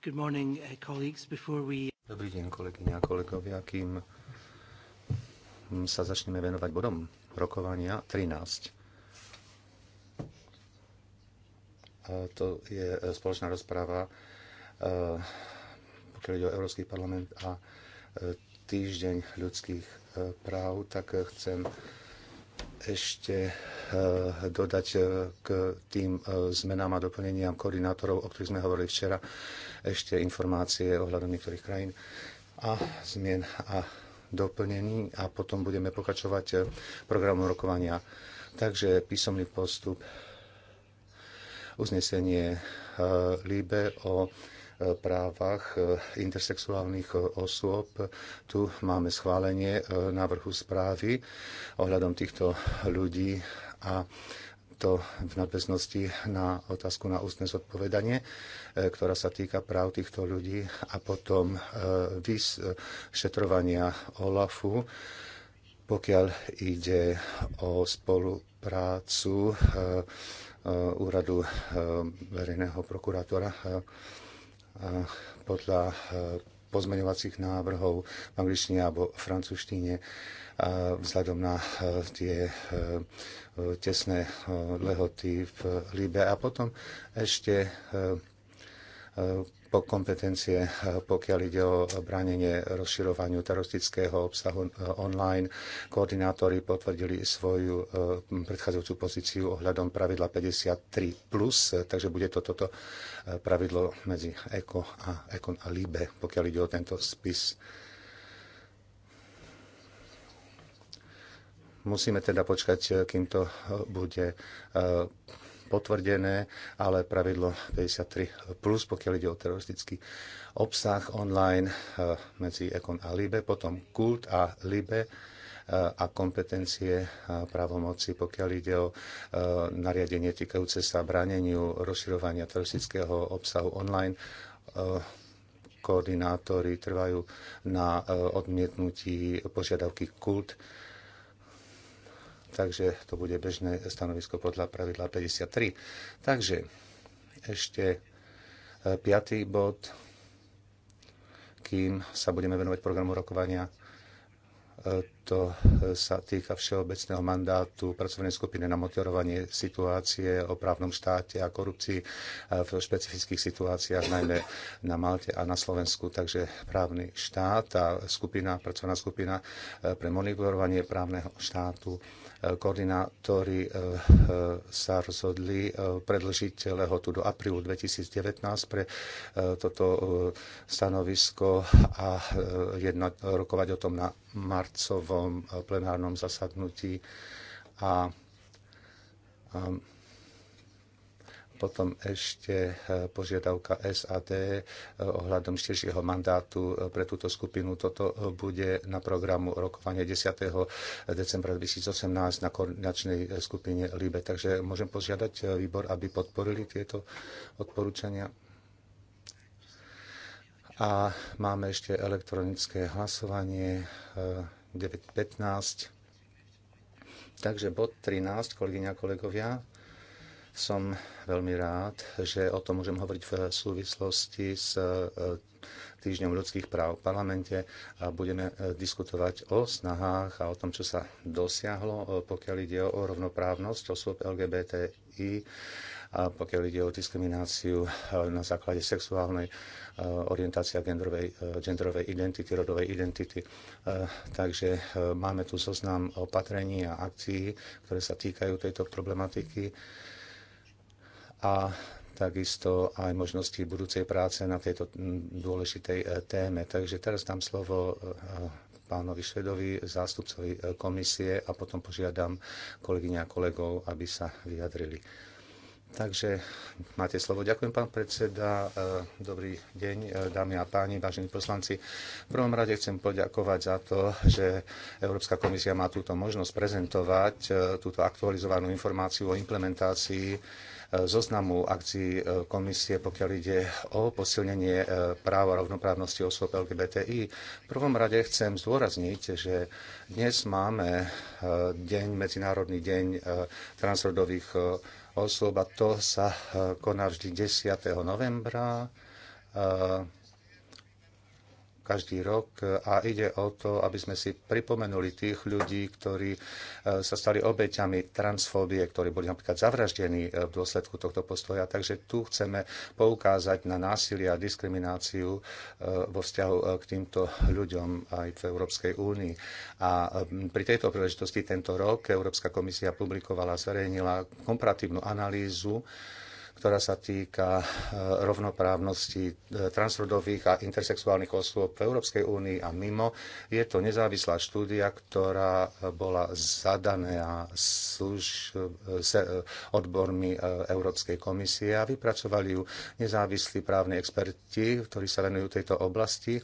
Eh, Dobrý deň, kolegyne a kolegovia. Kým sa začneme venovať bodom rokovania 13, to je eh, spoločná rozpráva, eh, pokiaľ ide o Európsky parlament a týždeň ľudských práv, tak chcem ešte dodať k tým zmenám a doplneniam koordinátorov, o ktorých sme hovorili včera ešte informácie ohľadom niektorých krajín a zmien a doplnení a potom budeme pokračovať e, programom rokovania. Takže písomný postup uznesenie e, Líbe o e, právach intersexuálnych osôb. Tu máme schválenie návrhu správy ohľadom týchto ľudí a to v nadväznosti na otázku na ústne zodpovedanie, e, ktorá sa týka práv týchto ľudí a potom e, vyšetrovania OLAFu, pokiaľ ide o spoluprácu e, úradu verejného prokurátora podľa pozmeňovacích návrhov v angličtine alebo francúzštine vzhľadom na e, tie e, tesné e, lehoty v Líbe. A potom ešte po kompetencie, eh, pokiaľ ide o bránenie rozširovaniu teroristického obsahu eh, online. Koordinátori potvrdili svoju eh, predchádzajúcu pozíciu ohľadom pravidla 53+, takže bude to toto pravidlo medzi ECO a ECON a LIBE, pokiaľ ide o tento spis. Musíme teda počkať, kým to bude potvrdené, ale pravidlo 53+, plus, pokiaľ ide o teroristický obsah online eh, medzi Ekon a Libe, potom Kult a Libe eh, a kompetencie a právomoci, pokiaľ ide o eh, nariadenie týkajúce sa bráneniu rozširovania teroristického obsahu online koordinátori trvajú na odmietnutí požiadavky kult takže to bude bežné stanovisko podľa pravidla 53. Takže ešte e, piatý bod, kým sa budeme venovať programu rokovania, e, to e, sa týka všeobecného mandátu pracovnej skupiny na motorovanie situácie o právnom štáte a korupcii v špecifických situáciách, najmä na Malte a na Slovensku. Takže právny štát a skupina, pracovná skupina pre monitorovanie právneho štátu Koordinátori eh, eh, sa rozhodli eh, predlžiť lehotu do aprílu 2019 pre toto stanovisko a jedno, rokovať o tom na marcovom plenárnom zasadnutí. A, a potom ešte e, požiadavka SAD e, ohľadom štejšieho mandátu e, pre túto skupinu. Toto bude na programu rokovania 10. decembra 2018 na koordinačnej skupine LIBE. Takže môžem požiadať výbor, aby podporili tieto odporúčania. A máme ešte elektronické hlasovanie 9.15. Takže bod 13, kolegyňa, kolegovia, som veľmi rád, že o tom môžem hovoriť v súvislosti s e, týždňom ľudských práv v parlamente a budeme e, diskutovať o snahách a o tom, čo sa dosiahlo, e, pokiaľ ide o rovnoprávnosť osôb LGBTI a pokiaľ ide o diskrimináciu na základe sexuálnej orientácie a genderovej, genderovej identity, rodovej identity. Takže máme tu zoznam opatrení a akcií, ktoré sa týkajú tejto problematiky a takisto aj možnosti budúcej práce na tejto dôležitej e, téme. Takže teraz dám slovo e, pánovi Švedovi, zástupcovi e, komisie a potom požiadam kolegyňa a kolegov, aby sa vyjadrili. Takže máte slovo. Ďakujem, pán predseda. Dobrý deň, dámy a páni, vážení poslanci. V prvom rade chcem poďakovať za to, že Európska komisia má túto možnosť prezentovať túto aktualizovanú informáciu o implementácii zoznamu akcií e, komisie, pokiaľ ide o posilnenie e, práva rovnoprávnosti osôb LGBTI. V prvom rade chcem zdôrazniť, že dnes máme e, deň, Medzinárodný deň transrodových osôb a to sa koná vždy 10. novembra každý rok e, a ide o to, aby sme si pripomenuli tých ľudí, ktorí e, sa stali obeťami transfóbie, ktorí boli napríklad zavraždení e, v dôsledku tohto postoja. Takže tu chceme poukázať na násilie a diskrimináciu vo vzťahu k týmto ľuďom aj v Európskej únii. A pri tejto príležitosti tento rok Európska komisia publikovala, zverejnila komparatívnu analýzu ktorá sa týka e, rovnoprávnosti e, transrodových a intersexuálnych osôb v Európskej únii a mimo. Je to nezávislá štúdia, ktorá bola zadaná e, odbormi Európskej komisie a vypracovali ju nezávislí právni experti, ktorí sa venujú tejto oblasti.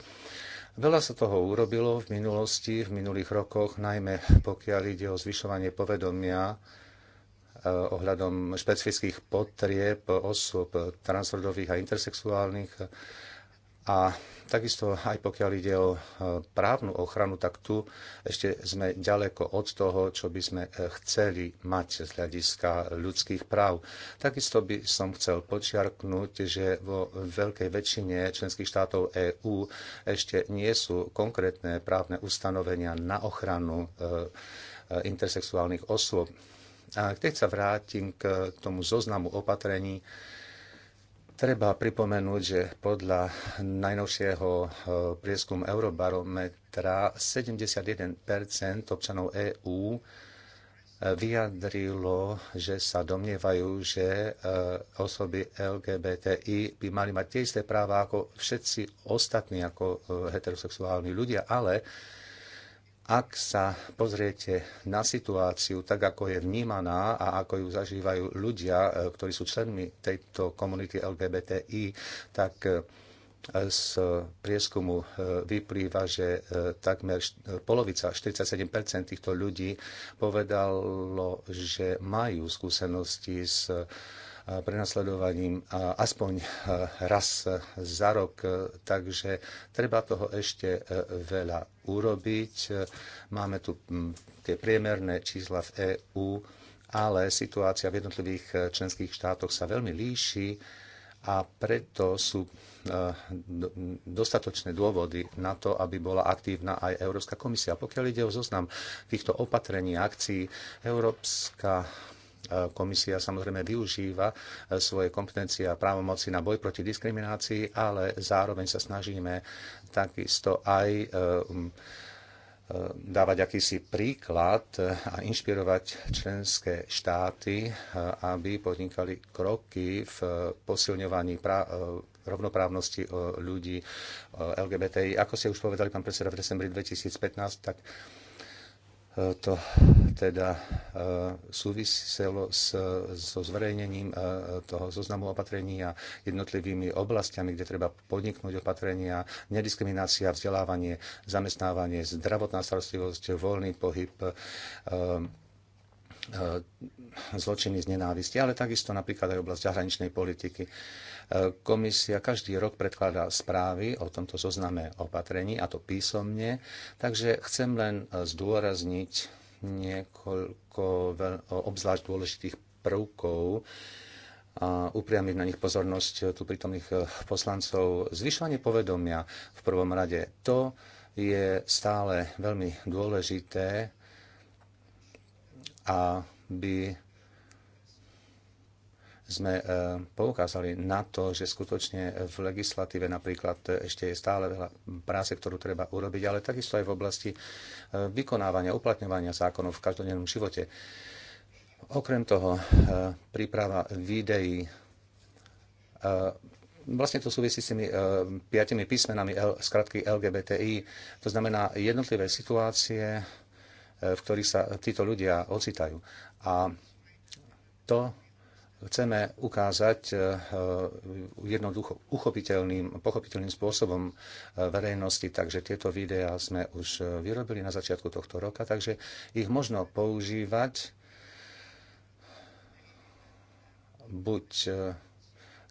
Veľa sa toho urobilo v minulosti, v minulých rokoch, najmä pokiaľ ide o zvyšovanie povedomia Eh, ohľadom špecifických potrieb osôb transrodových a intersexuálnych. A takisto aj pokiaľ ide o eh, právnu ochranu, tak tu ešte sme ďaleko od toho, čo by sme eh, chceli mať z hľadiska ľudských práv. Takisto by som chcel počiarknúť, že vo veľkej väčšine členských štátov EÚ ešte nie sú konkrétne právne ustanovenia na ochranu intersexuálnych osôb a keď sa vrátim k tomu zoznamu opatrení, Treba pripomenúť, že podľa najnovšieho e, prieskumu Eurobarometra 71 občanov EÚ e, vyjadrilo, že sa domnievajú, že e, osoby LGBTI by mali mať tie isté práva ako všetci ostatní, ako heterosexuálni ľudia, ale ak sa pozriete na situáciu tak, ako je vnímaná a ako ju zažívajú ľudia, e, ktorí sú členmi tejto komunity LGBTI, tak e, z prieskumu e, vyplýva, že takmer polovica, 47 týchto ľudí povedalo, že majú skúsenosti s prenasledovaním aspoň e, raz za rok, takže treba toho ešte e, veľa urobiť. Máme tu tie priemerné čísla v EÚ, ale situácia v jednotlivých e, členských štátoch sa veľmi líši a preto sú dostatočné dôvody na to, aby bola aktívna aj Európska komisia. Pokiaľ ide o zoznam týchto opatrení a akcií, Európska E, komisia samozrejme využíva e, svoje kompetencie a právomoci na boj proti diskriminácii, ale zároveň sa snažíme takisto aj e, dávať akýsi príklad a inšpirovať členské štáty, aby podnikali kroky v posilňovaní rovnoprávnosti ľudí LGBTI. Ako ste už povedali, pán predseda, v decembri 2015, tak to teda e, súviselo s, so zverejnením e, toho zoznamu opatrení a jednotlivými oblastiami, kde treba podniknúť opatrenia, nediskriminácia, vzdelávanie, zamestnávanie, zdravotná starostlivosť, voľný pohyb, e, zločiny z nenávisti, ale takisto napríklad aj oblasť zahraničnej politiky. Komisia každý rok predkladá správy o tomto zozname opatrení, a to písomne, takže chcem len zdôrazniť niekoľko obzvlášť dôležitých prvkov a upriamiť na nich pozornosť tu prítomných eh, poslancov. Zvyšovanie povedomia v prvom rade, to je stále veľmi dôležité, aby sme e, poukázali na to, že skutočne v legislatíve napríklad ešte je stále veľa práce, ktorú treba urobiť, ale takisto aj v oblasti e, vykonávania, uplatňovania zákonov v každodennom živote. Okrem toho, e, príprava videí, vlastne to súvisí s tými piatimi písmenami L, skratky LGBTI, to znamená jednotlivé situácie, v ktorých sa títo ľudia ocitajú. A to chceme ukázať e, e, jednoducho uchopiteľným, pochopiteľným spôsobom e, verejnosti, takže tieto videá sme už vyrobili na začiatku tohto roka, takže ich možno používať buď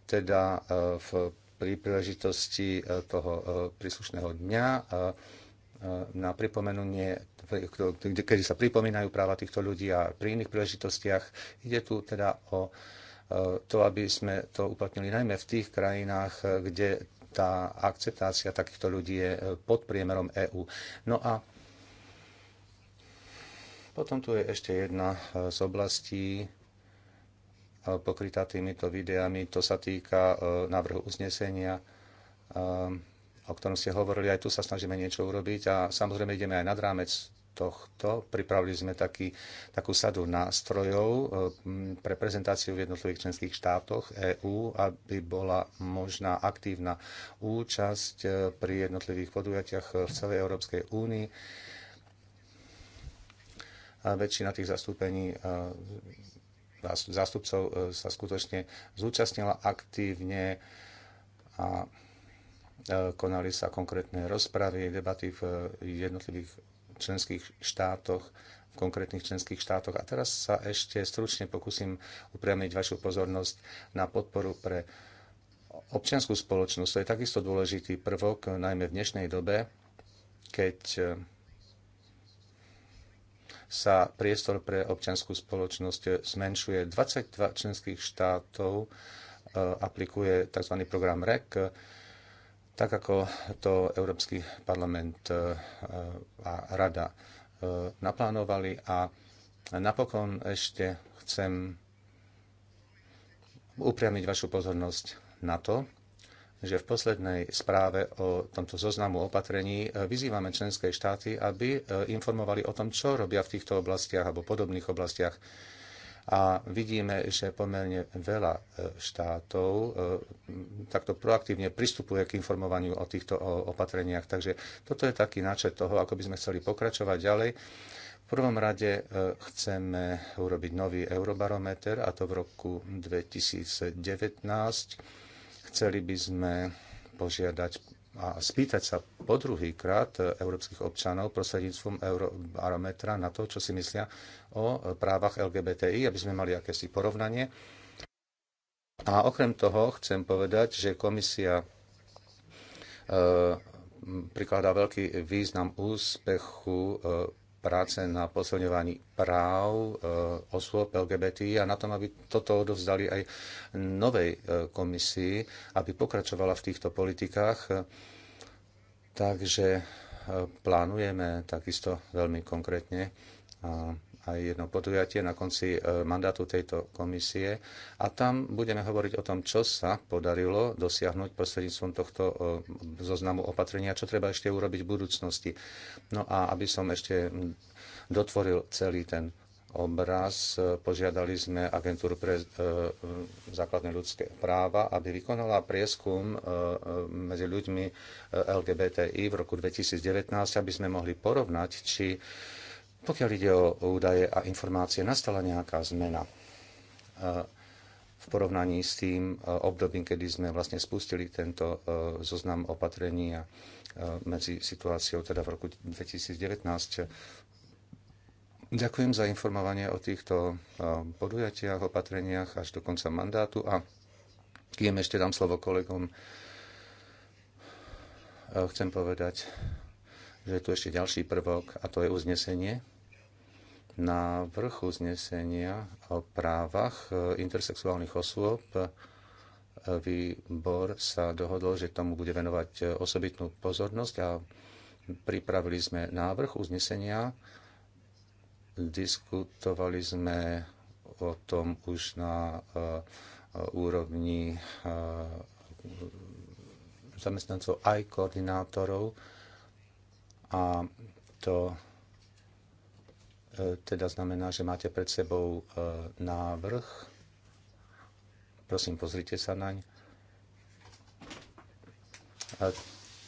teda v pri príležitosti toho príslušného dňa na pripomenutie, kedy sa pripomínajú práva týchto ľudí a pri iných príležitostiach. Ide tu teda o E, to, aby sme to uplatnili najmä v tých krajinách, e, kde tá akceptácia takýchto ľudí je e, pod priemerom EÚ. No a potom tu je ešte jedna z oblastí pokrytá týmito videami. To sa týka návrhu uznesenia o ktorom ste hovorili, aj tu sa snažíme niečo urobiť a samozrejme ideme aj nad rámec tohto. Pripravili sme taký, takú sadu nástrojov eh, pre prezentáciu v jednotlivých členských štátoch EÚ, aby bola možná aktívna účasť eh, pri jednotlivých podujatiach v celej Európskej únii. A väčšina tých zastúpení eh, zástupcov sa skutočne zúčastnila aktívne a konali sa konkrétne rozpravy, debaty v jednotlivých členských štátoch, v konkrétnych členských štátoch. A teraz sa ešte stručne pokúsim upriamiť vašu pozornosť na podporu pre občianskú spoločnosť. To je takisto dôležitý prvok, najmä v dnešnej dobe, keď eh, sa priestor pre občianskú spoločnosť zmenšuje. 22 členských štátov eh, aplikuje tzv. program REC, tak ako to Európsky parlament e, e, a rada e, naplánovali. A napokon ešte chcem upriamiť vašu pozornosť na to, že v poslednej správe o tomto zoznamu opatrení vyzývame členské štáty, aby informovali o tom, čo robia v týchto oblastiach alebo podobných oblastiach a vidíme, že pomerne veľa e, štátov e, takto proaktívne pristupuje k informovaniu o týchto opatreniach. Takže toto je taký náčet toho, ako by sme chceli pokračovať ďalej. V prvom rade e, chceme urobiť nový eurobarometer, a to v roku 2019. Chceli by sme požiadať a spýtať sa po druhý krát e, európskych občanov prostredníctvom Eurobarometra na to, čo si myslia o e, právach LGBTI, aby sme mali akési porovnanie. A okrem toho chcem povedať, že komisia e, prikladá veľký význam úspechu práce na posilňovaní práv eh, osôb LGBT a na tom, aby toto odovzdali aj novej eh, komisii, aby pokračovala v týchto politikách. Takže eh, plánujeme takisto veľmi konkrétne aj jedno podujatie na konci e, mandátu tejto komisie a tam budeme hovoriť o tom, čo sa podarilo dosiahnuť prostredníctvom tohto e, zoznamu opatrenia, čo treba ešte urobiť v budúcnosti. No a aby som ešte dotvoril celý ten obraz. E, požiadali sme agentúru pre základné ľudské práva, aby vykonala prieskum medzi ľuďmi LGBTI v roku 2019, aby sme mohli porovnať, či pokiaľ ide o údaje a informácie, nastala nejaká zmena e, v porovnaní s tým e, obdobím, kedy sme vlastne spustili tento e, zoznam opatrení a medzi situáciou teda v roku 2019. Ďakujem za informovanie o týchto podujatiach, opatreniach až do konca mandátu a kým ešte dám slovo kolegom, chcem povedať, že je tu ešte ďalší prvok a to je uznesenie návrh uznesenia o právach e, intersexuálnych osôb. E, výbor sa dohodol, že tomu bude venovať e, osobitnú pozornosť a pripravili sme návrh uznesenia. Diskutovali sme o tom už na úrovni zamestnancov aj koordinátorov a to teda znamená, že máte pred sebou e, návrh. Prosím, pozrite sa naň. A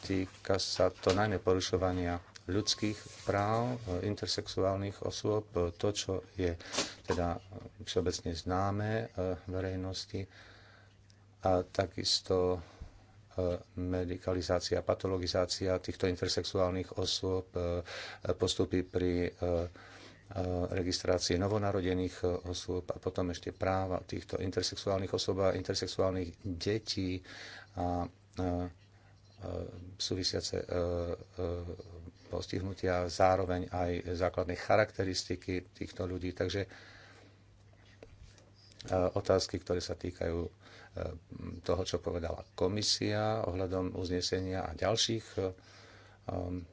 týka sa to najmä porušovania ľudských práv, e, intersexuálnych osôb, e, to, čo je teda všeobecne známe verejnosti a takisto medikalizácia, patologizácia týchto intersexuálnych osôb, postupy pri Eh, registrácie novonarodených eh, osôb a potom ešte práva týchto intersexuálnych osôb a intersexuálnych detí a eh, súvisiace postihnutia, zároveň aj základné charakteristiky týchto ľudí. Takže otázky, ktoré sa týkajú toho, čo povedala komisia ohľadom uznesenia a ďalších,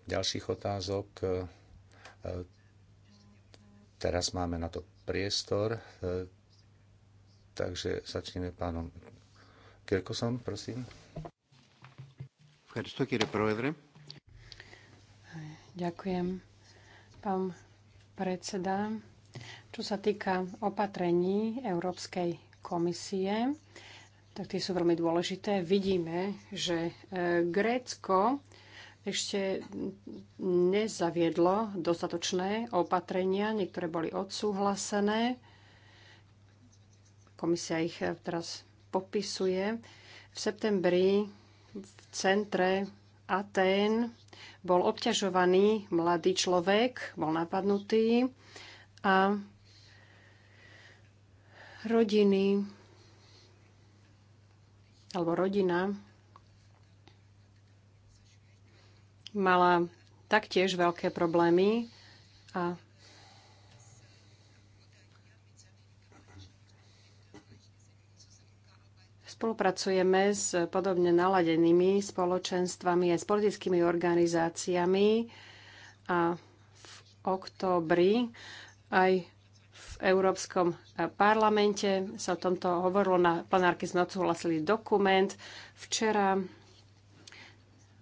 ďalších otázok. Teraz máme na to priestor, e, takže začneme pánom Kirkosom, prosím. Ďakujem. Pán predseda, čo sa týka opatrení Európskej komisie, tak tie sú veľmi dôležité. Vidíme, že e, Grécko ešte nezaviedlo dostatočné opatrenia, niektoré boli odsúhlasené. Komisia ich teraz popisuje. V septembri v centre Atén bol obťažovaný mladý človek, bol napadnutý a rodiny alebo rodina mala taktiež veľké problémy a spolupracujeme s podobne naladenými spoločenstvami aj s politickými organizáciami a v októbri aj v Európskom parlamente sa o tomto hovorilo na plenárke sme odsúhlasili dokument. Včera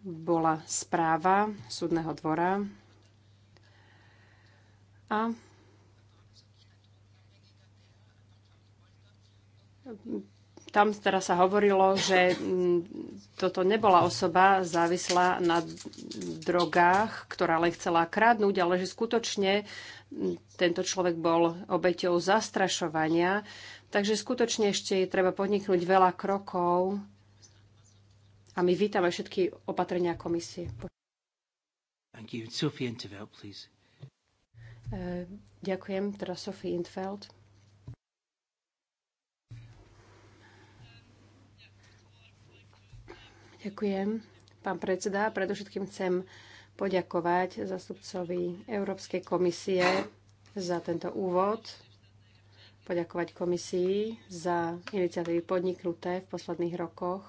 bola správa súdneho dvora a tam teraz sa hovorilo, že mm, toto nebola osoba závislá na drogách, ktorá len chcela kradnúť, ale že skutočne mm, tento človek bol obeťou zastrašovania. Takže skutočne ešte je treba podniknúť veľa krokov, a my vítame všetky opatrenia komisie. Thank you. Sophie Intervelt, please. E, ďakujem. teda Sophie Intfeld. Ďakujem. Pán predseda, predovšetkým chcem poďakovať zastupcovi Európskej komisie za tento úvod, poďakovať komisii za iniciatívy podniknuté v posledných rokoch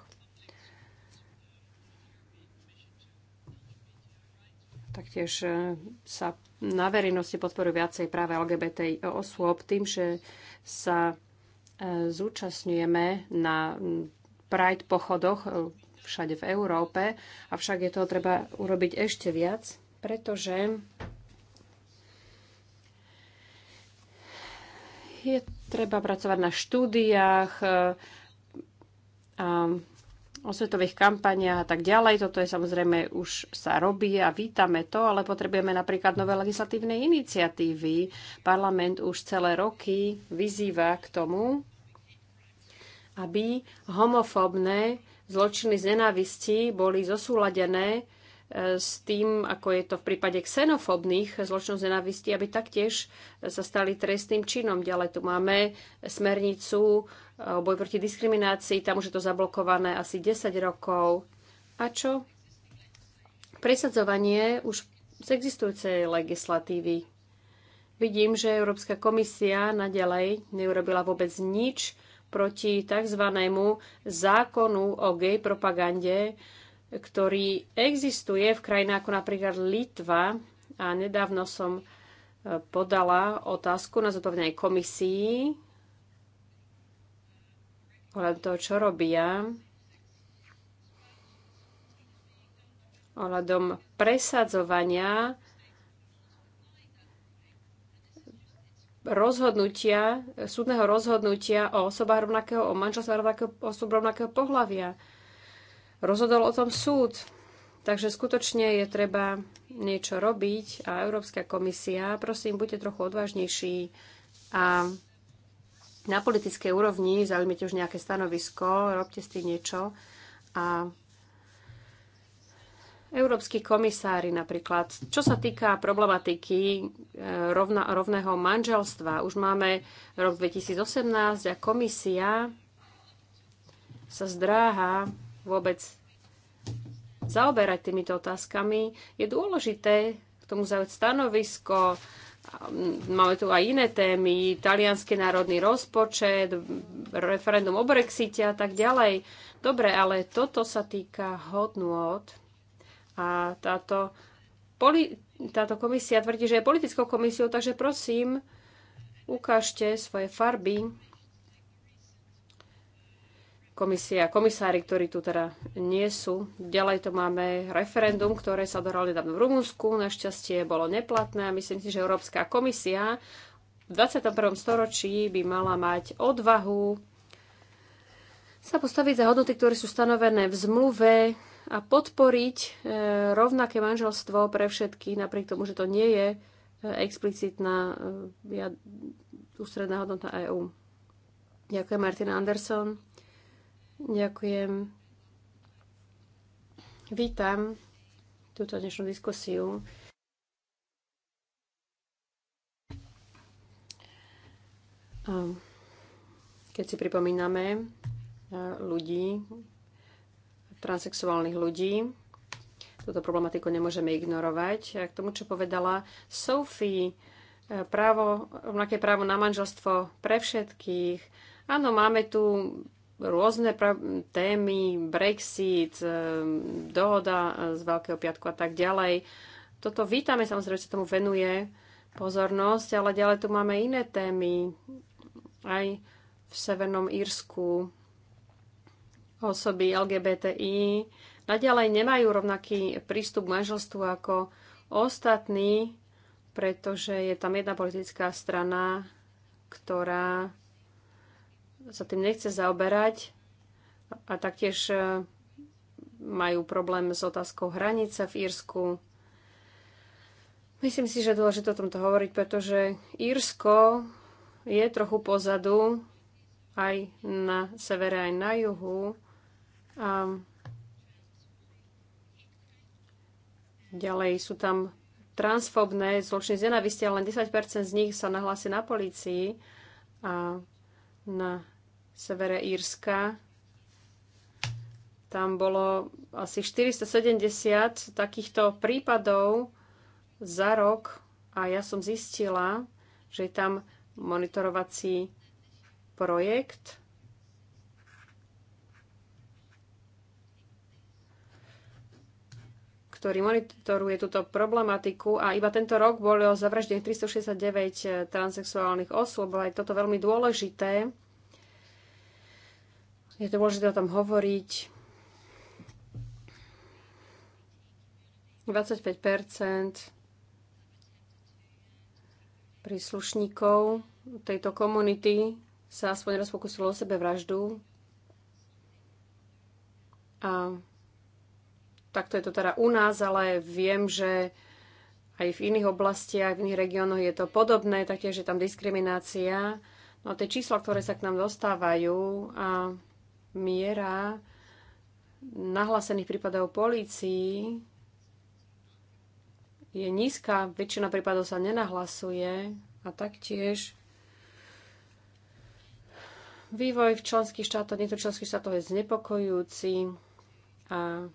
Taktiež e, sa na verejnosti podporujú viacej práve LGBT osôb tým, že sa e, zúčastňujeme na Pride pochodoch e, všade v Európe, avšak je toho treba urobiť ešte viac, pretože je treba pracovať na štúdiách a osvetových kampaniach a tak ďalej. Toto je samozrejme už sa robí a vítame to, ale potrebujeme napríklad nové legislatívne iniciatívy. Parlament už celé roky vyzýva k tomu, aby homofóbne zločiny z nenávisti boli zosúladené e, s tým, ako je to v prípade xenofobných zločinov z nenávisti, aby taktiež sa stali trestným činom. Ďalej tu máme smernicu Eh, boj proti diskriminácii, tam už je to zablokované asi 10 rokov. A čo? Presadzovanie už z existujúcej legislatívy. Vidím, že Európska komisia nadalej neurobila vôbec nič proti tzv. zákonu o gej propagande, ktorý existuje v krajinách ako napríklad Litva. A nedávno som eh, podala otázku na zodpovedanie komisii ohľadom toho, čo robia, ohľadom presadzovania rozhodnutia, súdneho rozhodnutia o osobách rovnakého, o manželstve rovnakého, osob rovnakého pohľavia. Rozhodol o tom súd. Takže skutočne je treba niečo robiť a Európska komisia, prosím, buďte trochu odvážnejší a na politickej úrovni zaujímate už nejaké stanovisko, robte s tým niečo. A Európsky komisári napríklad. Čo sa týka problematiky e, rovna, rovného manželstva, už máme rok 2018 a komisia sa zdráha vôbec zaoberať týmito otázkami. Je dôležité k tomu zaujať stanovisko, Hm, máme tu aj iné témy, talianský národný rozpočet, referendum o Brexite a tak ďalej. Dobre, ale toto sa týka hodnôt a táto, poli- táto komisia tvrdí, že je politickou komisiou, takže prosím, ukážte svoje farby komisia, komisári, ktorí tu teda nie sú. Ďalej to máme referendum, ktoré sa dohralo nedávno v Rumunsku. Našťastie bolo neplatné. Myslím si, že Európska komisia v 21. storočí by mala mať odvahu sa postaviť za hodnoty, ktoré sú stanovené v zmluve a podporiť e, rovnaké manželstvo pre všetkých, napriek tomu, že to nie je e, explicitná e, ústredná hodnota EÚ. Ďakujem, Martina Anderson. Ďakujem. Vítam túto dnešnú diskusiu. Keď si pripomíname e, ľudí, transexuálnych ľudí, túto problematiku nemôžeme ignorovať. A k tomu, čo povedala Sophie, e, právo, rovnaké právo na manželstvo pre všetkých. Áno, máme tu rôzne témy, Brexit, e, dohoda e, z Veľkého piatku a tak ďalej. Toto vítame, samozrejme, že sa tomu venuje pozornosť, ale ďalej tu máme iné témy. Aj v Severnom Írsku osoby LGBTI naďalej nemajú rovnaký prístup k manželstvu ako ostatní, pretože je tam jedna politická strana, ktorá sa tým nechce zaoberať a taktiež e, majú problém s otázkou hranice v Írsku. Myslím si, že je dôležité o tomto hovoriť, pretože Írsko je trochu pozadu aj na severe, aj na juhu. A ďalej sú tam transfobné zločiny z nenavisti, ale len 10% z nich sa nahlási na polícii. A na severe Írska. Tam bolo asi 470 takýchto prípadov za rok a ja som zistila, že je tam monitorovací projekt. ktorý monitoruje túto problematiku a iba tento rok bolo zavraždených 369 transexuálnych osôb, ale je toto veľmi dôležité je dôležité o tom hovoriť. 25 príslušníkov tejto komunity sa aspoň raz pokusilo o sebe vraždu. A takto je to teda u nás, ale viem, že aj v iných oblastiach, v iných regiónoch je to podobné, taktiež je tam diskriminácia. No tie čísla, ktoré sa k nám dostávajú a miera nahlásených prípadov polícii je nízka, väčšina prípadov sa nenahlasuje a taktiež vývoj v členských štátoch, niektorých členských štátoch je znepokojujúci a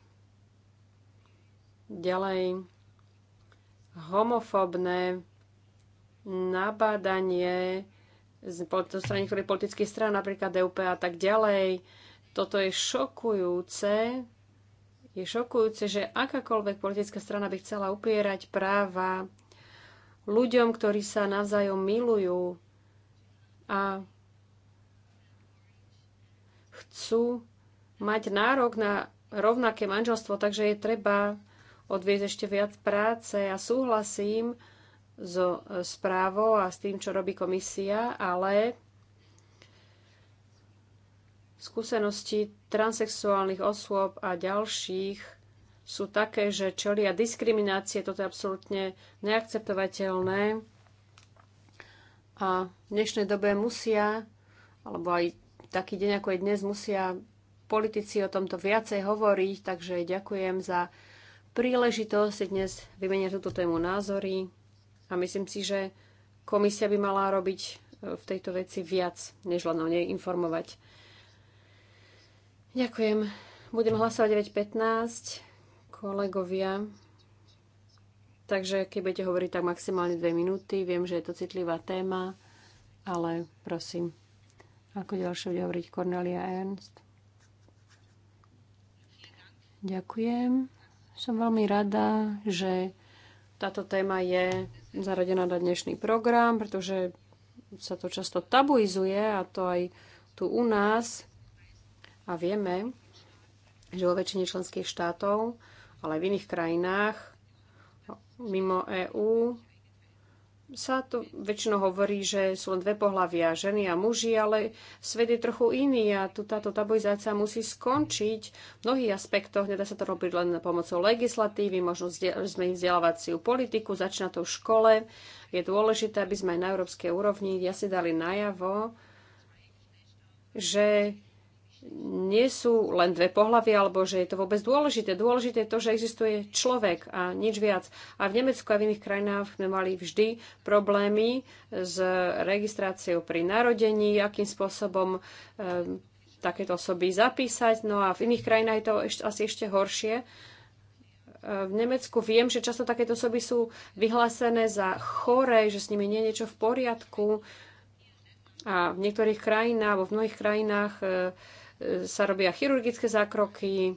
ďalej homofobné nabádanie zo strany politických strán, napríklad DUP a tak ďalej, toto je šokujúce. Je šokujúce, že akákoľvek politická strana by chcela upierať práva ľuďom, ktorí sa navzájom milujú a chcú mať nárok na rovnaké manželstvo, takže je treba odvieť ešte viac práce. Ja súhlasím so správou a s tým, čo robí komisia, ale Skúsenosti transexuálnych osôb a ďalších sú také, že čelia diskriminácie, toto je absolútne neakceptovateľné a v dnešnej dobe musia, alebo aj taký deň ako je dnes, musia politici o tomto viacej hovoriť, takže ďakujem za príležitosť dnes vymeniať túto tému názory a myslím si, že komisia by mala robiť e, v tejto veci viac, než len o nej informovať. Ďakujem. Budem hlasovať 9.15, kolegovia. Takže keď budete hovoriť tak maximálne 2 minúty, viem, že je to citlivá téma, ale prosím. Ako ďalšie bude hovoriť Cornelia Ernst. Ďakujem. Som veľmi rada, že táto téma je zaradená na dnešný program, pretože sa to často tabuizuje a to aj tu u nás a vieme, že vo väčšine členských štátov, ale aj v iných krajinách mimo EÚ sa to väčšinou hovorí, že sú len dve pohlavia, ženy a muži, ale svet je trochu iný a tu táto tabuizácia musí skončiť v mnohých aspektoch. Nedá sa to robiť len pomocou legislatívy, možno zmeniť vzdelávaciu politiku, začína to v škole. Je dôležité, aby sme aj na európskej úrovni jasne dali najavo, že nie sú len dve pohľavy, alebo že je to vôbec dôležité. Dôležité je to, že existuje človek a nič viac. A v Nemecku a v iných krajinách sme mali vždy problémy s registráciou pri narodení, akým spôsobom e, takéto osoby zapísať. No a v iných krajinách je to ešte, asi ešte horšie. E, v Nemecku viem, že často takéto osoby sú vyhlásené za chore, že s nimi nie je niečo v poriadku. A v niektorých krajinách, alebo v mnohých krajinách e, sa robia chirurgické zákroky,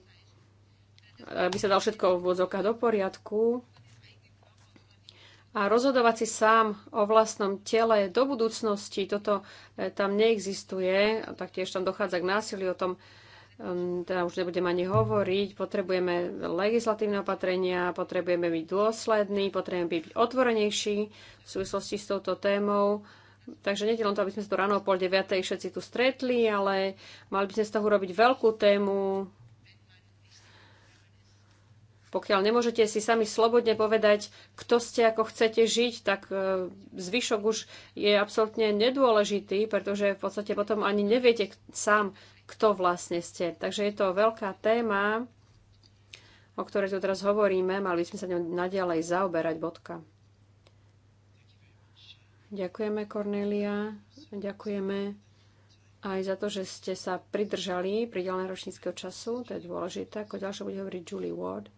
aby sa dal všetko v vodzokách do poriadku. A rozhodovať si sám o vlastnom tele do budúcnosti, toto e, tam neexistuje. Taktiež tam dochádza k násiliu, o tom mm, teda už nebudem ani hovoriť. Potrebujeme legislatívne opatrenia, potrebujeme byť dôslední, potrebujeme byť otvorenejší v súvislosti s touto témou Takže nie len to, aby sme sa tu ráno o pol deviatej všetci tu stretli, ale mali by sme z toho urobiť veľkú tému. Pokiaľ nemôžete si sami slobodne povedať, kto ste, ako chcete žiť, tak e, zvyšok už je absolútne nedôležitý, pretože v podstate potom ani neviete sám, kto vlastne ste. Takže je to veľká téma, o ktorej tu teraz hovoríme. Mali by sme sa ňou naďalej zaoberať. Bodka. Ďakujeme, Cornelia. Ďakujeme aj za to, že ste sa pridržali pridelené ročníckého času. To je dôležité. Ako ďalšie bude hovoriť Julie Ward.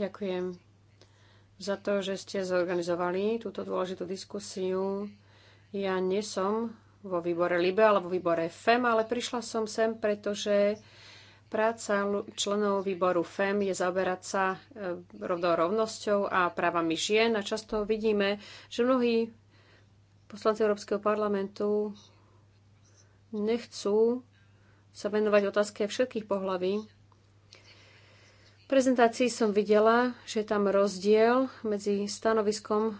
Ďakujem za to, že ste zorganizovali túto dôležitú diskusiu. Ja nie som vo výbore LIBE alebo výbore FEM, ale prišla som sem, pretože Práca členov výboru FEM je zaoberať sa e, rovnou rovnosťou a právami žien a často vidíme, že mnohí poslanci Európskeho parlamentu nechcú sa venovať otázke všetkých pohlaví. V prezentácii som videla, že je tam rozdiel medzi stanoviskom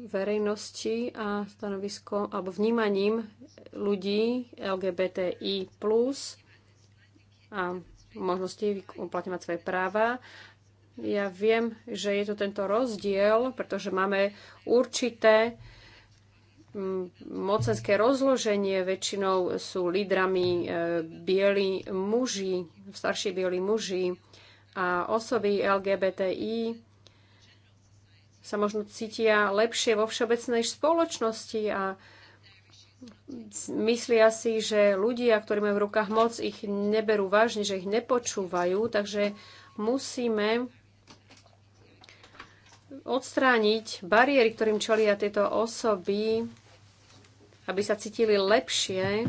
verejnosti a stanoviskom alebo vnímaním ľudí LGBTI+, a možnosti uplatňovať svoje práva. Ja viem, že je to tento rozdiel, pretože máme určité mm, mocenské rozloženie. Väčšinou sú lídrami e, bieli muži, starší bieli muži a osoby LGBTI sa možno cítia lepšie vo všeobecnej spoločnosti a myslia si, že ľudia, ktorí majú v rukách moc, ich neberú vážne, že ich nepočúvajú, takže musíme odstrániť bariéry, ktorým čelia tieto osoby, aby sa cítili lepšie.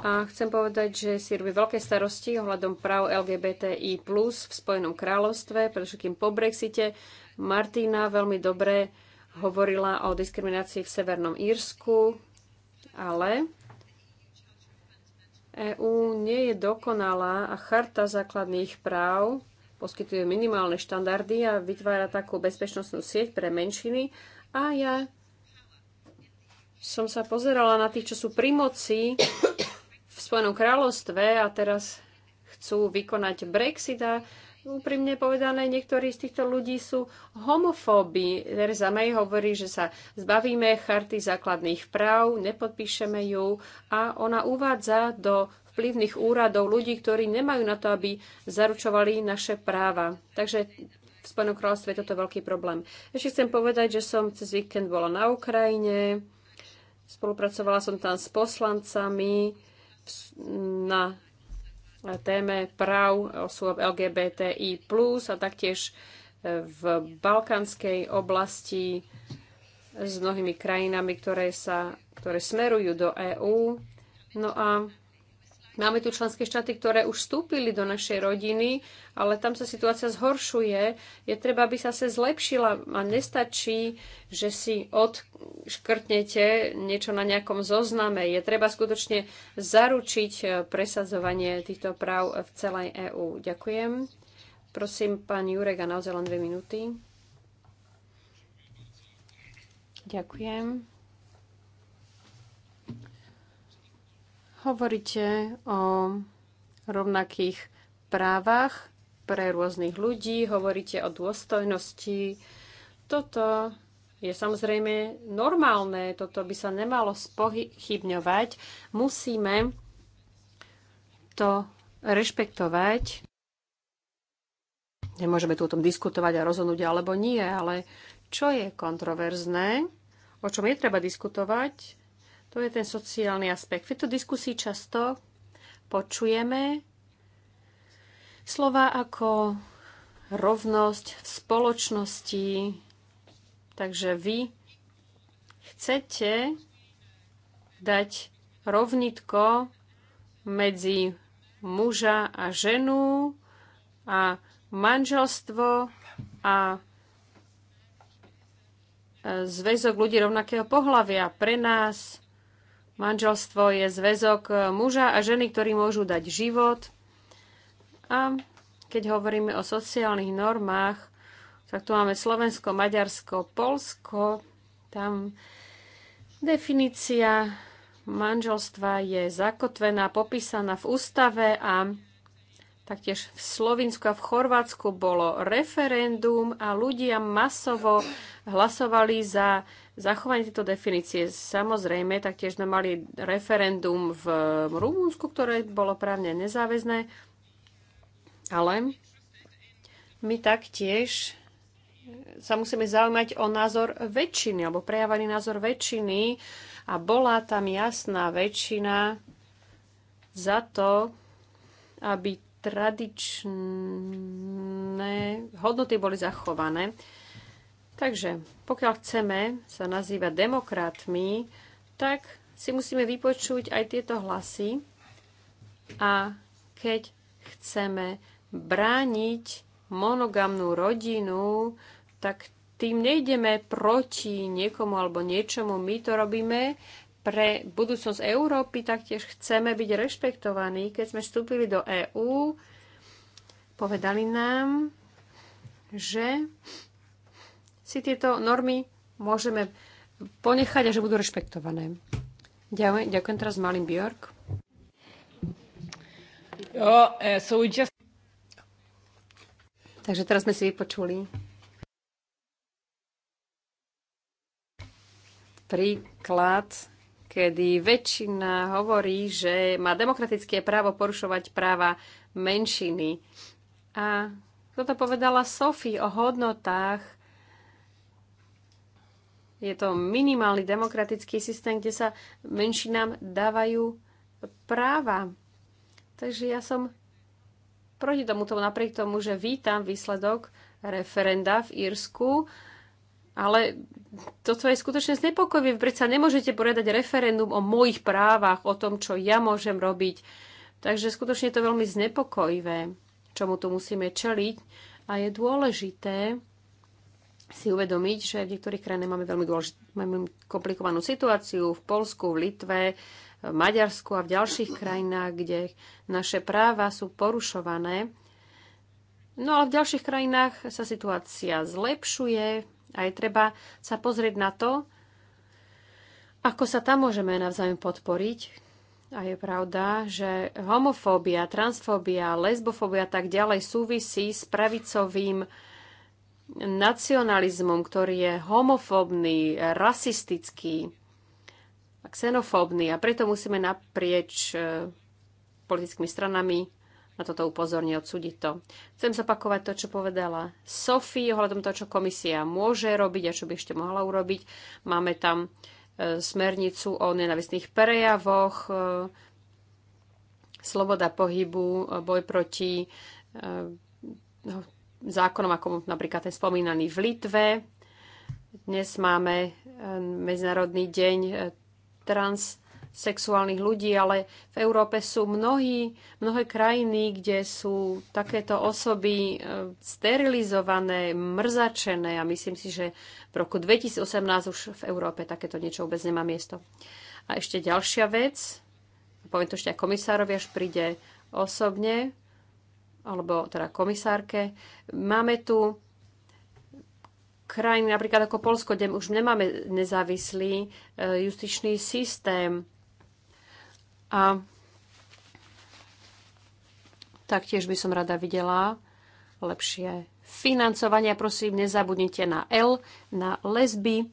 A chcem povedať, že si robí veľké starosti ohľadom práv LGBTI+, plus v Spojenom kráľovstve, kým po Brexite. Martina veľmi dobre hovorila o diskriminácii v Severnom Írsku, ale EÚ nie je dokonalá a charta základných práv poskytuje minimálne štandardy a vytvára takú bezpečnostnú sieť pre menšiny. A ja som sa pozerala na tých, čo sú pri moci v Spojenom kráľovstve a teraz chcú vykonať Brexit a úprimne povedané, niektorí z týchto ľudí sú homofóbi. Teresa May hovorí, že sa zbavíme charty základných práv, nepodpíšeme ju a ona uvádza do vplyvných úradov ľudí, ktorí nemajú na to, aby zaručovali naše práva. Takže v Spojenom kráľovstve je toto veľký problém. Ešte chcem povedať, že som cez víkend bola na Ukrajine, spolupracovala som tam s poslancami na téme práv osôb LGBTI+, a taktiež e, v balkánskej oblasti s mnohými krajinami, ktoré, sa, ktoré smerujú do EÚ. No a Máme tu členské štáty, ktoré už vstúpili do našej rodiny, ale tam sa situácia zhoršuje. Je treba, aby sa se zlepšila a nestačí, že si odškrtnete niečo na nejakom zozname. Je treba skutočne zaručiť eh, presadzovanie týchto práv v celej EÚ. Ďakujem. Prosím, pán Jurek, a naozaj len dve minúty. Ďakujem. Hovoríte o rovnakých právach pre rôznych ľudí, hovoríte o dôstojnosti. Toto je samozrejme normálne, toto by sa nemalo spochybňovať. Musíme to rešpektovať. Nemôžeme tu o tom diskutovať a rozhodnúť alebo nie, ale čo je kontroverzné, o čom je treba diskutovať, to je ten sociálny aspekt. V tejto diskusii často počujeme slova ako rovnosť v spoločnosti. Takže vy chcete dať rovnitko medzi muža a ženu a manželstvo a e, zväzok ľudí rovnakého pohľavia. Pre nás Manželstvo je zväzok e, muža a ženy, ktorí môžu dať život. A keď hovoríme o sociálnych normách, tak tu máme Slovensko, Maďarsko, Polsko. Tam definícia manželstva je zakotvená, popísaná v ústave a Taktiež v Slovensku a v Chorvátsku bolo referendum a ľudia masovo hlasovali za zachovanie tejto definície. Samozrejme, taktiež sme mali referendum v Rumúnsku, ktoré bolo právne nezáväzné, ale my taktiež sa musíme zaujímať o názor väčšiny, alebo prejavaný názor väčšiny. A bola tam jasná väčšina za to, aby tradičné hodnoty boli zachované. Takže pokiaľ chceme sa nazývať demokratmi, tak si musíme vypočuť aj tieto hlasy a keď chceme brániť monogamnú rodinu, tak tým nejdeme proti niekomu alebo niečomu. My to robíme pre budúcnosť Európy taktiež chceme byť rešpektovaní. Keď sme vstúpili do EÚ, povedali nám, že si tieto normy môžeme ponechať a že budú rešpektované. Ďakujem, ďakujem teraz malým Björk. E, Takže teraz sme si vypočuli príklad kedy väčšina hovorí, že má demokratické právo porušovať práva menšiny. A toto povedala Sophie o hodnotách. Je to minimálny demokratický systém, kde sa menšinám dávajú práva. Takže ja som proti tomuto, napriek tomu, že vítam výsledok referenda v Írsku, ale toto je skutočne znepokojivé. Predsa nemôžete poriadať referendum o mojich právach, o tom, čo ja môžem robiť. Takže skutočne je to veľmi znepokojivé, čomu tu musíme čeliť. A je dôležité si uvedomiť, že v niektorých krajinách máme veľmi dôležitú, máme komplikovanú situáciu v Polsku, v Litve, v Maďarsku a v ďalších krajinách, kde naše práva sú porušované. No ale v ďalších krajinách sa situácia zlepšuje, a je treba sa pozrieť na to, ako sa tam môžeme navzájom podporiť. A je pravda, že homofóbia, transfóbia, lesbofóbia tak ďalej súvisí s pravicovým nacionalizmom, ktorý je homofóbny, rasistický, xenofóbny a preto musíme naprieč eh, politickými stranami na toto upozorne odsúdiť to. Chcem zopakovať to, čo povedala Sofie ohľadom toho, čo komisia môže robiť a čo by ešte mohla urobiť. Máme tam e, smernicu o nenavistných prejavoch, e, sloboda pohybu, e, boj proti no, zákonom, ako napríklad ten spomínaný v Litve. Dnes máme Medzinárodný deň trans sexuálnych ľudí, ale v Európe sú mnohí, mnohé krajiny, kde sú takéto osoby e, sterilizované, mrzačené a myslím si, že v roku 2018 už v Európe takéto niečo vôbec nemá miesto. A ešte ďalšia vec, poviem to ešte aj komisárovi, až príde osobne, alebo teda komisárke. Máme tu krajiny, napríklad ako Polsko, kde už nemáme nezávislý e, justičný systém. A taktiež by som rada videla lepšie financovania. Prosím, nezabudnite na L, na lesby.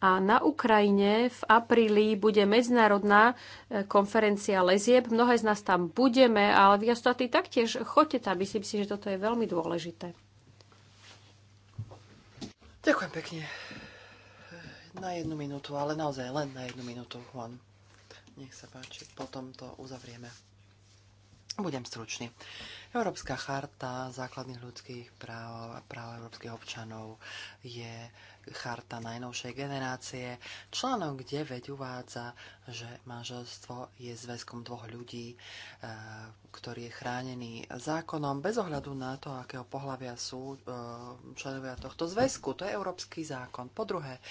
A na Ukrajine v apríli bude medzinárodná e, konferencia lezieb. Mnohé z nás tam budeme, ale vy ostatní taktiež choďte tam. Myslím si, že toto je veľmi dôležité. Ďakujem pekne. Na jednu minútu, ale naozaj len na jednu minútu, Juan. Nech sa páči, potom to uzavrieme. Budem stručný. Európska charta základných ľudských práv a práv európskych občanov je charta najnovšej generácie. Článok 9 uvádza, že manželstvo je zväzkom dvoch ľudí, e, ktorý je chránený zákonom bez ohľadu na to, akého pohľavia sú e, členovia tohto zväzku. To je európsky zákon. Po druhé, e,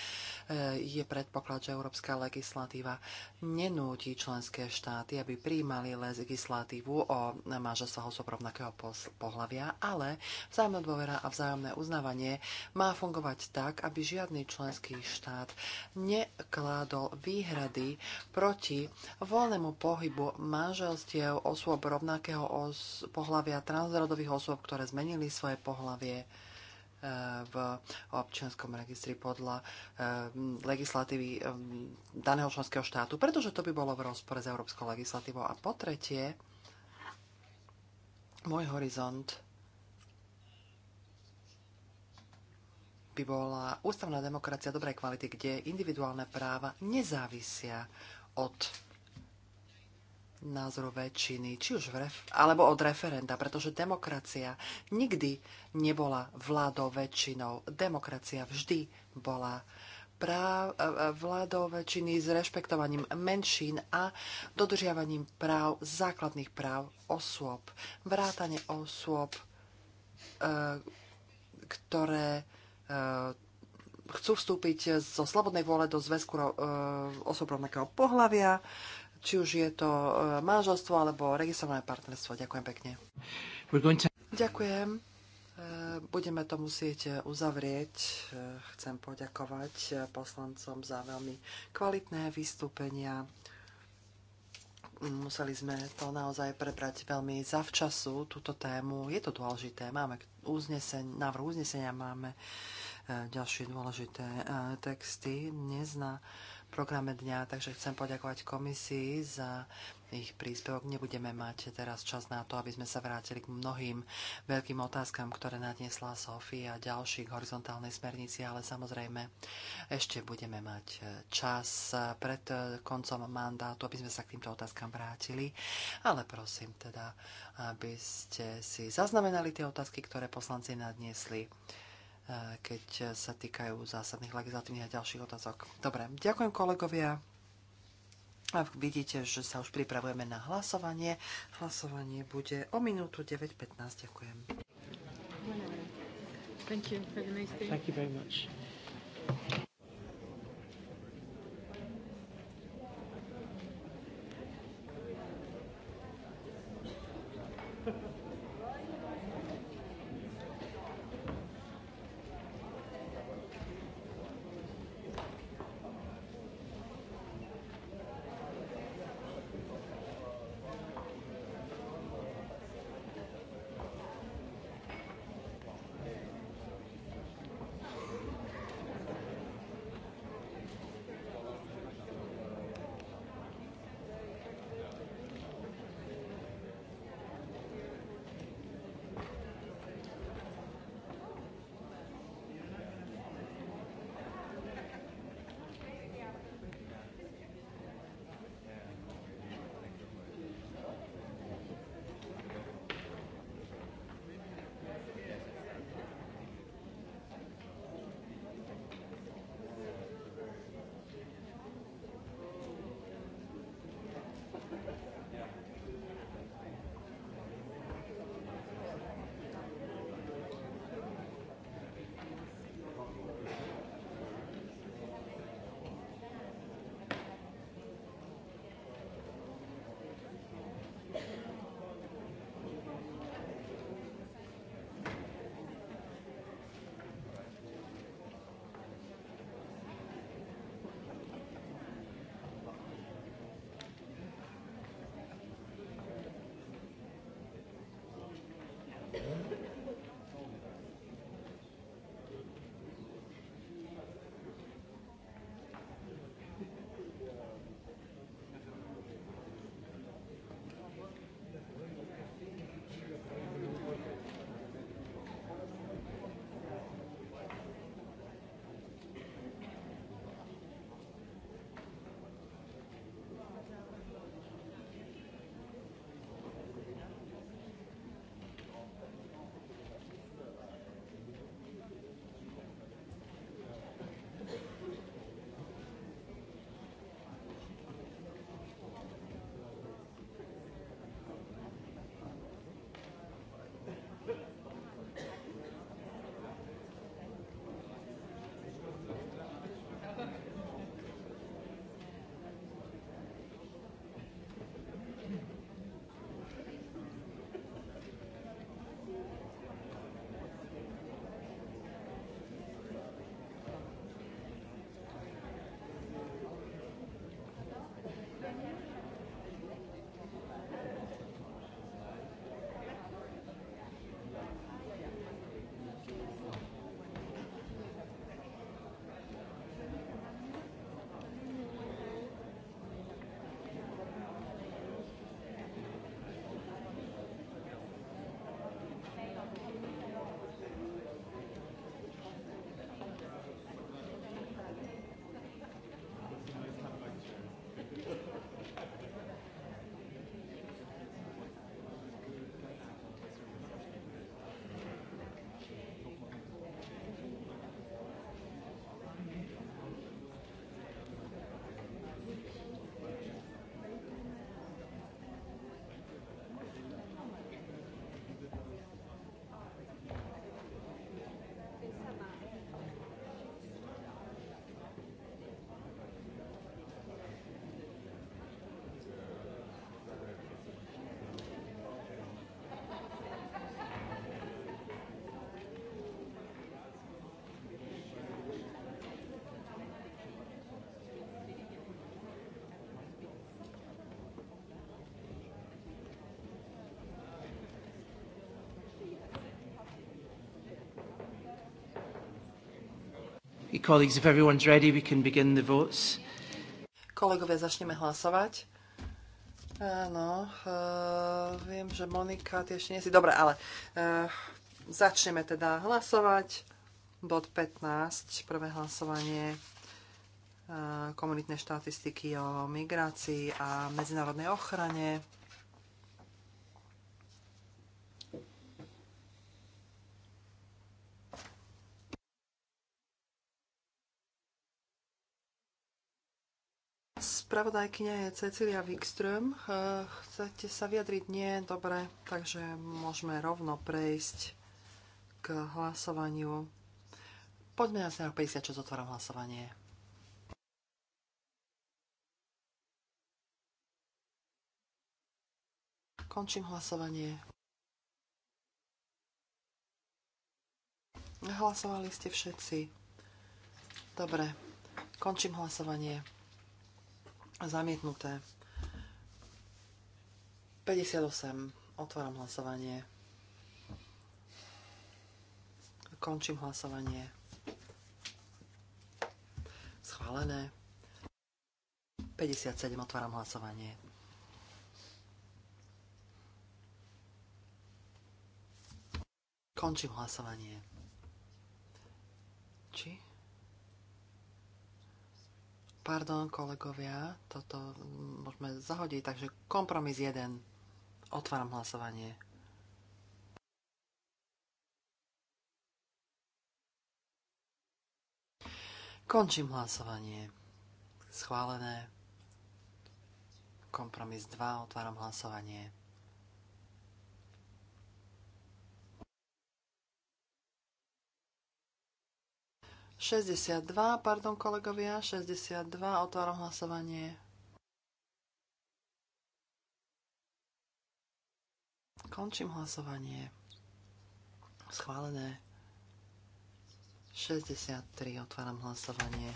je predpoklad, že európska legislatíva nenúti členské štáty, aby príjmali legislatívu o manželstvách osob rovnakého pohľavia, ale vzájomná dôvera a vzájomné uznávanie má fungovať tak, aby žiadny členský štát nekládol výhrady proti voľnému pohybu manželstiev osôb rovnakého os- pohľavia transrodových osôb, ktoré zmenili svoje pohlavie e, v občianskom registri podľa e, legislatívy e, daného členského štátu, pretože to by bolo v rozpore s európskou legislatívou. A po tretie, môj horizont by bola ústavná demokracia dobrej kvality, kde individuálne práva nezávisia od názoru väčšiny, či už v ref- alebo od referenda, pretože demokracia nikdy nebola vládou väčšinou. Demokracia vždy bola práv e, e, vládou väčšiny s rešpektovaním menšín a dodržiavaním práv, základných práv osôb. Vrátane osôb, e, ktoré Eh, chcú vstúpiť zo slobodnej vôle do zväzku eh, osob rovnakého pohľavia, či už je to eh, manželstvo alebo registrované partnerstvo. Ďakujem pekne. Ďakujem. Budeme to musieť uzavrieť. Chcem poďakovať poslancom za veľmi kvalitné vystúpenia museli sme to naozaj prebrať veľmi zavčasu, túto tému. Je to dôležité, máme úznesen, návrh uznesenia, máme e, ďalšie dôležité e, texty dnes na programe dňa, takže chcem poďakovať komisii za ich príspevok. Nebudeme mať teraz čas na to, aby sme sa vrátili k mnohým veľkým otázkam, ktoré nadnesla Sofia a ďalší k horizontálnej smernici, ale samozrejme ešte budeme mať e, čas e, pred e, koncom mandátu, aby sme sa k týmto otázkam vrátili. Ale prosím teda, aby ste si zaznamenali tie otázky, ktoré poslanci nadniesli keď sa týkajú zásadných legislatívnych a ďalších otázok. Dobre, ďakujem kolegovia. A vidíte, že sa už pripravujeme na hlasovanie. Hlasovanie bude o minútu 9.15. Ďakujem. Thank you. nice day. Thank you very much. Colleagues, if everyone's ready, we can begin the votes. Kolegovia, začneme hlasovať. Áno, uh, viem, že Monika, ty ešte nie si... Dobre, ale uh, začneme teda hlasovať. Bod 15, prvé hlasovanie uh, komunitné štatistiky o migrácii a medzinárodnej ochrane. Spravodajkyňa je Cecilia Wikström. Eh, chcete sa vyjadriť? Nie, dobre. Takže môžeme rovno prejsť k hlasovaniu. Poďme na 56, otváram hlasovanie. Končím hlasovanie. Hlasovali ste všetci. Dobre, končím hlasovanie. Zamietnuté. 58. Otváram hlasovanie. Končím hlasovanie. Schválené. 57. Otváram hlasovanie. Končím hlasovanie. Či? Pardon, kolegovia, toto môžeme zahodiť, takže kompromis 1. Otváram hlasovanie. Končím hlasovanie. Schválené. Kompromis 2. Otváram hlasovanie. 62, pardon kolegovia, 62, otváram hlasovanie. Končím hlasovanie. Schválené. 63, otváram hlasovanie.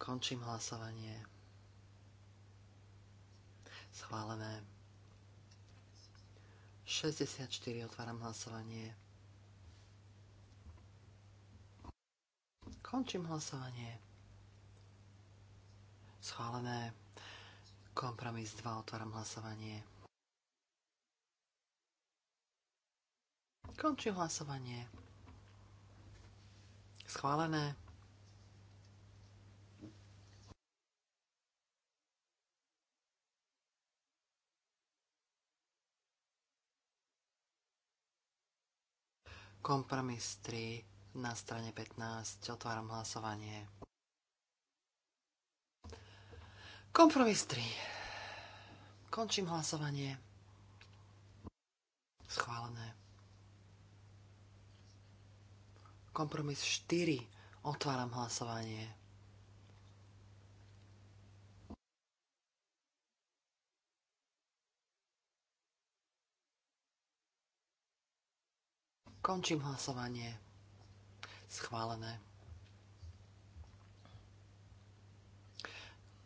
Končím hlasovanie. Schválené. 64, otváram hlasovanie. Končím hlasovanie. Schválené. Kompromis 2. Otváram hlasovanie. Končím hlasovanie. Schválené. Kompromis 3 na strane 15. Otváram hlasovanie. Kompromis 3. Končím hlasovanie. Schválené. Kompromis 4. Otváram hlasovanie. Končím hlasovanie. Schválené.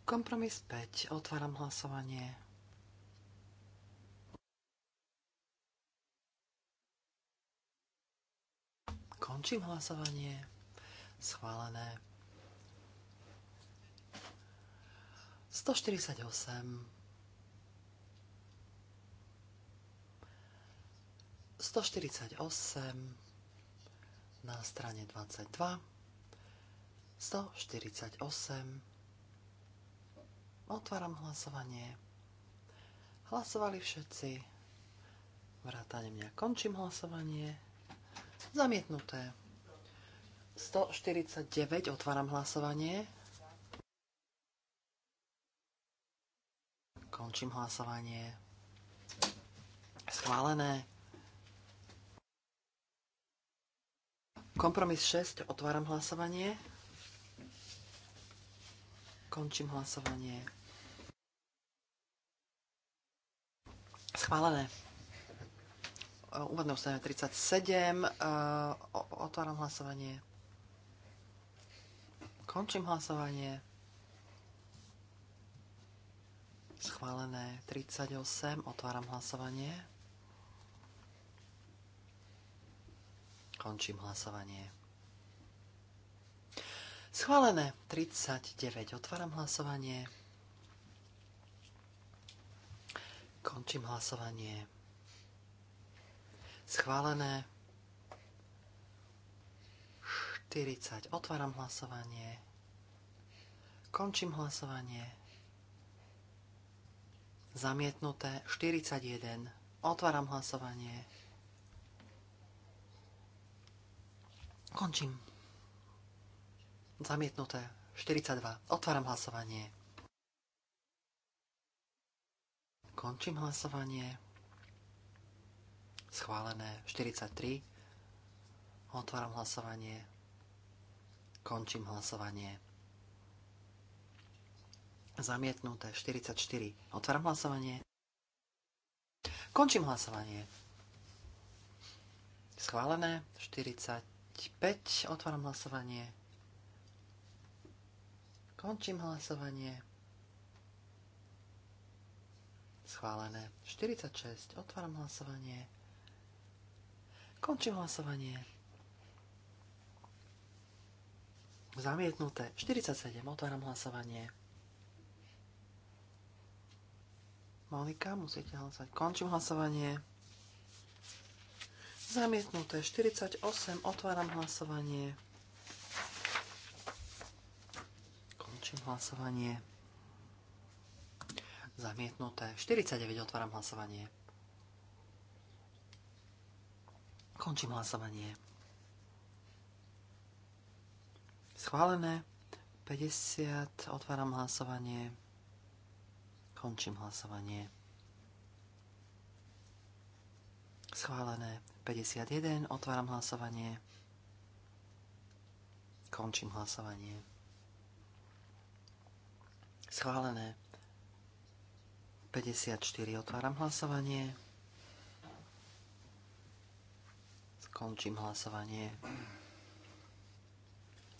Kompromis 5. Otváram hlasovanie. Končím hlasovanie. Schválené. 148. 148 na strane 22, 148. Otváram hlasovanie. Hlasovali všetci. Vrátane mňa. Končím hlasovanie. Zamietnuté. 149. Otváram hlasovanie. Končím hlasovanie. Schválené. Kompromis 6. Otváram hlasovanie. Končím hlasovanie. Schválené. Úvodné e, ustanovenie 37. E, otváram hlasovanie. Končím hlasovanie. Schválené 38. Otváram hlasovanie. Končím hlasovanie. Schválené 39. Otváram hlasovanie. Končím hlasovanie. Schválené 40. Otváram hlasovanie. Končím hlasovanie. Zamietnuté 41. Otváram hlasovanie. Končím. Zamietnuté. 42. Otváram hlasovanie. Končím hlasovanie. Schválené. 43. Otváram hlasovanie. Končím hlasovanie. Zamietnuté. 44. Otváram hlasovanie. Končím hlasovanie. Schválené. 40. 5. Otváram hlasovanie. Končím hlasovanie. Schválené. 46. Otváram hlasovanie. Končím hlasovanie. Zamietnuté. 47. Otváram hlasovanie. Monika, musíte hlasovať. Končím hlasovanie. Zamietnuté 48. Otváram hlasovanie. Končím hlasovanie. Zamietnuté 49. Otváram hlasovanie. Končím hlasovanie. Schválené 50. Otváram hlasovanie. Končím hlasovanie. Schválené 51. Otváram hlasovanie. Končím hlasovanie. Schválené 54. Otváram hlasovanie. Končím hlasovanie.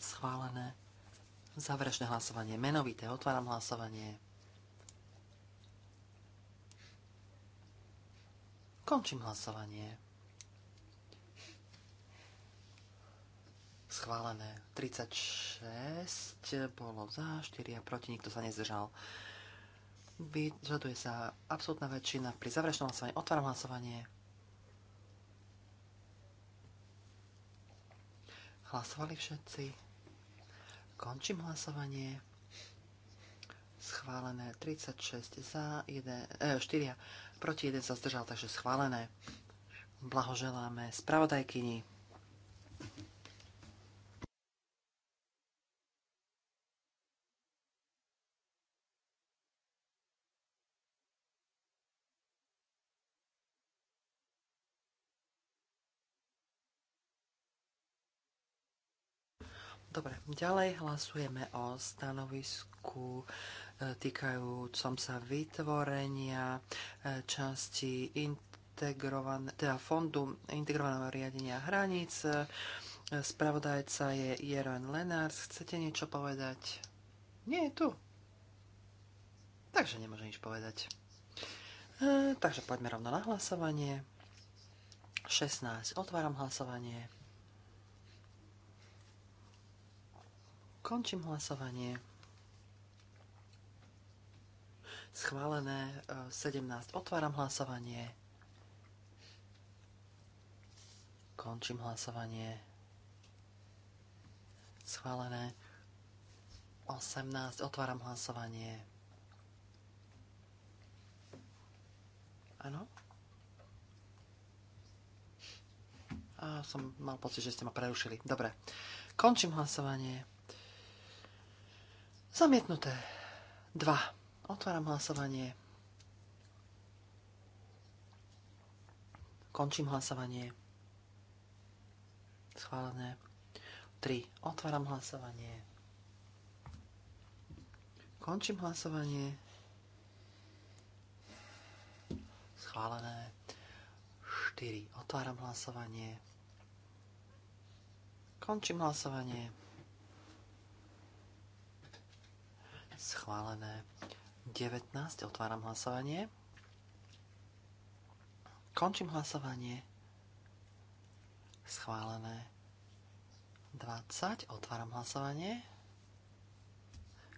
Schválené. Záverečné hlasovanie menovité. Otváram hlasovanie. Končím hlasovanie. Schválené. 36 bolo za, 4 a proti, nikto sa nezdržal. Vyžaduje sa absolútna väčšina pri záverečnom hlasovaní. Otváram hlasovanie. Hlasovali všetci. Končím hlasovanie schválené 36 za, 1, e, 4 proti 1 sa zdržal, takže schválené. Blahoželáme spravodajkyni. Dobre, ďalej hlasujeme o stanovisku týkajúcom sa vytvorenia e, časti teda fondu integrovaného riadenia hraníc. E, spravodajca je Jeroen Lenárs. Chcete niečo povedať? Nie je tu. Takže nemôže nič povedať. E, takže poďme rovno na hlasovanie. 16. Otváram hlasovanie. Končím hlasovanie. Schválené 17. Otváram hlasovanie. Končím hlasovanie. Schválené 18. Otváram hlasovanie. Áno? A som mal pocit, že ste ma prerušili. Dobre. Končím hlasovanie. Zamietnuté. 2. Otváram hlasovanie. Končím hlasovanie. Schválené. 3. Otváram hlasovanie. Končím hlasovanie. Schválené. 4. Otváram hlasovanie. Končím hlasovanie. Schválené. 19. Otváram hlasovanie. Končím hlasovanie. Schválené. 20. Otváram hlasovanie.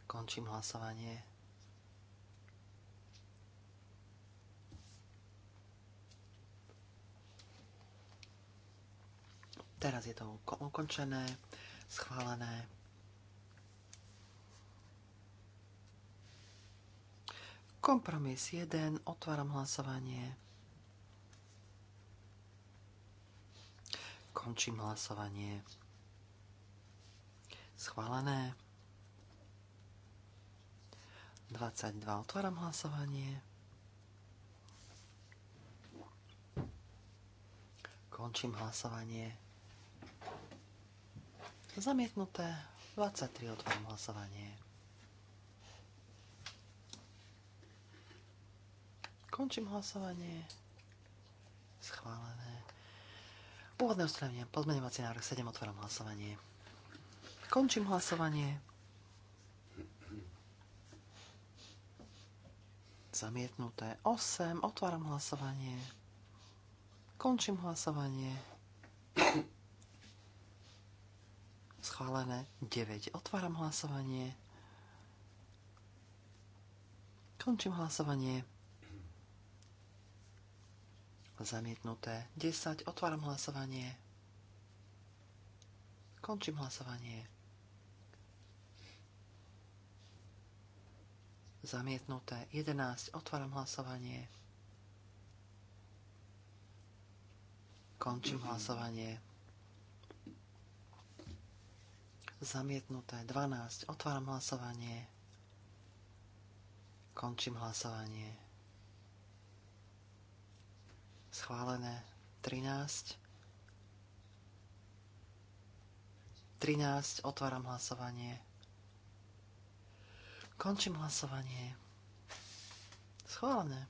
Končím hlasovanie. Teraz je to ukončené, schválené. Kompromis 1. Otváram hlasovanie. Končím hlasovanie. Schválené. 22. Otváram hlasovanie. Končím hlasovanie. Zamietnuté. 23. Otváram hlasovanie. Končím hlasovanie. Schválené. Pôvodné ustanovenie. Pozmeňovací návrh 7. Otváram hlasovanie. Končím hlasovanie. Zamietnuté 8. Otváram hlasovanie. Končím hlasovanie. Schválené 9. Otváram hlasovanie. Končím hlasovanie. Zamietnuté. 10. Otváram hlasovanie. Končím hlasovanie. Zamietnuté. 11. Otváram hlasovanie. Končím hlasovanie. Zamietnuté. 12. Otváram hlasovanie. Končím hlasovanie schválené 13. 13. Otváram hlasovanie. Končím hlasovanie. Schválené.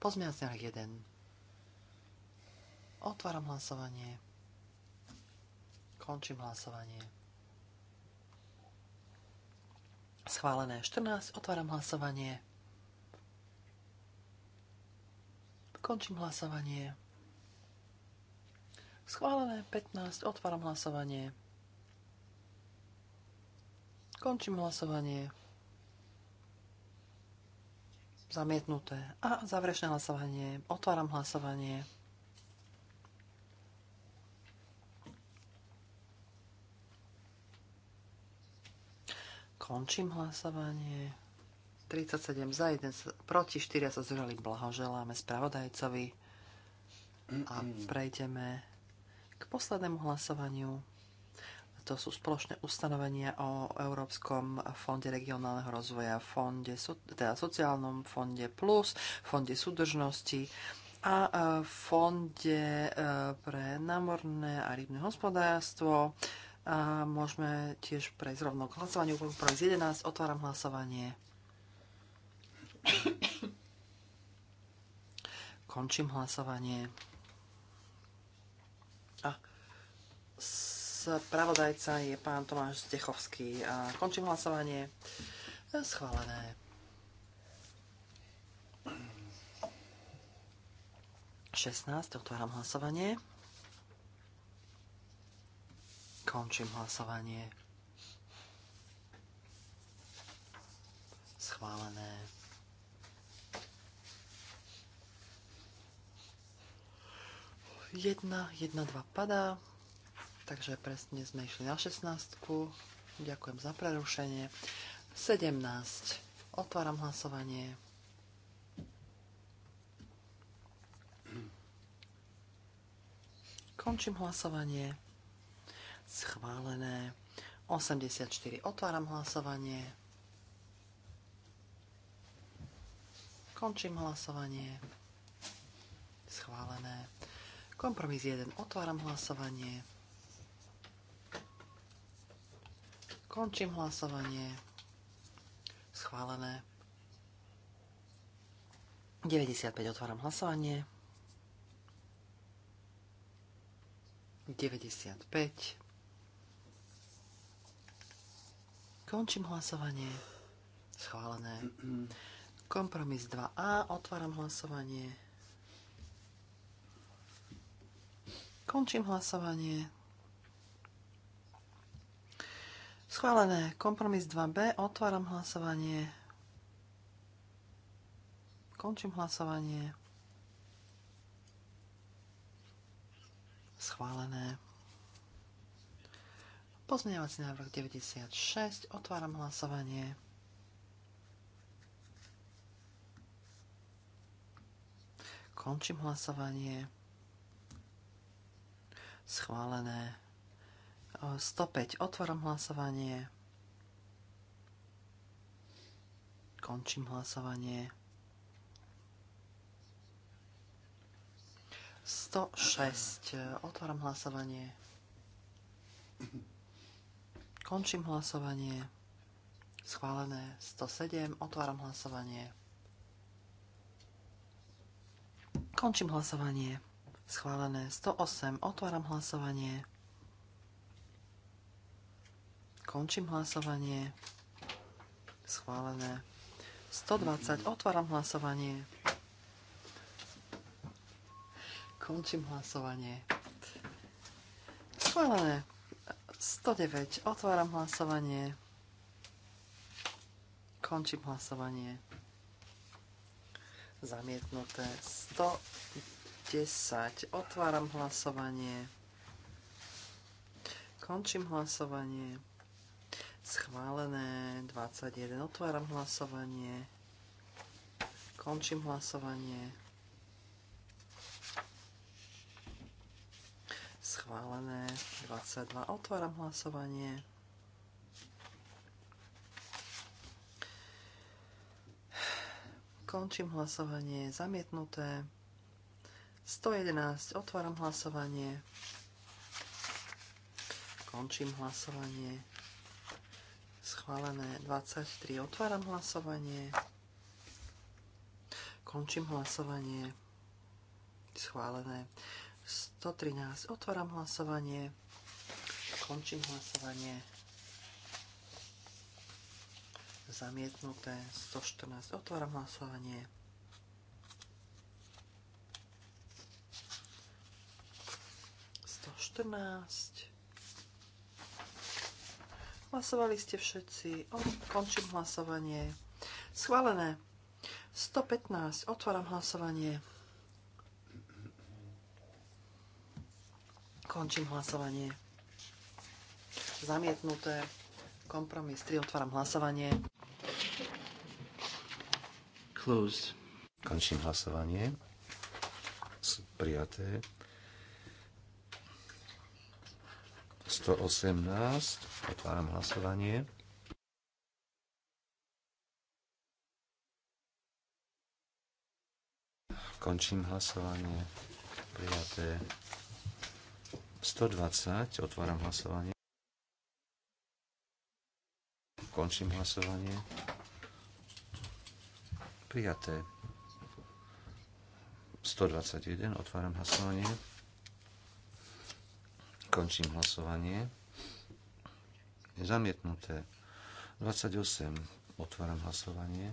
Pozmiac 1. Otváram hlasovanie. Končím hlasovanie. Schválené 14. Otváram hlasovanie. Končím hlasovanie. Schválené 15. Otváram hlasovanie. Končím hlasovanie. Zamietnuté. A záverečné hlasovanie. Otváram hlasovanie. Končím hlasovanie. 37 za, 1 proti, 4 sa zdržali. Blahoželáme spravodajcovi a prejdeme k poslednému hlasovaniu. To sú spoločné ustanovenia o Európskom fonde regionálneho rozvoja, fonde, teda sociálnom fonde plus, fonde súdržnosti a e, fonde e, pre námorné a rybné hospodárstvo. A môžeme tiež prejsť rovno k hlasovaniu. z 11. Otváram hlasovanie. Končím hlasovanie. A spravodajca je pán Tomáš Zdechovský. A končím hlasovanie. Schválené. Šestnáct, otváram hlasovanie. Končím hlasovanie. Schválené. 1, 1, 2 padá. Takže presne sme išli na 16. Ďakujem za prerušenie. 17. Otváram hlasovanie. Končím hlasovanie. Schválené. 84. Otváram hlasovanie. Končím hlasovanie. Schválené. Kompromis 1. Otváram hlasovanie. Končím hlasovanie. Schválené. 95. Otváram hlasovanie. 95. Končím hlasovanie. Schválené. Kompromis 2a. Otváram hlasovanie. Končím hlasovanie. Schválené. Kompromis 2b. Otváram hlasovanie. Končím hlasovanie. Schválené. Pozmeňovací návrh 96. Otváram hlasovanie. Končím hlasovanie schválené. 105. Otvorom hlasovanie. Končím hlasovanie. 106. Otváram hlasovanie. Končím hlasovanie. Schválené. 107. Otváram hlasovanie. Končím hlasovanie. Schválené 108. Otváram hlasovanie. Končím hlasovanie. Schválené 120. Otváram hlasovanie. Končím hlasovanie. Schválené 109. Otváram hlasovanie. Končím hlasovanie. Zamietnuté 100. 10. Otváram hlasovanie. Končím hlasovanie. Schválené 21. Otváram hlasovanie. Končím hlasovanie. Schválené 22. Otváram hlasovanie. Končím hlasovanie. Zamietnuté. 111. Otváram hlasovanie. Končím hlasovanie. Schválené 23. Otváram hlasovanie. Končím hlasovanie. Schválené 113. Otváram hlasovanie. Končím hlasovanie. Zamietnuté 114. Otváram hlasovanie. 114. Hlasovali ste všetci. Končím hlasovanie. Schválené. 115. Otváram hlasovanie. Končím hlasovanie. Zamietnuté. Kompromis 3. Otváram hlasovanie. Closed. Končím hlasovanie. Prijaté. 118. Otváram hlasovanie. Končím hlasovanie. Prijaté 120. Otváram hlasovanie. Končím hlasovanie. Prijaté 121. Otváram hlasovanie. Končím hlasovanie. Zamietnuté. 28. Otváram hlasovanie.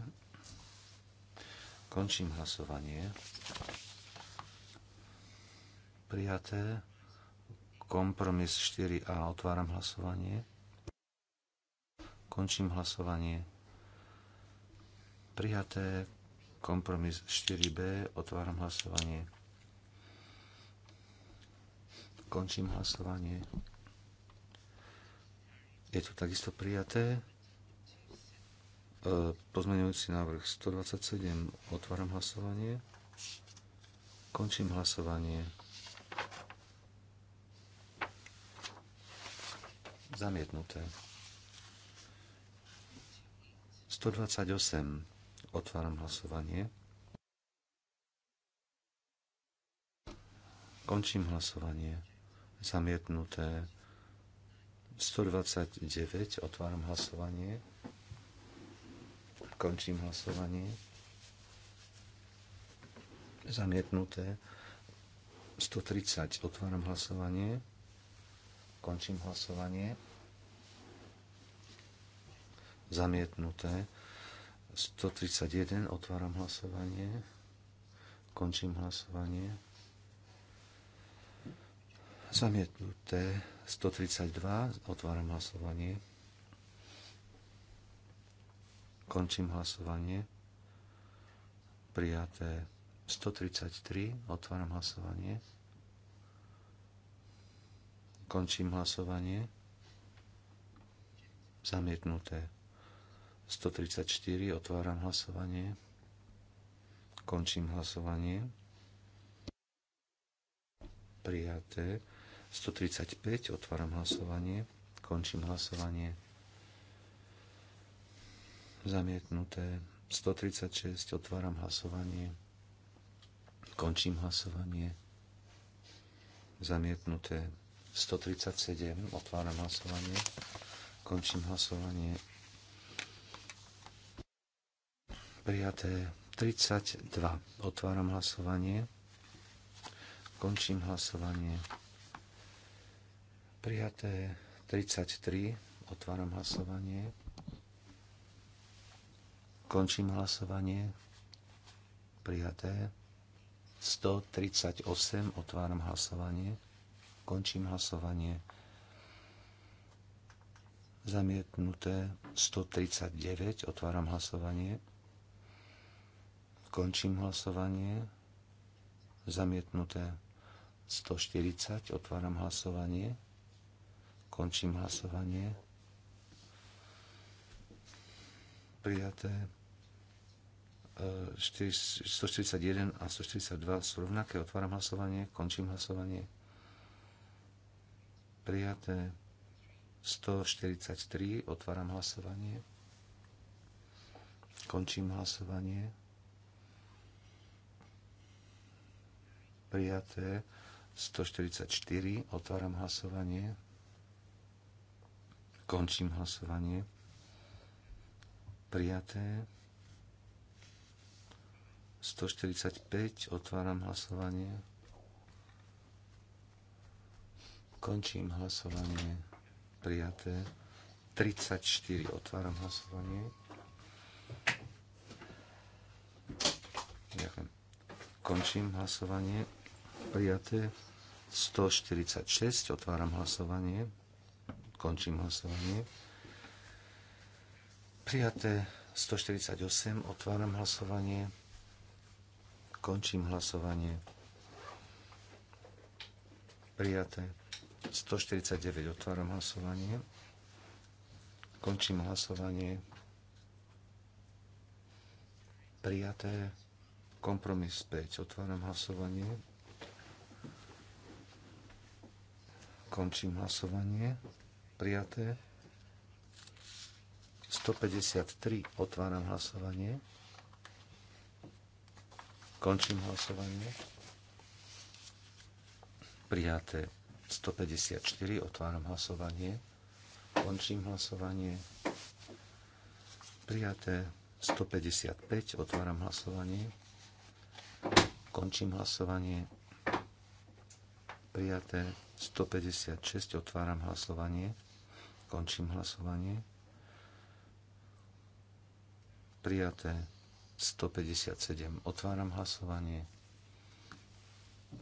Končím hlasovanie. Prijaté. Kompromis 4a. Otváram hlasovanie. Končím hlasovanie. Prijaté. Kompromis 4b. Otváram hlasovanie. Končím hlasovanie. Je to takisto prijaté. E, Pozmenujúci návrh 127. Otváram hlasovanie. Končím hlasovanie. Zamietnuté. 128. Otváram hlasovanie. Končím hlasovanie zamietnuté. 129, otváram hlasovanie. Končím hlasovanie. Zamietnuté. 130, otváram hlasovanie. Končím hlasovanie. Zamietnuté. 131, otváram hlasovanie. Končím hlasovanie Zamietnuté 132. Otváram hlasovanie. Končím hlasovanie. Prijaté 133. Otváram hlasovanie. Končím hlasovanie. Zamietnuté 134. Otváram hlasovanie. Končím hlasovanie. Prijaté 135, otváram hlasovanie, končím hlasovanie. Zamietnuté. 136, otváram hlasovanie, končím hlasovanie. Zamietnuté. 137, otváram hlasovanie, končím hlasovanie. Prijaté 32. Otváram hlasovanie. Končím hlasovanie. Prijaté 33. Otváram hlasovanie. Končím hlasovanie. Prijaté. 138. Otváram hlasovanie. Končím hlasovanie. Zamietnuté 139. Otváram hlasovanie. Končím hlasovanie. Zamietnuté 140. Otváram hlasovanie. Končím hlasovanie. Prijaté. 141 e, a 142 sú rovnaké. Otváram hlasovanie. Končím hlasovanie. Prijaté. 143. Otváram hlasovanie. Končím hlasovanie. Prijaté. 144. Otváram hlasovanie. Končím hlasovanie. Prijaté. 145. Otváram hlasovanie. Končím hlasovanie. Prijaté. 34. Otváram hlasovanie. Ďakujem. Končím hlasovanie. Prijaté. 146. Otváram hlasovanie. Končím hlasovanie. Prijaté 148. Otváram hlasovanie. Končím hlasovanie. Prijaté 149. Otváram hlasovanie. Končím hlasovanie. Prijaté. Kompromis 5. Otváram hlasovanie. Končím hlasovanie prijaté. 153 otváram hlasovanie. Končím hlasovanie. Prijaté 154 otváram hlasovanie. Končím hlasovanie. Prijaté 155 otváram hlasovanie. Končím hlasovanie. Prijaté 156 otváram hlasovanie. Končím hlasovanie. Prijaté 157. Otváram hlasovanie.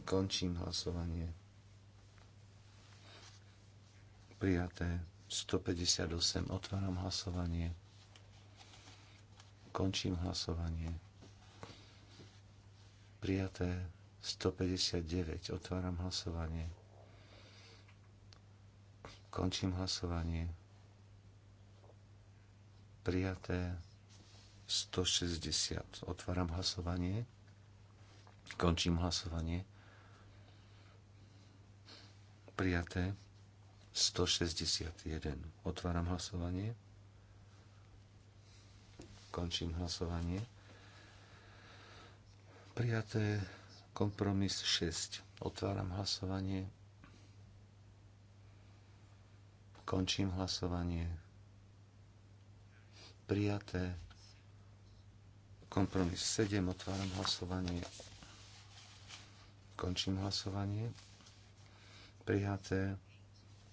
Končím hlasovanie. Prijaté 158. Otváram hlasovanie. Končím hlasovanie. Prijaté 159. Otváram hlasovanie. Končím hlasovanie. Prijaté 160. Otváram hlasovanie. Končím hlasovanie. Prijaté 161. Otváram hlasovanie. Končím hlasovanie. Prijaté kompromis 6. Otváram hlasovanie. Končím hlasovanie. Prijaté. Kompromis 7. Otváram hlasovanie. Končím hlasovanie. Prijaté.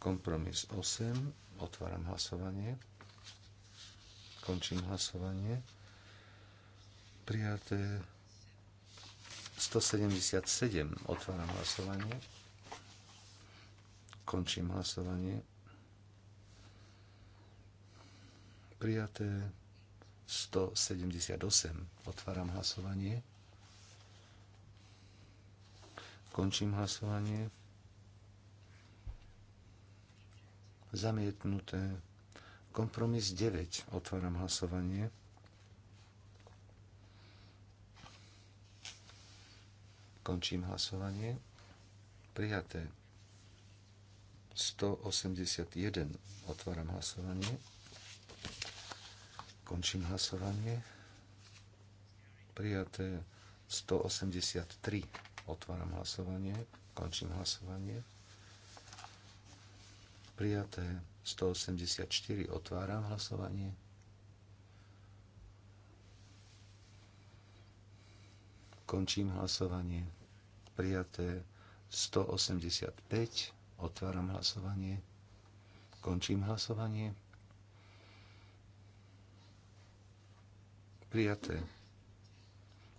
Kompromis 8. Otváram hlasovanie. Končím hlasovanie. Prijaté. 177. Otváram hlasovanie. Končím hlasovanie. prijaté 178. Otváram hlasovanie. Končím hlasovanie. Zamietnuté. Kompromis 9. Otváram hlasovanie. Končím hlasovanie. Prijaté. 181. Otváram hlasovanie. Končím hlasovanie. Prijaté 183. Otváram hlasovanie. Končím hlasovanie. Prijaté 184. Otváram hlasovanie. Končím hlasovanie. Prijaté 185. Otváram hlasovanie. Končím hlasovanie Prijaté.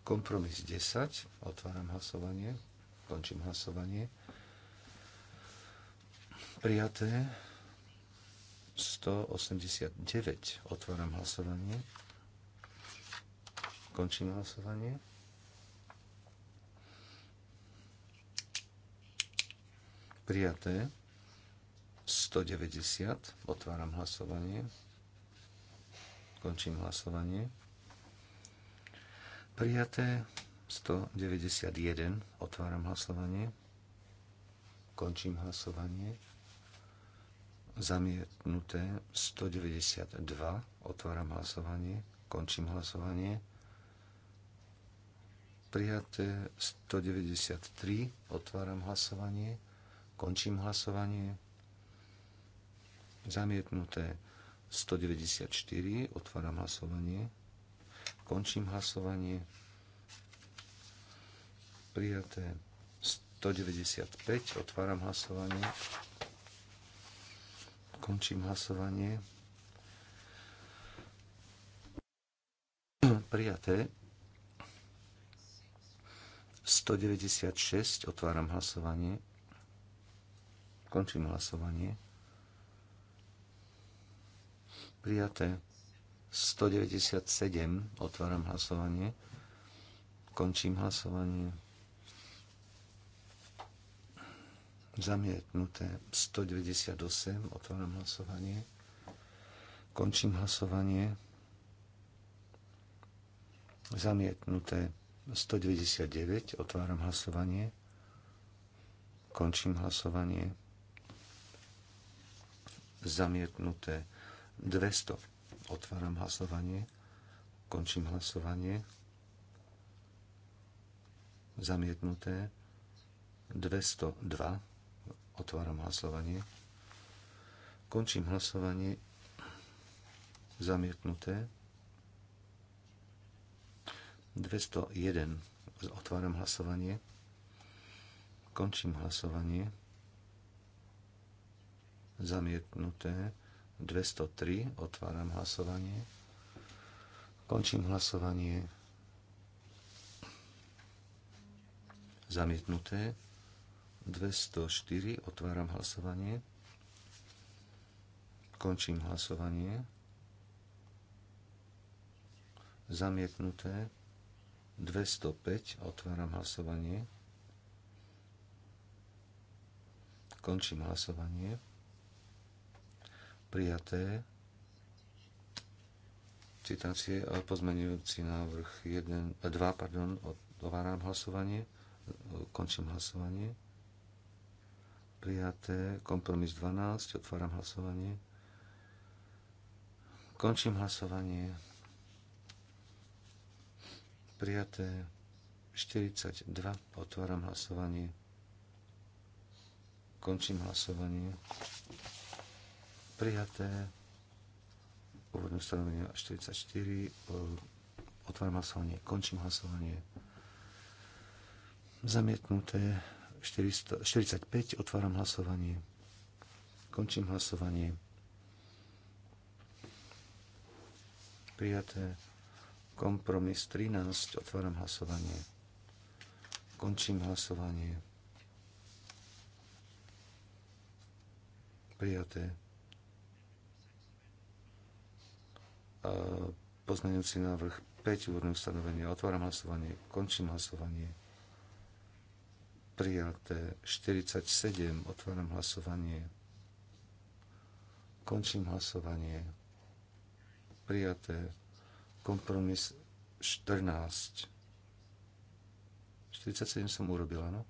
Kompromis 10. Otváram hlasovanie. Končím hlasovanie. Prijaté. 189. Otváram hlasovanie. Končím hlasovanie. Prijaté. 190. Otváram hlasovanie. Končím hlasovanie. Prijaté 191. Otváram hlasovanie. Končím hlasovanie. Zamietnuté 192. Otváram hlasovanie. Končím hlasovanie. Prijaté 193. Otváram hlasovanie. Končím hlasovanie. Zamietnuté 194. Otváram hlasovanie. Končím hlasovanie. Prijaté 195. Otváram hlasovanie. Končím hlasovanie. Prijaté 196. Otváram hlasovanie. Končím hlasovanie. Prijaté 197. Otváram hlasovanie. Končím hlasovanie. Zamietnuté 198. Otváram hlasovanie. Končím hlasovanie. Zamietnuté 199. Otváram hlasovanie. Končím hlasovanie. Zamietnuté 200. Otváram hlasovanie. Končím hlasovanie. Zamietnuté. 202. Otváram hlasovanie. Končím hlasovanie. Zamietnuté. 201. Otváram hlasovanie. Končím hlasovanie. Zamietnuté. 203. Otváram hlasovanie. Končím hlasovanie. Zamietnuté. 204. Otváram hlasovanie. Končím hlasovanie. Zamietnuté. 205. Otváram hlasovanie. Končím hlasovanie prijaté. Citácie a pozmenujúci návrh 1, 2, pardon, otváram hlasovanie, končím hlasovanie. Prijaté, kompromis 12, otváram hlasovanie. Končím hlasovanie. Prijaté 42, otváram hlasovanie. Končím hlasovanie prijaté. Úvodné ustanovenie 44. Otváram hlasovanie, končím hlasovanie. Zamietnuté 400, 45. Otváram hlasovanie, končím hlasovanie. Prijaté kompromis 13. Otváram hlasovanie. Končím hlasovanie. Prijaté. E, pozmeňujúci návrh 5, úvodných ustanovenie. Otváram hlasovanie, končím hlasovanie. Prijaté 47, otváram hlasovanie. Končím hlasovanie. Prijaté kompromis 14. 47 som urobila, áno?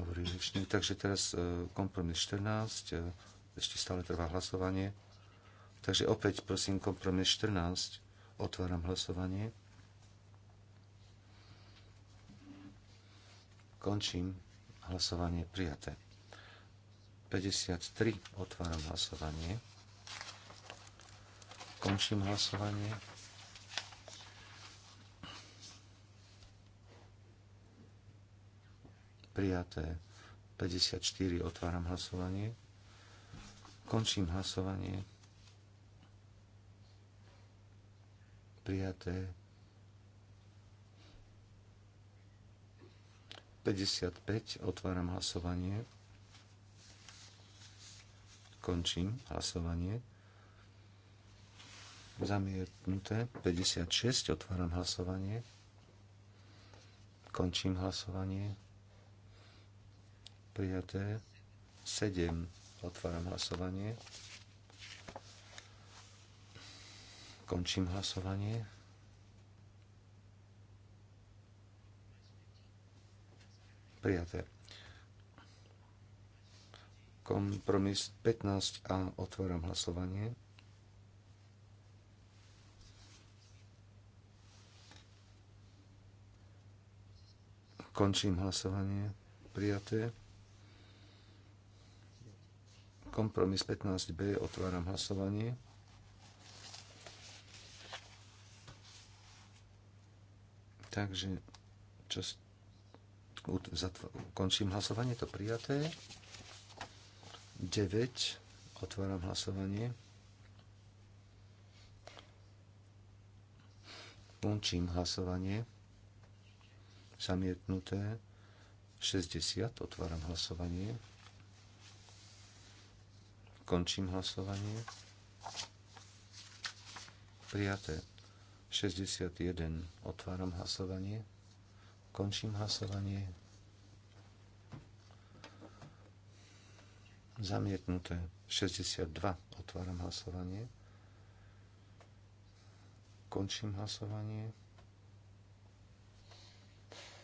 Hovorí Takže teraz e, kompromis 14. E, ešte stále trvá hlasovanie. Takže opäť prosím kompromis 14. Otváram hlasovanie. Končím hlasovanie prijaté. 53. Otváram hlasovanie. Končím hlasovanie. 54. Otváram hlasovanie. Končím hlasovanie. prijaté. 55, otváram hlasovanie. Končím hlasovanie. Zamietnuté. 56, otváram hlasovanie. Končím hlasovanie. Prijaté. 7, otváram hlasovanie. Končím hlasovanie. Prijaté. Kompromis 15 a otváram hlasovanie. Končím hlasovanie. Prijaté. Kompromis 15b. Otváram hlasovanie. Takže čo, ukončím hlasovanie, to prijaté. 9, otváram hlasovanie. Končím hlasovanie. Zamietnuté. 60, otváram hlasovanie. Končím hlasovanie. Prijaté. 61. Otváram hlasovanie. Končím hlasovanie. Zamietnuté. 62. Otváram hlasovanie. Končím hlasovanie.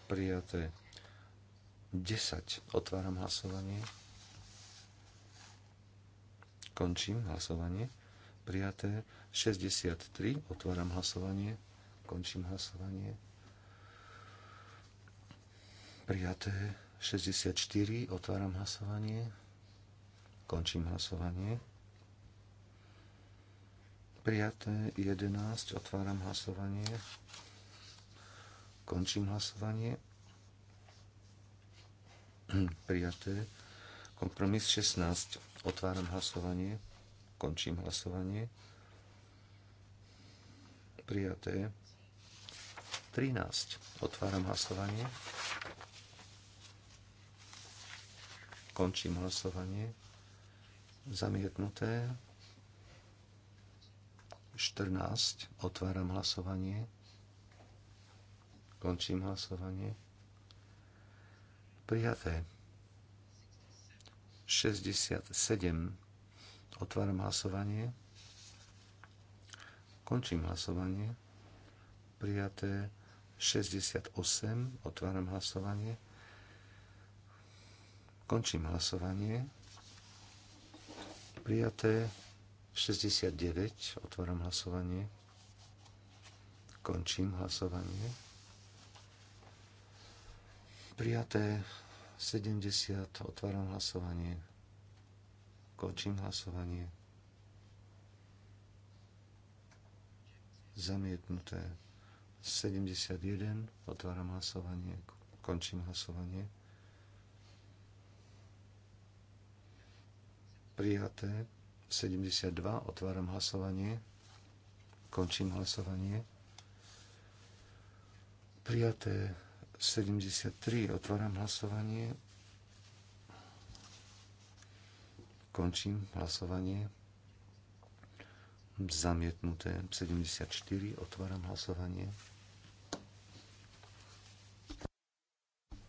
Prijaté. 10. Otváram hlasovanie. Končím hlasovanie prijaté. 63, otváram hlasovanie, končím hlasovanie. Prijaté. 64, otváram hlasovanie, končím hlasovanie. Prijaté 11, otváram hlasovanie. Končím hlasovanie. Prijaté. Kompromis 16, otváram hlasovanie. Končím hlasovanie. Prijaté. 13. Otváram hlasovanie. Končím hlasovanie. Zamietnuté. 14. Otváram hlasovanie. Končím hlasovanie. Prijaté. 67. Otváram hlasovanie. Končím hlasovanie. Prijaté 68. Otváram hlasovanie. Končím hlasovanie. Prijaté 69. Otváram hlasovanie. Končím hlasovanie. Prijaté 70. Otváram hlasovanie. Končím hlasovanie. Zamietnuté 71. Otváram hlasovanie. Končím hlasovanie. Prijaté 72. Otváram hlasovanie. Končím hlasovanie. Prijaté 73. Otváram hlasovanie Končím hlasovanie. Zamietnuté 74. Otváram hlasovanie.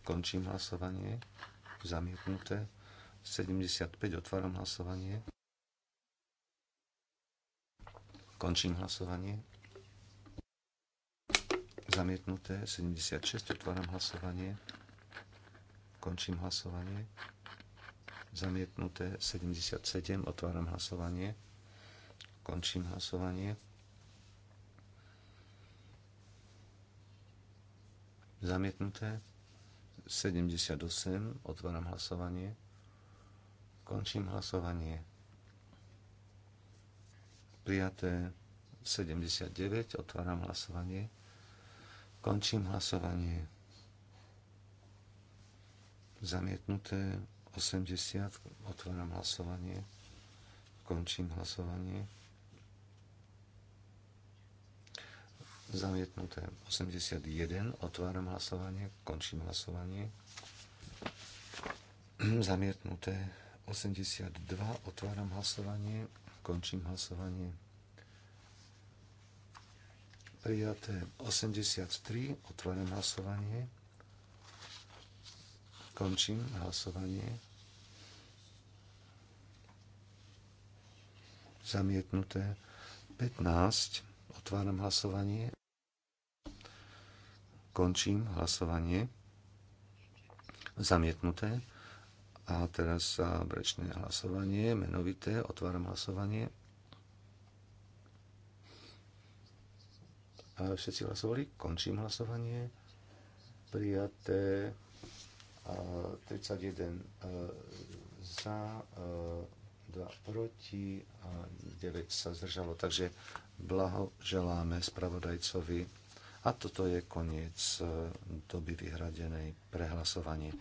Končím hlasovanie. Zamietnuté 75. Otváram hlasovanie. Končím hlasovanie. Zamietnuté 76. Otváram hlasovanie. Končím hlasovanie zamietnuté 77, otváram hlasovanie, končím hlasovanie. Zamietnuté 78, otváram hlasovanie, končím hlasovanie. Prijaté 79, otváram hlasovanie, končím hlasovanie zamietnuté 80. Otváram hlasovanie. Končím hlasovanie. Zamietnuté 81. Otváram hlasovanie. Končím hlasovanie. Zamietnuté 82. Otváram hlasovanie. Končím hlasovanie. Prijaté 83. Otváram hlasovanie. Končím hlasovanie. Zamietnuté 15. Otváram hlasovanie. Končím hlasovanie. Zamietnuté. A teraz sa brečné hlasovanie, menovité. Otváram hlasovanie. Všetci hlasovali? Končím hlasovanie. Prijaté 31 e, za, 2 e, proti a 9 sa zdržalo. Takže blahoželáme spravodajcovi. A toto je koniec e, doby vyhradenej prehlasovanie.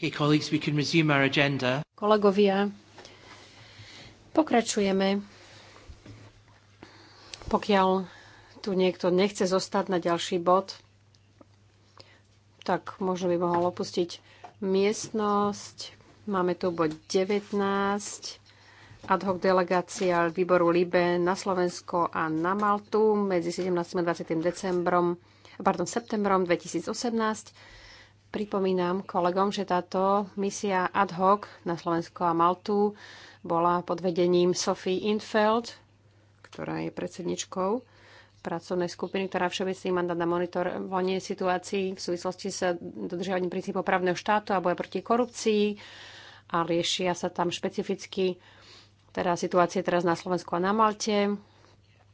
Okay, colleagues, we can resume our agenda. Kolegovia, pokračujeme. Pokiaľ tu niekto nechce zostať na ďalší bod, tak možno by mohol opustiť miestnosť. Máme tu bod 19, ad hoc delegácia výboru LIBE na Slovensko a na Maltu medzi 17. a 20. decembrom, pardon, septembrom 2018 Pripomínam kolegom, že táto misia ad hoc na Slovensko a Maltu bola pod vedením Sophie Infeld, ktorá je predsedničkou pracovnej skupiny, ktorá všeobecný mandát na monitorovanie situácií v súvislosti s dodržiavaním princípov právneho štátu a boja proti korupcii a riešia sa tam špecificky teda situácie teraz na Slovensku a na Malte.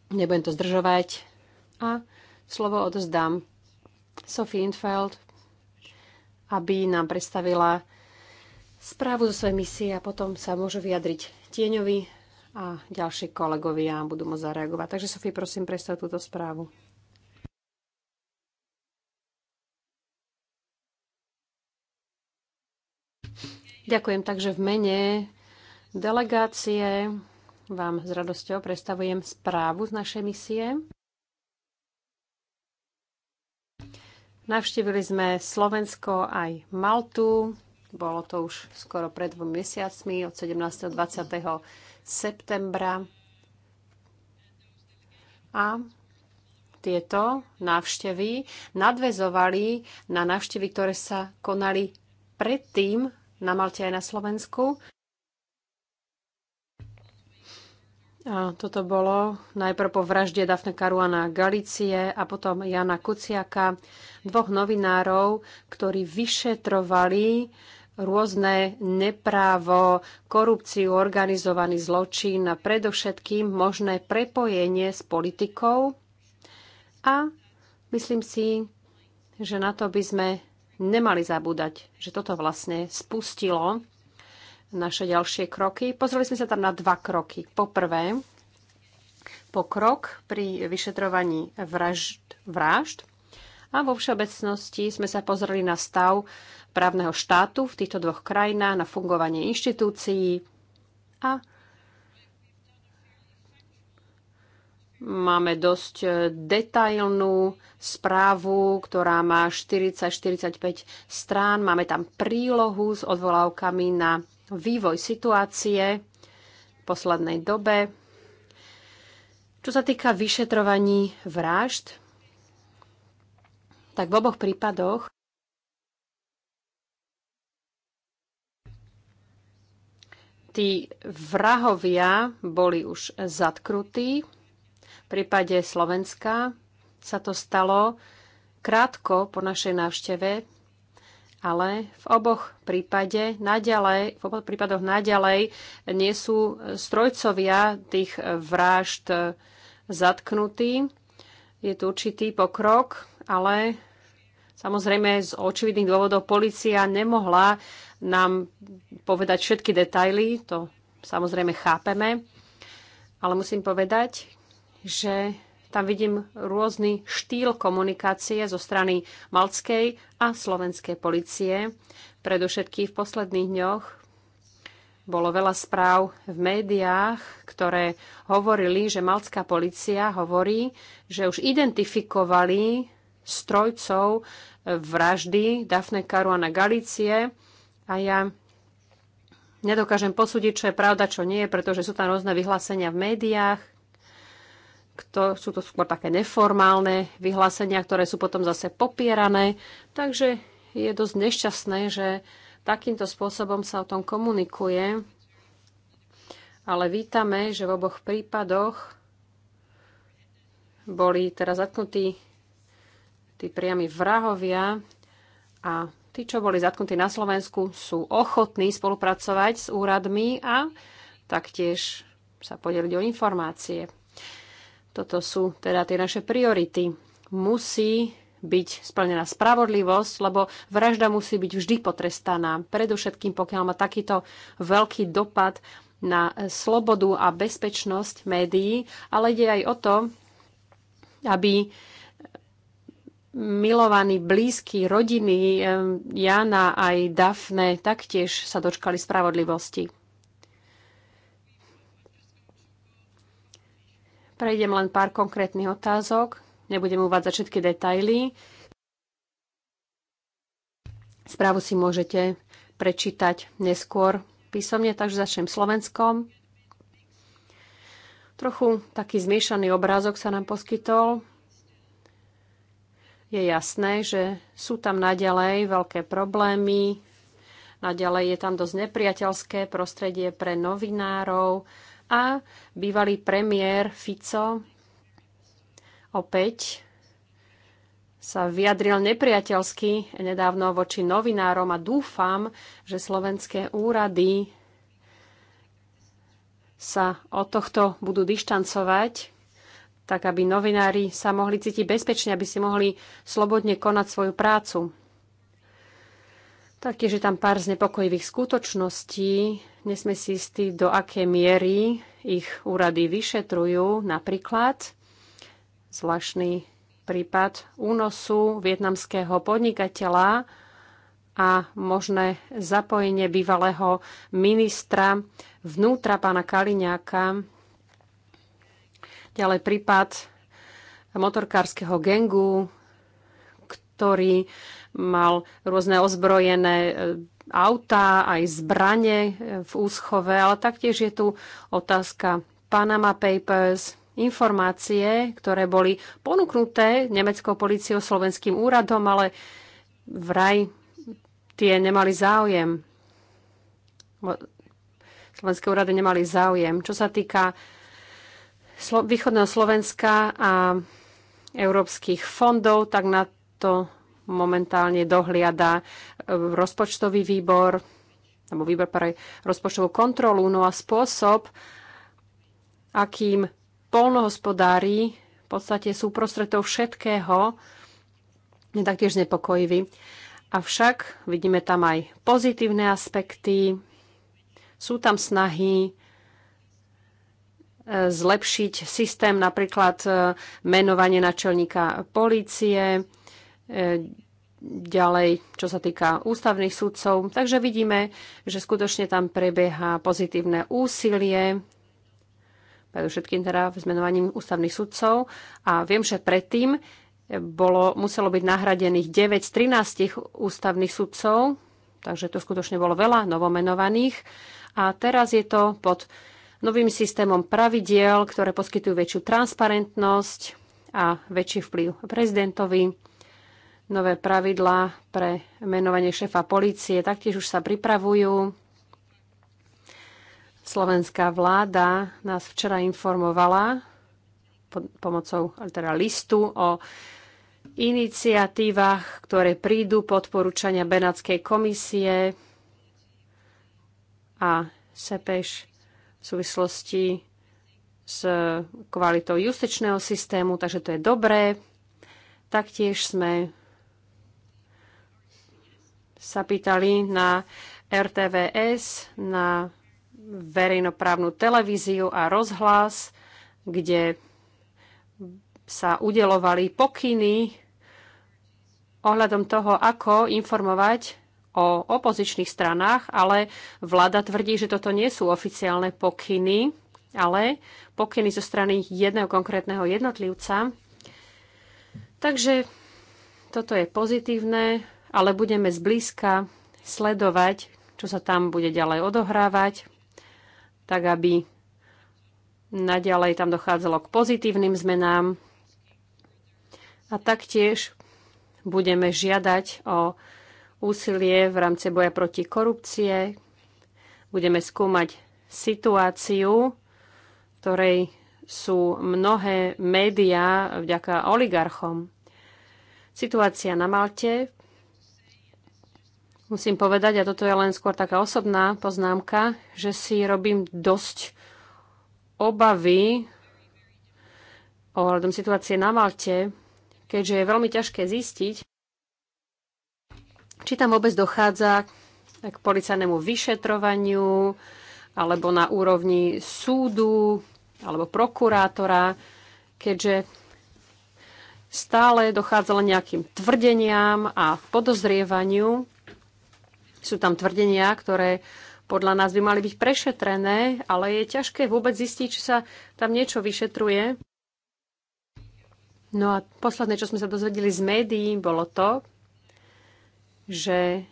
Nebudem to zdržovať a slovo odozdám Sophie Infeld, aby nám predstavila správu zo svojej misie a potom sa môžu vyjadriť tieňovi a ďalší kolegovia budú môcť zareagovať. Takže Sofie, prosím, predstav túto správu. Ďakujem. Takže v mene delegácie vám s radosťou predstavujem správu z našej misie. Navštívili sme Slovensko aj Maltu. Bolo to už skoro pred dvomi mesiacmi, od 17. 20. septembra. A tieto návštevy nadvezovali na návštevy, ktoré sa konali predtým na Malte aj na Slovensku. A toto bolo najprv po vražde Dafne Karuana Galicie a potom Jana Kuciaka, dvoch novinárov, ktorí vyšetrovali rôzne neprávo, korupciu, organizovaný zločin a predovšetkým možné prepojenie s politikou. A myslím si, že na to by sme nemali zabúdať, že toto vlastne spustilo naše ďalšie kroky. Pozreli sme sa tam na dva kroky. Po prvé, krok pri vyšetrovaní vražd, vražd a vo všeobecnosti sme sa pozreli na stav právneho štátu v týchto dvoch krajinách, na fungovanie inštitúcií a Máme dosť detailnú správu, ktorá má 40-45 strán. Máme tam prílohu s odvolávkami na vývoj situácie v poslednej dobe. Čo sa týka vyšetrovaní vražd, tak v oboch prípadoch tí vrahovia boli už zatknutí. V prípade Slovenska sa to stalo krátko po našej návšteve ale v oboch prípade naďalej, v oboch prípadoch naďalej nie sú strojcovia tých vražd zatknutí. Je tu určitý pokrok, ale samozrejme z očividných dôvodov policia nemohla nám povedať všetky detaily, to samozrejme chápeme, ale musím povedať, že tam vidím rôzny štýl komunikácie zo strany malckej a slovenskej policie. Predovšetkým v posledných dňoch bolo veľa správ v médiách, ktoré hovorili, že malcká policia hovorí, že už identifikovali strojcov vraždy Dafne Karuana Galície a ja nedokážem posúdiť, čo je pravda, čo nie, pretože sú tam rôzne vyhlásenia v médiách kto, sú to skôr také neformálne vyhlásenia, ktoré sú potom zase popierané. Takže je dosť nešťastné, že takýmto spôsobom sa o tom komunikuje. Ale vítame, že v oboch prípadoch boli teraz zatknutí tí priami vrahovia a tí, čo boli zatknutí na Slovensku, sú ochotní spolupracovať s úradmi a taktiež sa podeliť o informácie. Toto sú teda tie naše priority. Musí byť splnená spravodlivosť, lebo vražda musí byť vždy potrestaná. Predovšetkým, pokiaľ má takýto veľký dopad na slobodu a bezpečnosť médií, ale ide aj o to, aby milovaní blízky rodiny eh, Jana aj Dafne taktiež sa dočkali spravodlivosti. Prejdem len pár konkrétnych otázok. Nebudem uvádzať všetky detaily. Správu si môžete prečítať neskôr písomne, takže začnem slovenskom. Trochu taký zmiešaný obrázok sa nám poskytol. Je jasné, že sú tam naďalej veľké problémy, naďalej je tam dosť nepriateľské prostredie pre novinárov, a bývalý premiér Fico opäť sa vyjadril nepriateľsky nedávno voči novinárom a dúfam, že slovenské úrady sa od tohto budú dištancovať, tak aby novinári sa mohli cítiť bezpečne, aby si mohli slobodne konať svoju prácu. Taktiež je tam pár znepokojivých skutočností. Nesme si istí, do aké miery ich úrady vyšetrujú. Napríklad zvláštny prípad únosu vietnamského podnikateľa a možné zapojenie bývalého ministra vnútra pána Kaliňáka. Ďalej prípad motorkárskeho gengu, ktorý mal rôzne ozbrojené e, autá, aj zbranie e, v úschove, ale taktiež je tu otázka Panama Papers, informácie, ktoré boli ponúknuté nemeckou policiou, slovenským úradom, ale vraj tie nemali záujem. Slovenské úrady nemali záujem. Čo sa týka východného Slovenska a európskych fondov, tak na to momentálne dohliada e, rozpočtový výbor, alebo výbor pre rozpočtovú kontrolu, no a spôsob, akým polnohospodári v podstate sú prostredov všetkého, je taktiež nepokojivý. Avšak vidíme tam aj pozitívne aspekty, sú tam snahy e, zlepšiť systém, napríklad e, menovanie načelníka polície, E, ďalej, čo sa týka ústavných sudcov. Takže vidíme, že skutočne tam prebieha pozitívne úsilie, všetkým teda zmenovaním ústavných sudcov. A viem, že predtým bolo, muselo byť nahradených 9 z 13 ústavných sudcov, takže to skutočne bolo veľa novomenovaných. A teraz je to pod novým systémom pravidiel, ktoré poskytujú väčšiu transparentnosť a väčší vplyv prezidentovi Nové pravidlá pre menovanie šefa policie taktiež už sa pripravujú. Slovenská vláda nás včera informovala pod pomocou teda listu o iniciatívach, ktoré prídu podporúčania Benátskej komisie a SEPEŠ v súvislosti s kvalitou justičného systému, takže to je dobré. Taktiež sme sa pýtali na RTVS, na verejnoprávnu televíziu a rozhlas, kde sa udelovali pokyny ohľadom toho, ako informovať o opozičných stranách, ale vláda tvrdí, že toto nie sú oficiálne pokyny, ale pokyny zo strany jedného konkrétneho jednotlivca. Takže toto je pozitívne ale budeme zblízka sledovať, čo sa tam bude ďalej odohrávať, tak aby naďalej tam dochádzalo k pozitívnym zmenám. A taktiež budeme žiadať o úsilie v rámci boja proti korupcie. Budeme skúmať situáciu, v ktorej sú mnohé médiá vďaka oligarchom. Situácia na Malte musím povedať, a toto je len skôr taká osobná poznámka, že si robím dosť obavy ohľadom situácie na Malte, keďže je veľmi ťažké zistiť, či tam vôbec dochádza k policajnému vyšetrovaniu, alebo na úrovni súdu, alebo prokurátora, keďže stále dochádza len nejakým tvrdeniam a podozrievaniu sú tam tvrdenia, ktoré podľa nás by mali byť prešetrené, ale je ťažké vôbec zistiť, či sa tam niečo vyšetruje. No a posledné, čo sme sa dozvedeli z médií, bolo to, že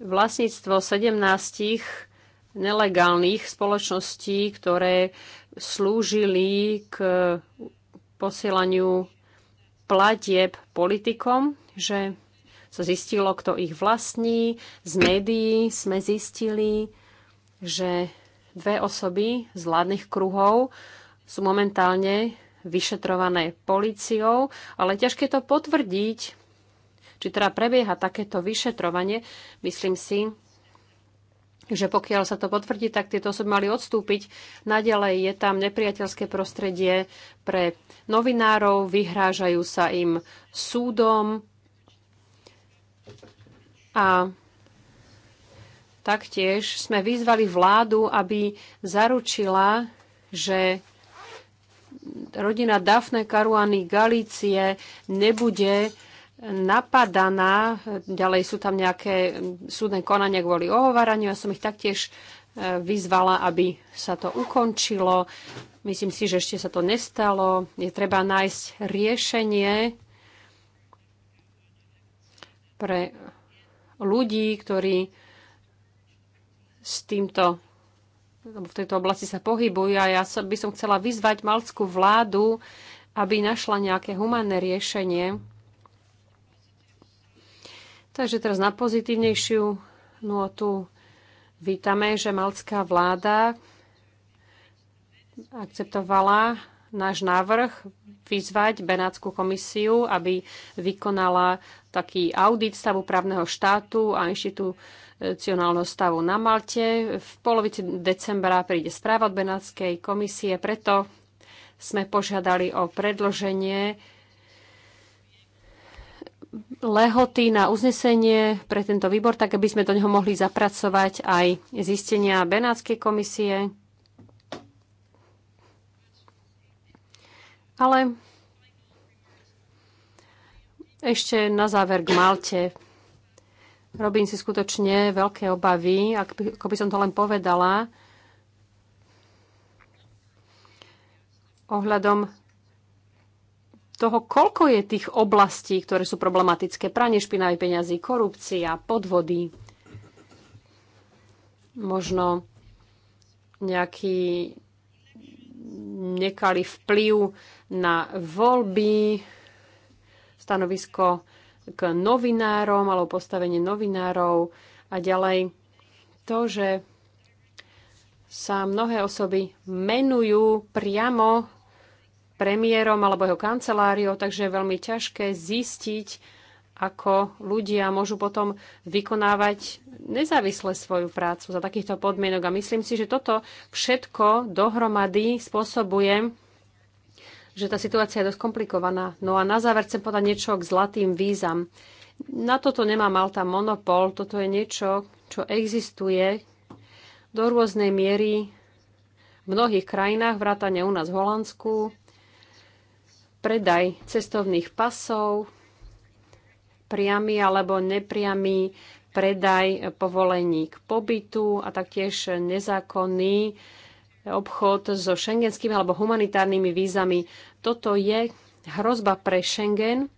vlastníctvo 17 nelegálnych spoločností, ktoré slúžili k posielaniu platieb politikom, že sa zistilo, kto ich vlastní. Z médií sme zistili, že dve osoby z vládnych kruhov sú momentálne vyšetrované policiou, ale ťažké to potvrdiť, či teda prebieha takéto vyšetrovanie. Myslím si, že pokiaľ sa to potvrdí, tak tieto osoby mali odstúpiť. Naďalej je tam nepriateľské prostredie pre novinárov, vyhrážajú sa im súdom, a taktiež sme vyzvali vládu, aby zaručila, že rodina Dafne Karuany Galície nebude napadaná. Ďalej sú tam nejaké súdne konania kvôli ohováraniu. Ja som ich taktiež e, vyzvala, aby sa to ukončilo. Myslím si, že ešte sa to nestalo. Je treba nájsť riešenie pre ľudí, ktorí s týmto v tejto oblasti sa pohybujú a ja by som chcela vyzvať malckú vládu, aby našla nejaké humanné riešenie. Takže teraz na pozitívnejšiu notu vítame, že malcká vláda akceptovala náš návrh vyzvať Benátsku komisiu, aby vykonala taký audit stavu právneho štátu a inštitucionálneho stavu na Malte. V polovici decembra príde správa od Benátskej komisie, preto sme požiadali o predloženie lehoty na uznesenie pre tento výbor, tak aby sme do neho mohli zapracovať aj zistenia Benátskej komisie. Ale ešte na záver k Malte. Robím si skutočne veľké obavy, ako by som to len povedala, ohľadom toho, koľko je tých oblastí, ktoré sú problematické. Pranie špinavé peňazí, korupcia, podvody, možno nejaký nekalý vplyv na voľby, stanovisko k novinárom alebo postavenie novinárov a ďalej to, že sa mnohé osoby menujú priamo premiérom alebo jeho kanceláriou, takže je veľmi ťažké zistiť, ako ľudia môžu potom vykonávať nezávisle svoju prácu za takýchto podmienok. A myslím si, že toto všetko dohromady spôsobuje, že tá situácia je dosť komplikovaná. No a na záver chcem podať niečo k zlatým vízam. Na toto nemá Malta monopol, toto je niečo, čo existuje do rôznej miery v mnohých krajinách, vrátane u nás v Holandsku, predaj cestovných pasov, priamy alebo nepriamy predaj povolení k pobytu a taktiež nezákonný obchod so šengenskými alebo humanitárnymi vízami. Toto je hrozba pre Schengen,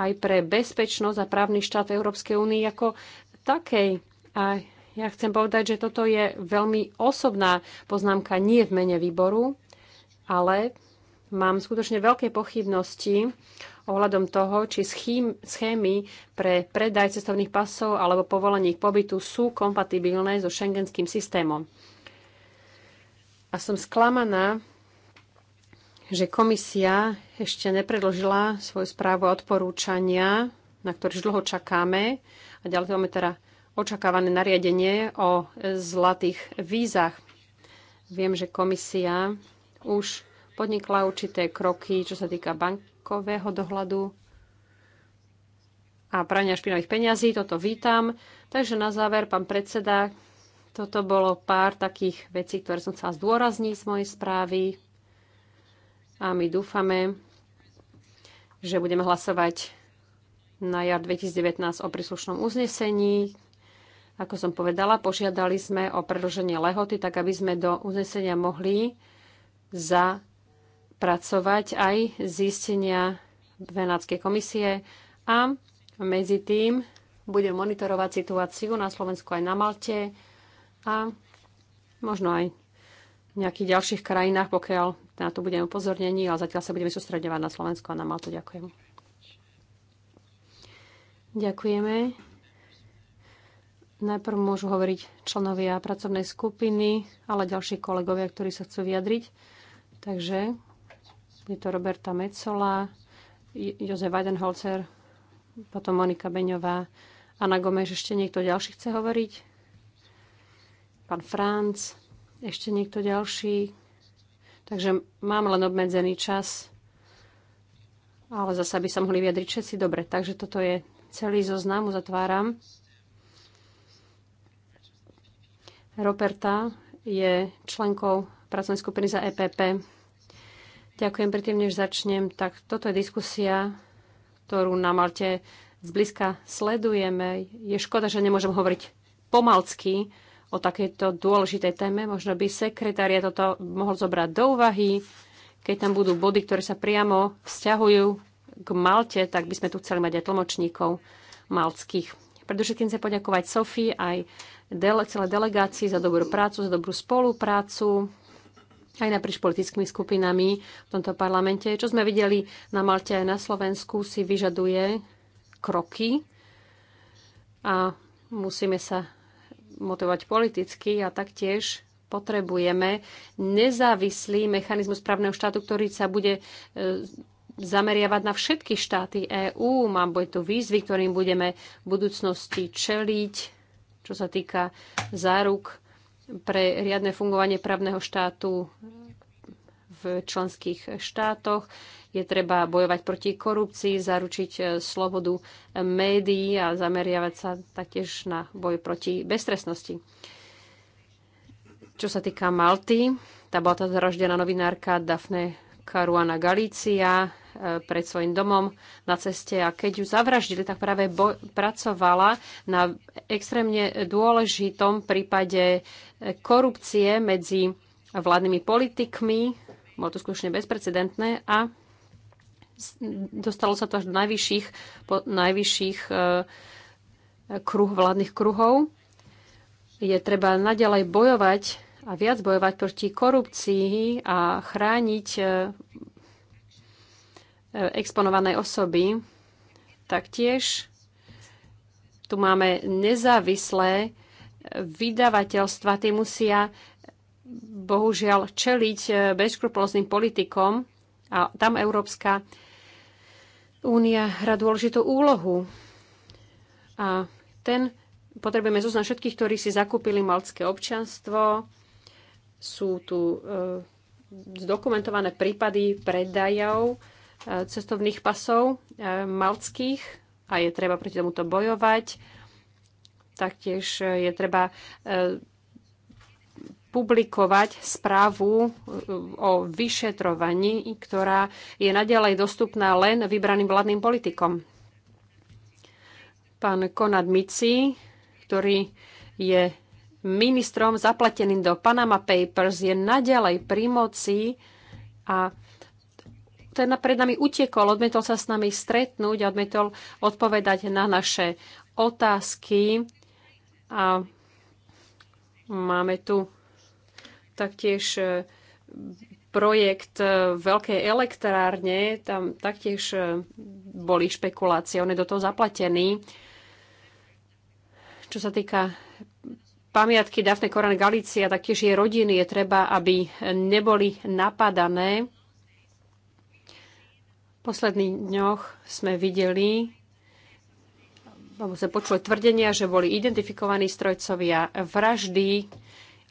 aj pre bezpečnosť a právny štát Európskej únie ako takej. A ja chcem povedať, že toto je veľmi osobná poznámka nie v mene výboru, ale mám skutočne veľké pochybnosti ohľadom toho, či schémy pre predaj cestovných pasov alebo povolení k pobytu sú kompatibilné so šengenským systémom. A som sklamaná, že komisia ešte nepredložila svoju správu a odporúčania, na ktoré už dlho čakáme. A ďalej máme teda očakávané nariadenie o zlatých vízach. Viem, že komisia už podnikla určité kroky, čo sa týka bankového dohľadu a prania špinových peňazí. Toto vítam. Takže na záver, pán predseda, toto bolo pár takých vecí, ktoré som chcela zdôrazniť z mojej správy. A my dúfame, že budeme hlasovať na jar 2019 o príslušnom uznesení. Ako som povedala, požiadali sme o predlženie lehoty, tak aby sme do uznesenia mohli za pracovať aj zistenia Venátskej komisie a medzi tým budem monitorovať situáciu na Slovensku aj na Malte a možno aj v nejakých ďalších krajinách, pokiaľ na to budeme upozornení, ale zatiaľ sa budeme sústredovať na Slovensku a na Maltu. Ďakujem. Ďakujeme. Najprv môžu hovoriť členovia pracovnej skupiny, ale ďalší kolegovia, ktorí sa chcú vyjadriť. Takže je to Roberta Mecola, Jozef Weidenholzer, potom Monika Beňová. Anna Gomeš, ešte niekto ďalší chce hovoriť? Pán Franc, ešte niekto ďalší? Takže mám len obmedzený čas, ale zase by sa mohli vyjadriť všetci dobre. Takže toto je celý zoznam, uzatváram. Roberta je členkou pracovnej skupiny za EPP. Ďakujem predtým, než začnem. Tak toto je diskusia, ktorú na Malte zblízka sledujeme. Je škoda, že nemôžem hovoriť pomalsky o takejto dôležitej téme. Možno by sekretária toto mohol zobrať do úvahy. Keď tam budú body, ktoré sa priamo vzťahujú k Malte, tak by sme tu chceli mať aj tlmočníkov malckých. Predovšetkým chcem poďakovať Sofii aj dele, celé delegácii za dobrú prácu, za dobrú spoluprácu aj naprieč politickými skupinami v tomto parlamente. Čo sme videli na Malte aj na Slovensku, si vyžaduje kroky a musíme sa motivovať politicky a taktiež potrebujeme nezávislý mechanizmus právneho štátu, ktorý sa bude e, zameriavať na všetky štáty EÚ. Mám bude tu výzvy, ktorým budeme v budúcnosti čeliť, čo sa týka záruk pre riadne fungovanie právneho štátu v členských štátoch. Je treba bojovať proti korupcii, zaručiť eh, slobodu eh, médií a zameriavať sa taktiež na boj proti beztresnosti. Čo sa týka Malty, tá bola tá zraždená novinárka Daphne Caruana Galícia pred svojim domom na ceste a keď ju zavraždili, tak práve pracovala na extrémne dôležitom prípade korupcie medzi vládnymi politikmi. Bolo to skutočne bezprecedentné a dostalo sa to až do najvyšších, po, najvyšších e, kruh, vládnych kruhov. Je treba naďalej bojovať a viac bojovať proti korupcii a chrániť e, E, exponované osoby. Taktiež tu máme nezávislé e, vydavateľstva, tie musia bohužiaľ čeliť e, bezkrupulóznym politikom a tam Európska únia hrá dôležitú úlohu. A ten potrebujeme zoznam všetkých, ktorí si zakúpili malcké občanstvo. Sú tu e, zdokumentované prípady predajov cestovných pasov eh, malckých a je treba proti tomuto bojovať. Taktiež eh, je treba eh, publikovať správu o vyšetrovaní, ktorá je nadalej dostupná len vybraným vládnym politikom. Pán Konad Mici, ktorý je ministrom zaplateným do Panama Papers, je nadalej pri moci a ten pred nami utekol, odmietol sa s nami stretnúť, odmietol odpovedať na naše otázky. A máme tu taktiež e, projekt e, veľkej elektrárne, tam taktiež e, boli špekulácie, on je do toho zaplatený. Čo sa týka pamiatky Dafne Koran Galícia, taktiež jej rodiny je treba, aby neboli napadané. V posledných dňoch sme videli, alebo sme počuli tvrdenia, že boli identifikovaní strojcovia vraždy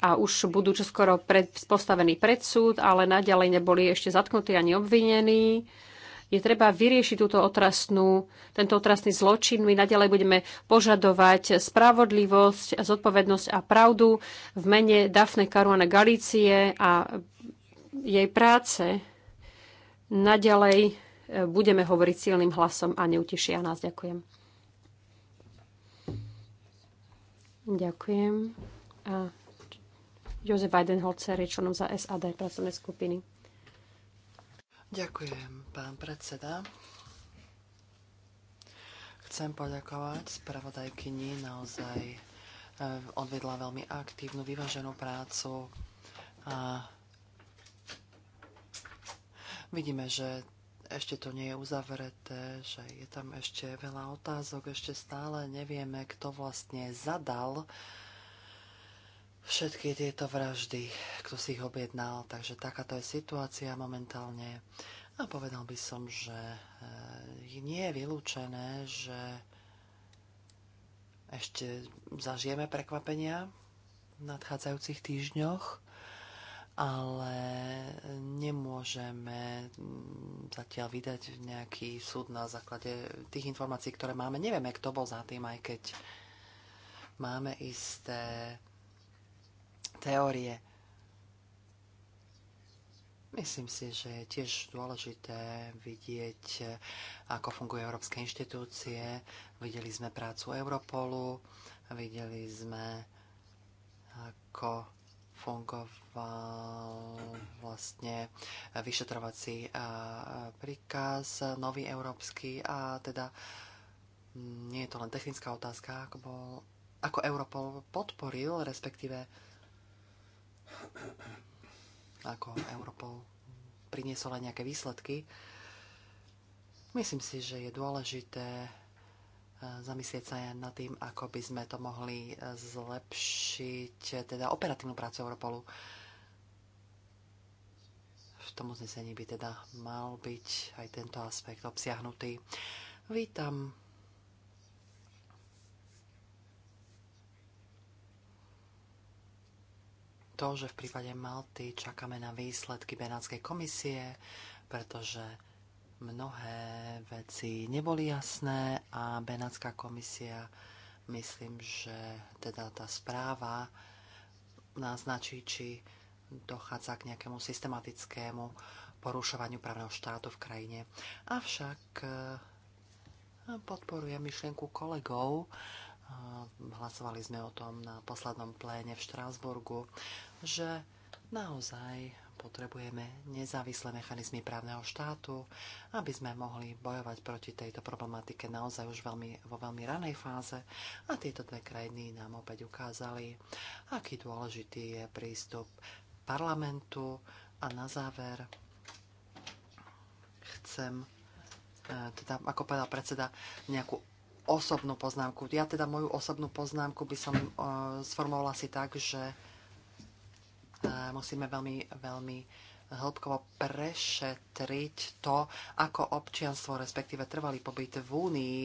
a už budú čoskoro pred, postavení pred súd, ale naďalej neboli ešte zatknutí ani obvinení je treba vyriešiť túto otrasnú, tento otrasný zločin. My naďalej budeme požadovať spravodlivosť, zodpovednosť a pravdu v mene Dafne Karuana Galície a jej práce. Naďalej budeme hovoriť silným hlasom a neutešia nás. Ďakujem. Ďakujem. A Jozef Weidenholzer je členom za SAD pracovnej skupiny. Ďakujem, pán predseda. Chcem poďakovať spravodajkyni, naozaj e, odvedla veľmi aktívnu, vyváženú prácu a vidíme, že ešte to nie je uzavreté, že je tam ešte veľa otázok, ešte stále nevieme, kto vlastne zadal všetky tieto vraždy, kto si ich objednal. Takže takáto je situácia momentálne. A povedal by som, že e, nie je vylúčené, že ešte zažijeme prekvapenia v nadchádzajúcich týždňoch ale nemôžeme mm, zatiaľ vydať nejaký súd na základe tých informácií, ktoré máme. Nevieme, kto bol za tým, aj keď máme isté teórie. Myslím si, že je tiež dôležité vidieť, ako fungujú európske inštitúcie. Videli sme prácu Europolu, videli sme, ako fungoval vlastne vyšetrovací eh, príkaz, nový európsky a teda mm, nie je to len technická otázka, ako, bol, ako Europol podporil, respektíve ako Europol priniesol aj nejaké výsledky. Myslím si, že je dôležité zamyslieť sa aj nad tým, ako by sme to mohli e, zlepšiť, teda operatívnu prácu Europolu. V tom uznesení by teda mal byť aj tento aspekt obsiahnutý. Vítam to, že v prípade Malty čakáme na výsledky Benátskej komisie, pretože mnohé veci neboli jasné a Benátska komisia myslím, že teda tá správa naznačí, či dochádza k nejakému systematickému porušovaniu právneho štátu v krajine. Avšak e, podporujem myšlienku kolegov, e, hlasovali sme o tom na poslednom pléne v Štrásburgu, že naozaj Potrebujeme nezávislé mechanizmy právneho štátu, aby sme mohli bojovať proti tejto problematike naozaj už veľmi, vo veľmi ranej fáze. A tieto dve krajiny nám opäť ukázali, aký dôležitý je prístup parlamentu. A na záver chcem, e, teda, ako povedal predseda, nejakú osobnú poznámku. Ja teda moju osobnú poznámku by som uh, e, sformovala si tak, že musíme veľmi, veľmi hĺbkovo prešetriť to, ako občianstvo, respektíve trvalý pobyt v Únii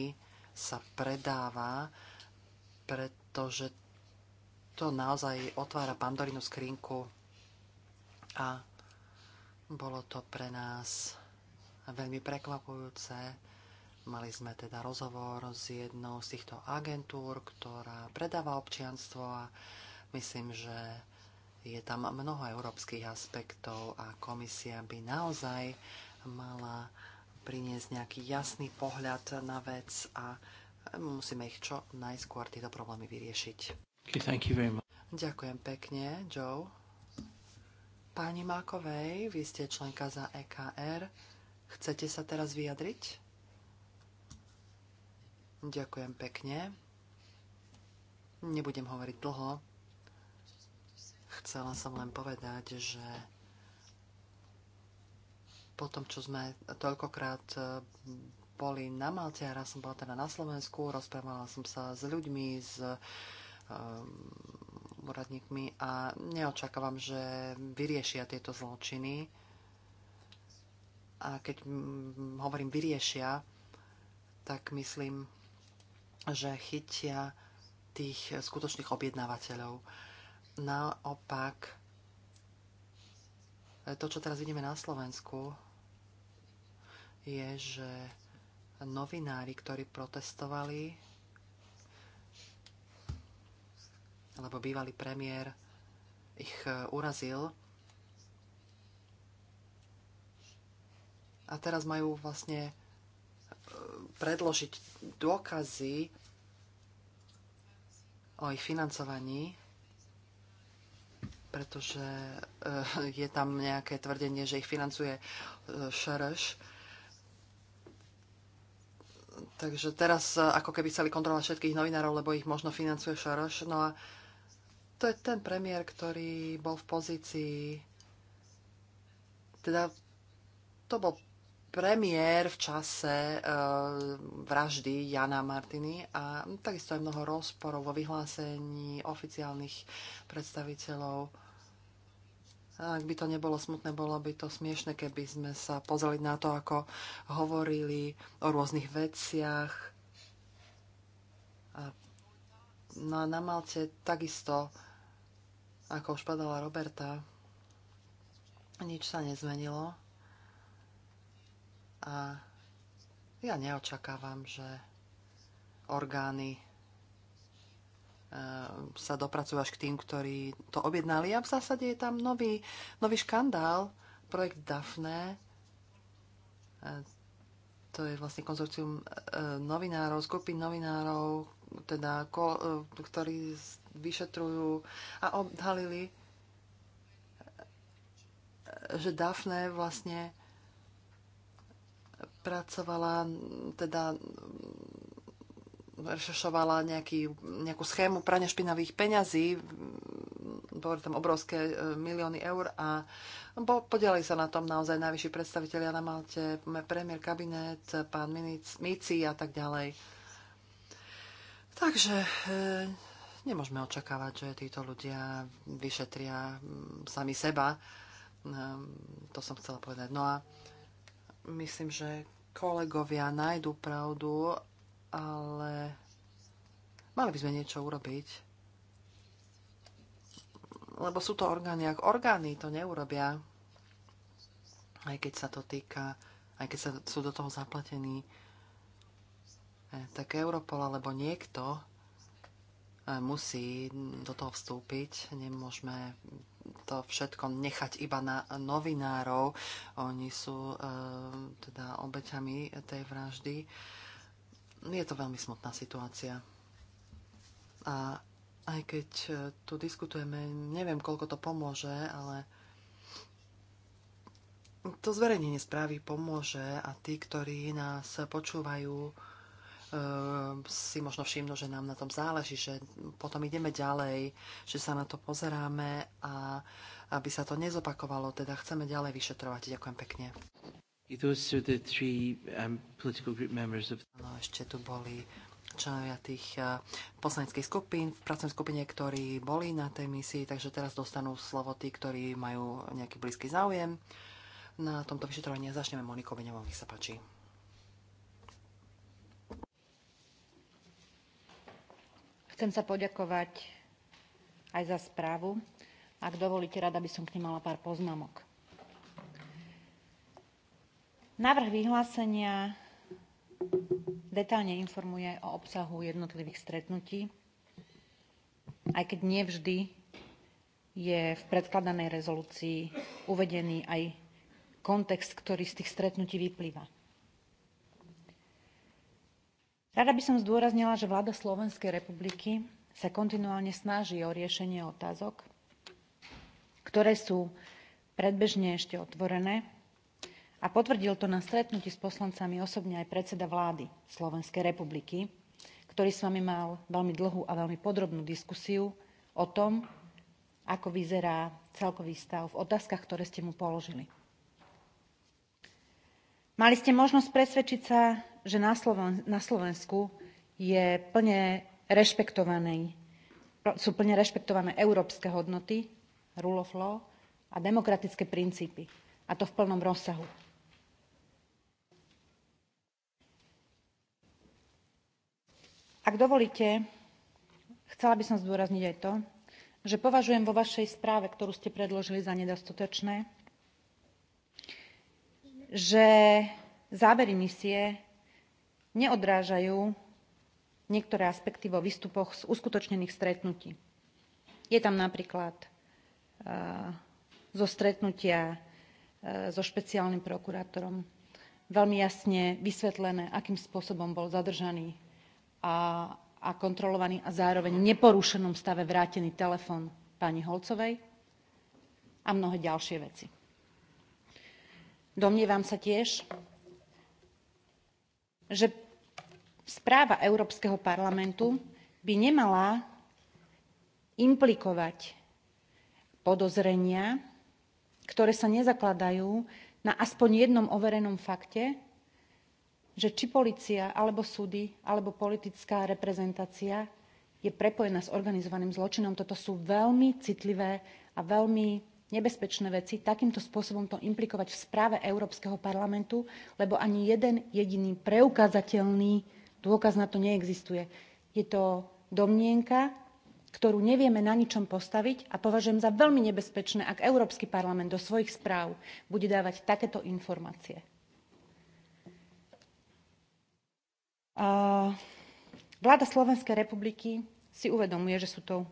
sa predáva, pretože to naozaj otvára pandorinu skrinku a bolo to pre nás veľmi prekvapujúce. Mali sme teda rozhovor s jednou z týchto agentúr, ktorá predáva občianstvo a myslím, že je tam mnoho európskych aspektov a komisia by naozaj mala priniesť nejaký jasný pohľad na vec a musíme ich čo najskôr tieto problémy vyriešiť. Okay, thank you very much. Ďakujem pekne, Joe. Pani Mákovej, vy ste členka za EKR. Chcete sa teraz vyjadriť? Ďakujem pekne. Nebudem hovoriť dlho. Chcela som len povedať, že po tom, čo sme toľkokrát e, boli na Malte, a raz som bola teda na Slovensku, rozprávala som sa s ľuďmi, s um, úradníkmi a neočakávam, že vyriešia tieto zločiny. A keď hovorím vyriešia, tak myslím, že chytia tých skutočných objednávateľov. Naopak, to, čo teraz vidíme na Slovensku, je, že novinári, ktorí protestovali, lebo bývalý premiér ich e, urazil, a teraz majú vlastne e, predložiť dôkazy o ich financovaní pretože eh, je tam nejaké tvrdenie, že ich financuje eh, Šereš. Takže teraz eh, ako keby chceli kontrolovať všetkých novinárov, lebo ich možno financuje Šoroš. No a to je ten premiér, ktorý bol v pozícii... Teda to bol premiér v čase e, vraždy Jana Martiny a takisto aj mnoho rozporov vo vyhlásení oficiálnych predstaviteľov ak by to nebolo smutné, bolo by to smiešne, keby sme sa pozreli na to, ako hovorili o rôznych veciach. A no a na Malte takisto, ako už padala Roberta, nič sa nezmenilo. A ja neočakávam, že orgány Ehm, sa dopracujú až k tým, ktorí to objednali. A v zásade je tam nový, nový škandál, projekt DAFNE. Ehm, to je vlastne konzorcium ehm, novinárov, skupín novinárov, teda, ktorí vyšetrujú a odhalili, že Dafne vlastne pracovala teda rešešovala nejaký, nejakú schému prania špinavých peňazí, boli tam obrovské e, milióny eur a podielali sa na tom naozaj najvyšší predstavitelia na Malte, premiér kabinet, pán Mici a tak ďalej. Takže e, nemôžeme očakávať, že títo ľudia vyšetria mm, sami seba. Ehm, to som chcela povedať. No a myslím, že kolegovia nájdú pravdu ale mali by sme niečo urobiť. Lebo sú to orgány, ak orgány to neurobia, aj keď sa to týka, aj keď sa, sú do toho zaplatení, eh, tak Europol alebo niekto eh, musí do toho vstúpiť. Nemôžeme to všetko nechať iba na novinárov. Oni sú e, teda obeťami tej vraždy. E, je to veľmi smutná situácia. A aj keď e, tu diskutujeme, neviem, koľko to pomôže, ale to zverejnenie správy pomôže a tí, ktorí nás počúvajú, e, si možno všimnú, že nám na tom záleží, že potom ideme ďalej, že sa na to pozeráme a aby sa to nezopakovalo, teda chceme ďalej vyšetrovať. Ďakujem pekne. Um, no, ešte tu boli členovia tých uh, poslaneckých skupín v pracovnej skupine, ktorí boli na tej misii, takže teraz dostanú slovo tí, ktorí majú nejaký blízky záujem. Na tomto vyšetrovaní začneme Monikou Beňovou, nech sa páči. Chcem sa poďakovať aj za správu. Ak dovolíte, rada by som k nej mala pár poznámok návrh vyhlásenia detálne informuje o obsahu jednotlivých stretnutí aj keď nevždy je v predkladanej rezolúcii uvedený aj kontext, ktorý z tých stretnutí vyplýva. Rada by som zdôraznila, že vláda Slovenskej republiky sa kontinuálne snaží o riešenie otázok, ktoré sú predbežne ešte otvorené a potvrdil to na stretnutí s poslancami osobne aj predseda vlády Slovenskej republiky, ktorý s vami mal veľmi dlhú a veľmi podrobnú diskusiu o tom, ako vyzerá celkový stav v otázkach, ktoré ste mu položili. Mali ste možnosť presvedčiť sa, že na, na Slovensku je plne rešpektovaný, sú plne rešpektované európske hodnoty, rule of law a demokratické princípy. A to v plnom rozsahu. ak dovolíte chcela by som zdôrazniť aj to že považujem vo vašej správe ktorú ste predložili za nedostatočné že závery misie neodrážajú niektoré aspekty vo výstupoch z uskutočnených stretnutí. je tam napríklad e, zo stretnutia e, so špeciálnym prokurátorom veľmi jasne vysvetlené akým spôsobom bol zadržaný a, a kontrolovaný a zároveň neporušenom stave vrátený telefón pani Holcovej a mnohé ďalšie veci. Domnievam sa tiež, že správa Európskeho parlamentu by nemala implikovať podozrenia, ktoré sa nezakladajú na aspoň jednom overenom fakte že či polícia alebo súdy alebo politická reprezentácia je prepojená s organizovaným zločinom. Toto sú veľmi citlivé a veľmi nebezpečné veci. Takýmto spôsobom to implikovať v správe Európskeho parlamentu, lebo ani jeden jediný preukázateľný dôkaz na to neexistuje. Je to domnienka, ktorú nevieme na ničom postaviť a považujem za veľmi nebezpečné, ak Európsky parlament do svojich správ bude dávať takéto informácie. Vláda Slovenskej republiky si uvedomuje, že sú to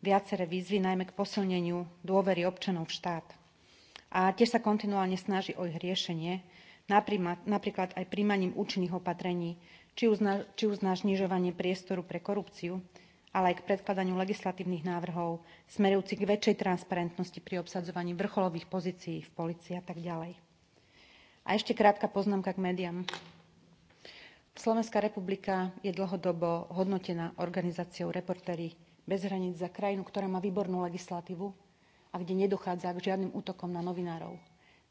viaceré výzvy, najmä k posilneniu dôvery občanov v štát. A tiež sa kontinuálne snaží o ich riešenie, napríklad aj príjmaním účinných opatrení, či už, na, znižovanie priestoru pre korupciu, ale aj k predkladaniu legislatívnych návrhov smerujúcich k väčšej transparentnosti pri obsadzovaní vrcholových pozícií v policii a tak ďalej. A ešte krátka poznámka k médiám. Slovenská republika je dlhodobo hodnotená organizáciou Reportéry bez hraníc za krajinu, ktorá má výbornú legislatívu a kde nedochádza k žiadnym útokom na novinárov.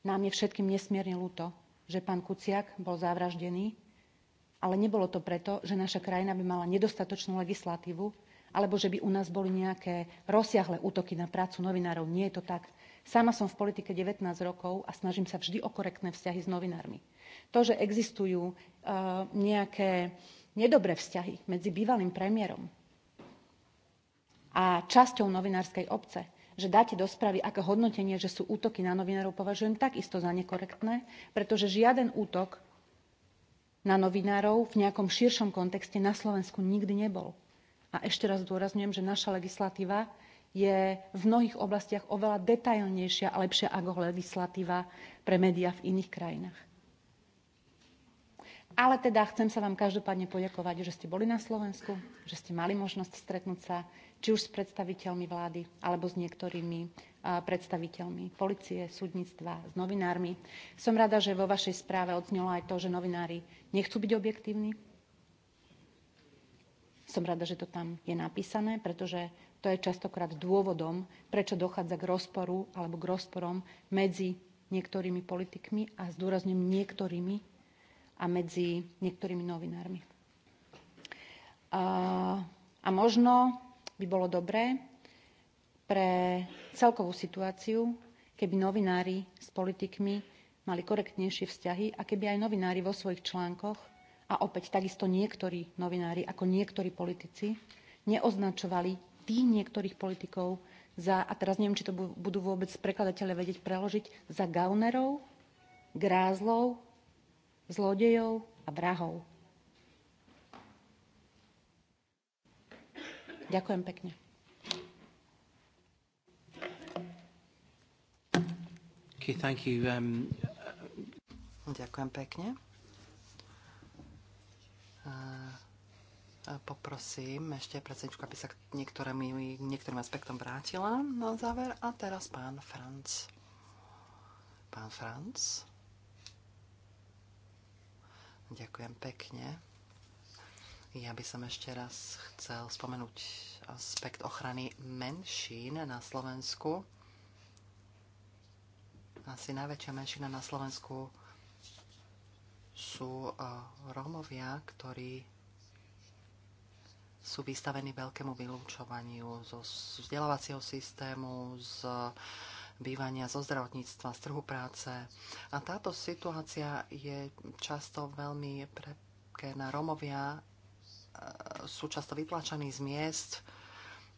Nám je všetkým nesmierne ľúto, že pán Kuciak bol zavraždený, ale nebolo to preto, že naša krajina by mala nedostatočnú legislatívu alebo že by u nás boli nejaké rozsiahle útoky na prácu novinárov. Nie je to tak. Sama som v politike 19 rokov a snažím sa vždy o korektné vzťahy s novinármi. To, že existujú e, nejaké nedobré vzťahy medzi bývalým premiérom a časťou novinárskej obce, že dáte do správy aké hodnotenie, že sú útoky na novinárov, považujem takisto za nekorektné, pretože žiaden útok na novinárov v nejakom širšom kontexte na Slovensku nikdy nebol. A ešte raz zdôrazňujem, že naša legislatíva je v mnohých oblastiach oveľa detailnejšia a lepšia ako legislatíva pre médiá v iných krajinách. Ale teda chcem sa vám každopádne poďakovať, že ste boli na Slovensku, že ste mali možnosť stretnúť sa či už s predstaviteľmi vlády, alebo s niektorými predstaviteľmi policie, súdnictva, s novinármi. Som rada, že vo vašej správe odznelo aj to, že novinári nechcú byť objektívni. Som rada, že to tam je napísané, pretože to je častokrát dôvodom, prečo dochádza k rozporu alebo k rozporom medzi niektorými politikmi a zdôrazňujem niektorými a medzi niektorými novinármi. A, a možno by bolo dobré pre celkovú situáciu, keby novinári s politikmi mali korektnejšie vzťahy a keby aj novinári vo svojich článkoch a opäť takisto niektorí novinári ako niektorí politici neoznačovali tých niektorých politikov za, a teraz neviem, či to budú vôbec prekladateľe vedieť preložiť, za gaunerov, grázlov, zlodejov a vrahov. Ďakujem pekne. Okay, thank you. Um... Ďakujem pekne. Uh poprosím ešte predsedničku, aby sa k niektorým, niektorým aspektom vrátila na záver. A teraz pán Franc. Pán Franc. Ďakujem pekne. Ja by som ešte raz chcel spomenúť aspekt ochrany menšín na Slovensku. Asi najväčšia menšina na Slovensku sú eh, Rómovia, ktorí sú vystavení veľkému vylúčovaniu zo vzdelávacieho systému, z bývania, zo zdravotníctva, z trhu práce. A táto situácia je často veľmi na Romovia e, sú často vytlačení z miest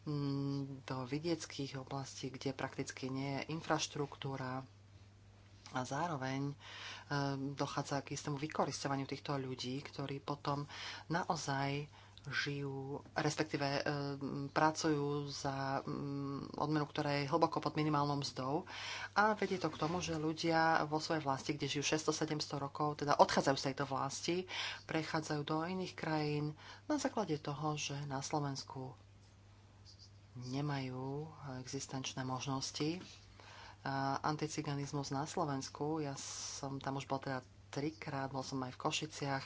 mm, do vidieckých oblastí, kde prakticky nie je infraštruktúra, a zároveň e, dochádza k istému vykoristovaniu týchto ľudí, ktorí potom naozaj žijú, respektíve e, pracujú za mm, odmenu, ktorá je hlboko pod minimálnou mzdou. A vedie to k tomu, že ľudia vo svojej vlasti, kde žijú 600-700 rokov, teda odchádzajú z tejto vlasti, prechádzajú do iných krajín na základe toho, že na Slovensku nemajú existenčné možnosti anticiganizmus na Slovensku. Ja som tam už bol teda trikrát, bol som aj v Košiciach,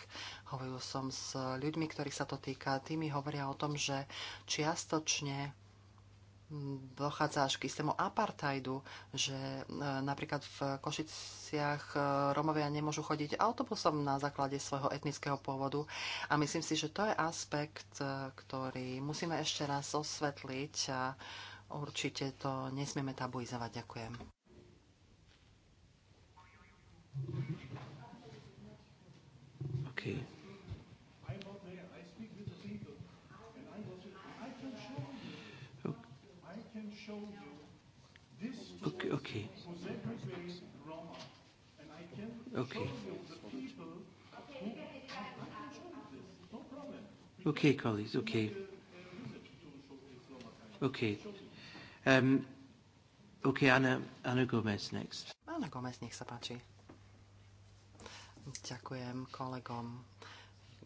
hovoril som s ľuďmi, ktorých sa to týka. Tí mi hovoria o tom, že čiastočne dochádza až k istému apartheidu, že e, napríklad v Košiciach e, Romovia nemôžu chodiť autobusom na základe svojho etnického pôvodu. A myslím si, že to je aspekt, e, ktorý musíme ešte raz osvetliť a určite to nesmieme tabuizovať. Ďakujem. Okay. Okay, colleagues, okay. Okay. Um, okay, Anna, Anna Gomez next. Anna Gomez, nech sa páči. Ďakujem kolegom,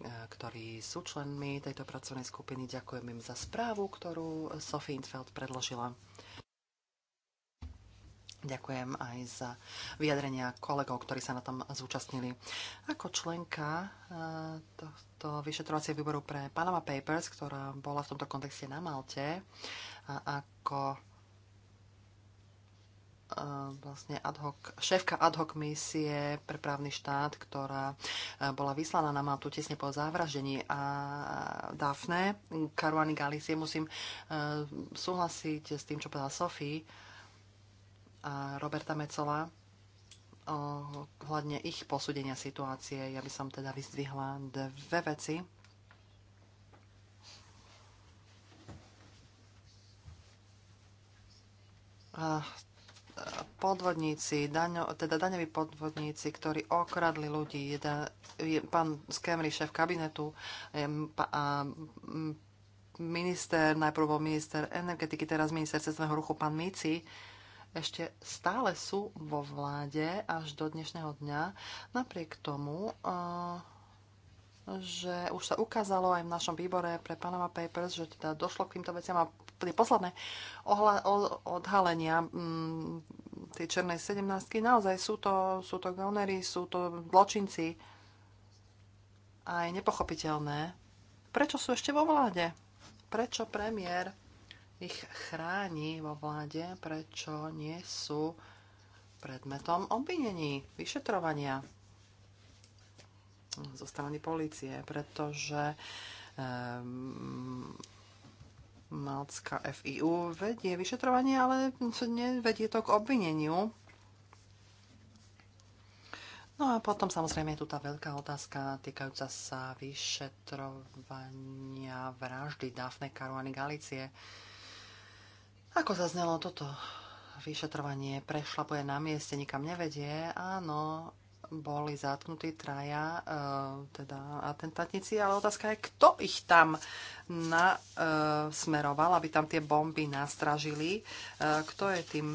eh, ktorí sú členmi tejto pracovnej skupiny. Ďakujem im za správu, ktorú Sophie Infeld predložila. Ďakujem aj za vyjadrenia kolegov, ktorí sa na tom zúčastnili. Ako členka e, tohto vyšetrovacieho výboru pre Panama Papers, ktorá bola v tomto kontexte na Malte, a ako e, vlastne ad hoc, šéfka ad hoc misie pre právny štát, ktorá e, bola vyslaná na Maltu tesne po zavraždení a Dafne, Karuany Galicie, musím súhlasiť s tým, čo povedala Sofie, a Roberta Mecola eh, ohľadne ich posúdenia situácie. Ja by som teda vyzdvihla dve veci. Eh, podvodníci, daňo, teda daňoví podvodníci, ktorí okradli ľudí. Jeden, je, pán Skemri, šéf kabinetu je, pa, a minister, najprv bol minister energetiky, teraz minister cestného ruchu, pán Mici, ešte stále sú vo vláde až do dnešného dňa, napriek tomu, eh, že už sa ukázalo aj v našom výbore pre Panama Papers, že teda došlo k týmto veciam a tie posledné ohla- odhalenia mm, tej černej 17 naozaj sú to, sú to gonery, sú to zločinci aj nepochopiteľné, prečo sú ešte vo vláde? Prečo premiér ich chráni vo vláde, prečo nie sú predmetom obvinení, vyšetrovania zo strany policie, pretože um, ehm, FIU vedie vyšetrovanie, ale nevedie to k obvineniu. No a potom samozrejme je tu tá veľká otázka týkajúca sa vyšetrovania vraždy Dafne Karuany Galicie. Uh, ako zaznelo toto vyšetrovanie prešlapuje na mieste, nikam nevedie. Áno, boli zatknutí traja, e, teda atentatníci, ale otázka je, kto ich tam nasmeroval, e, aby tam tie bomby nastražili, e, kto je tým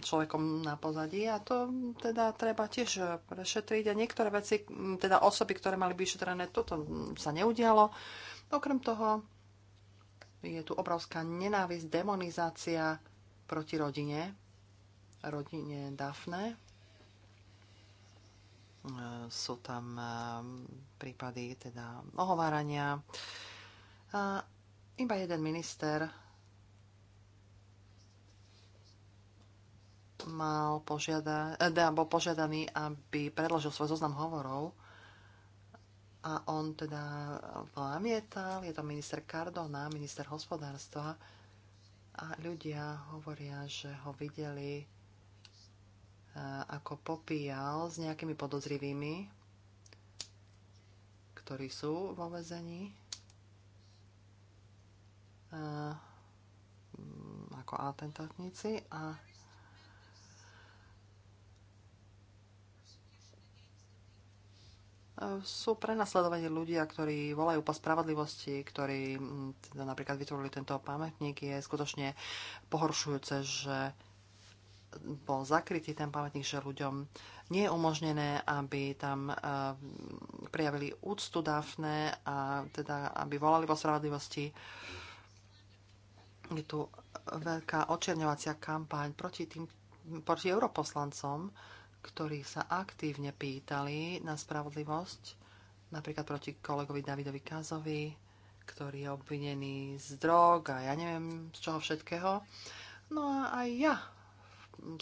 človekom na pozadí a to teda treba tiež prešetriť a niektoré veci, teda osoby, ktoré mali vyšetrené, toto sa neudialo. Okrem toho, je tu obrovská nenávisť, demonizácia proti rodine, rodine Dafne. E, sú tam e, prípady teda ohovárania. A iba jeden minister mal požiada, e, bol požiadaný, aby predložil svoj zoznam hovorov a on teda to namietal, je to minister Cardona, minister hospodárstva a ľudia hovoria, že ho videli e, ako popíjal s nejakými podozrivými, ktorí sú vo vezení. E, ako atentátnici a sú prenasledovaní ľudia, ktorí volajú po spravodlivosti, ktorí mm, teda napríklad vytvorili tento pamätník. Je skutočne pohoršujúce, že bol zakrytý ten pamätník, že ľuďom nie je umožnené, aby tam eh, prijavili úctu Dafne a teda aby volali po spravodlivosti. Je tu veľká očerňovacia kampaň proti tým proti europoslancom, ktorí sa aktívne pýtali na spravodlivosť, napríklad proti kolegovi Davidovi Kazovi, ktorý je obvinený z drog a ja neviem z čoho všetkého. No a aj ja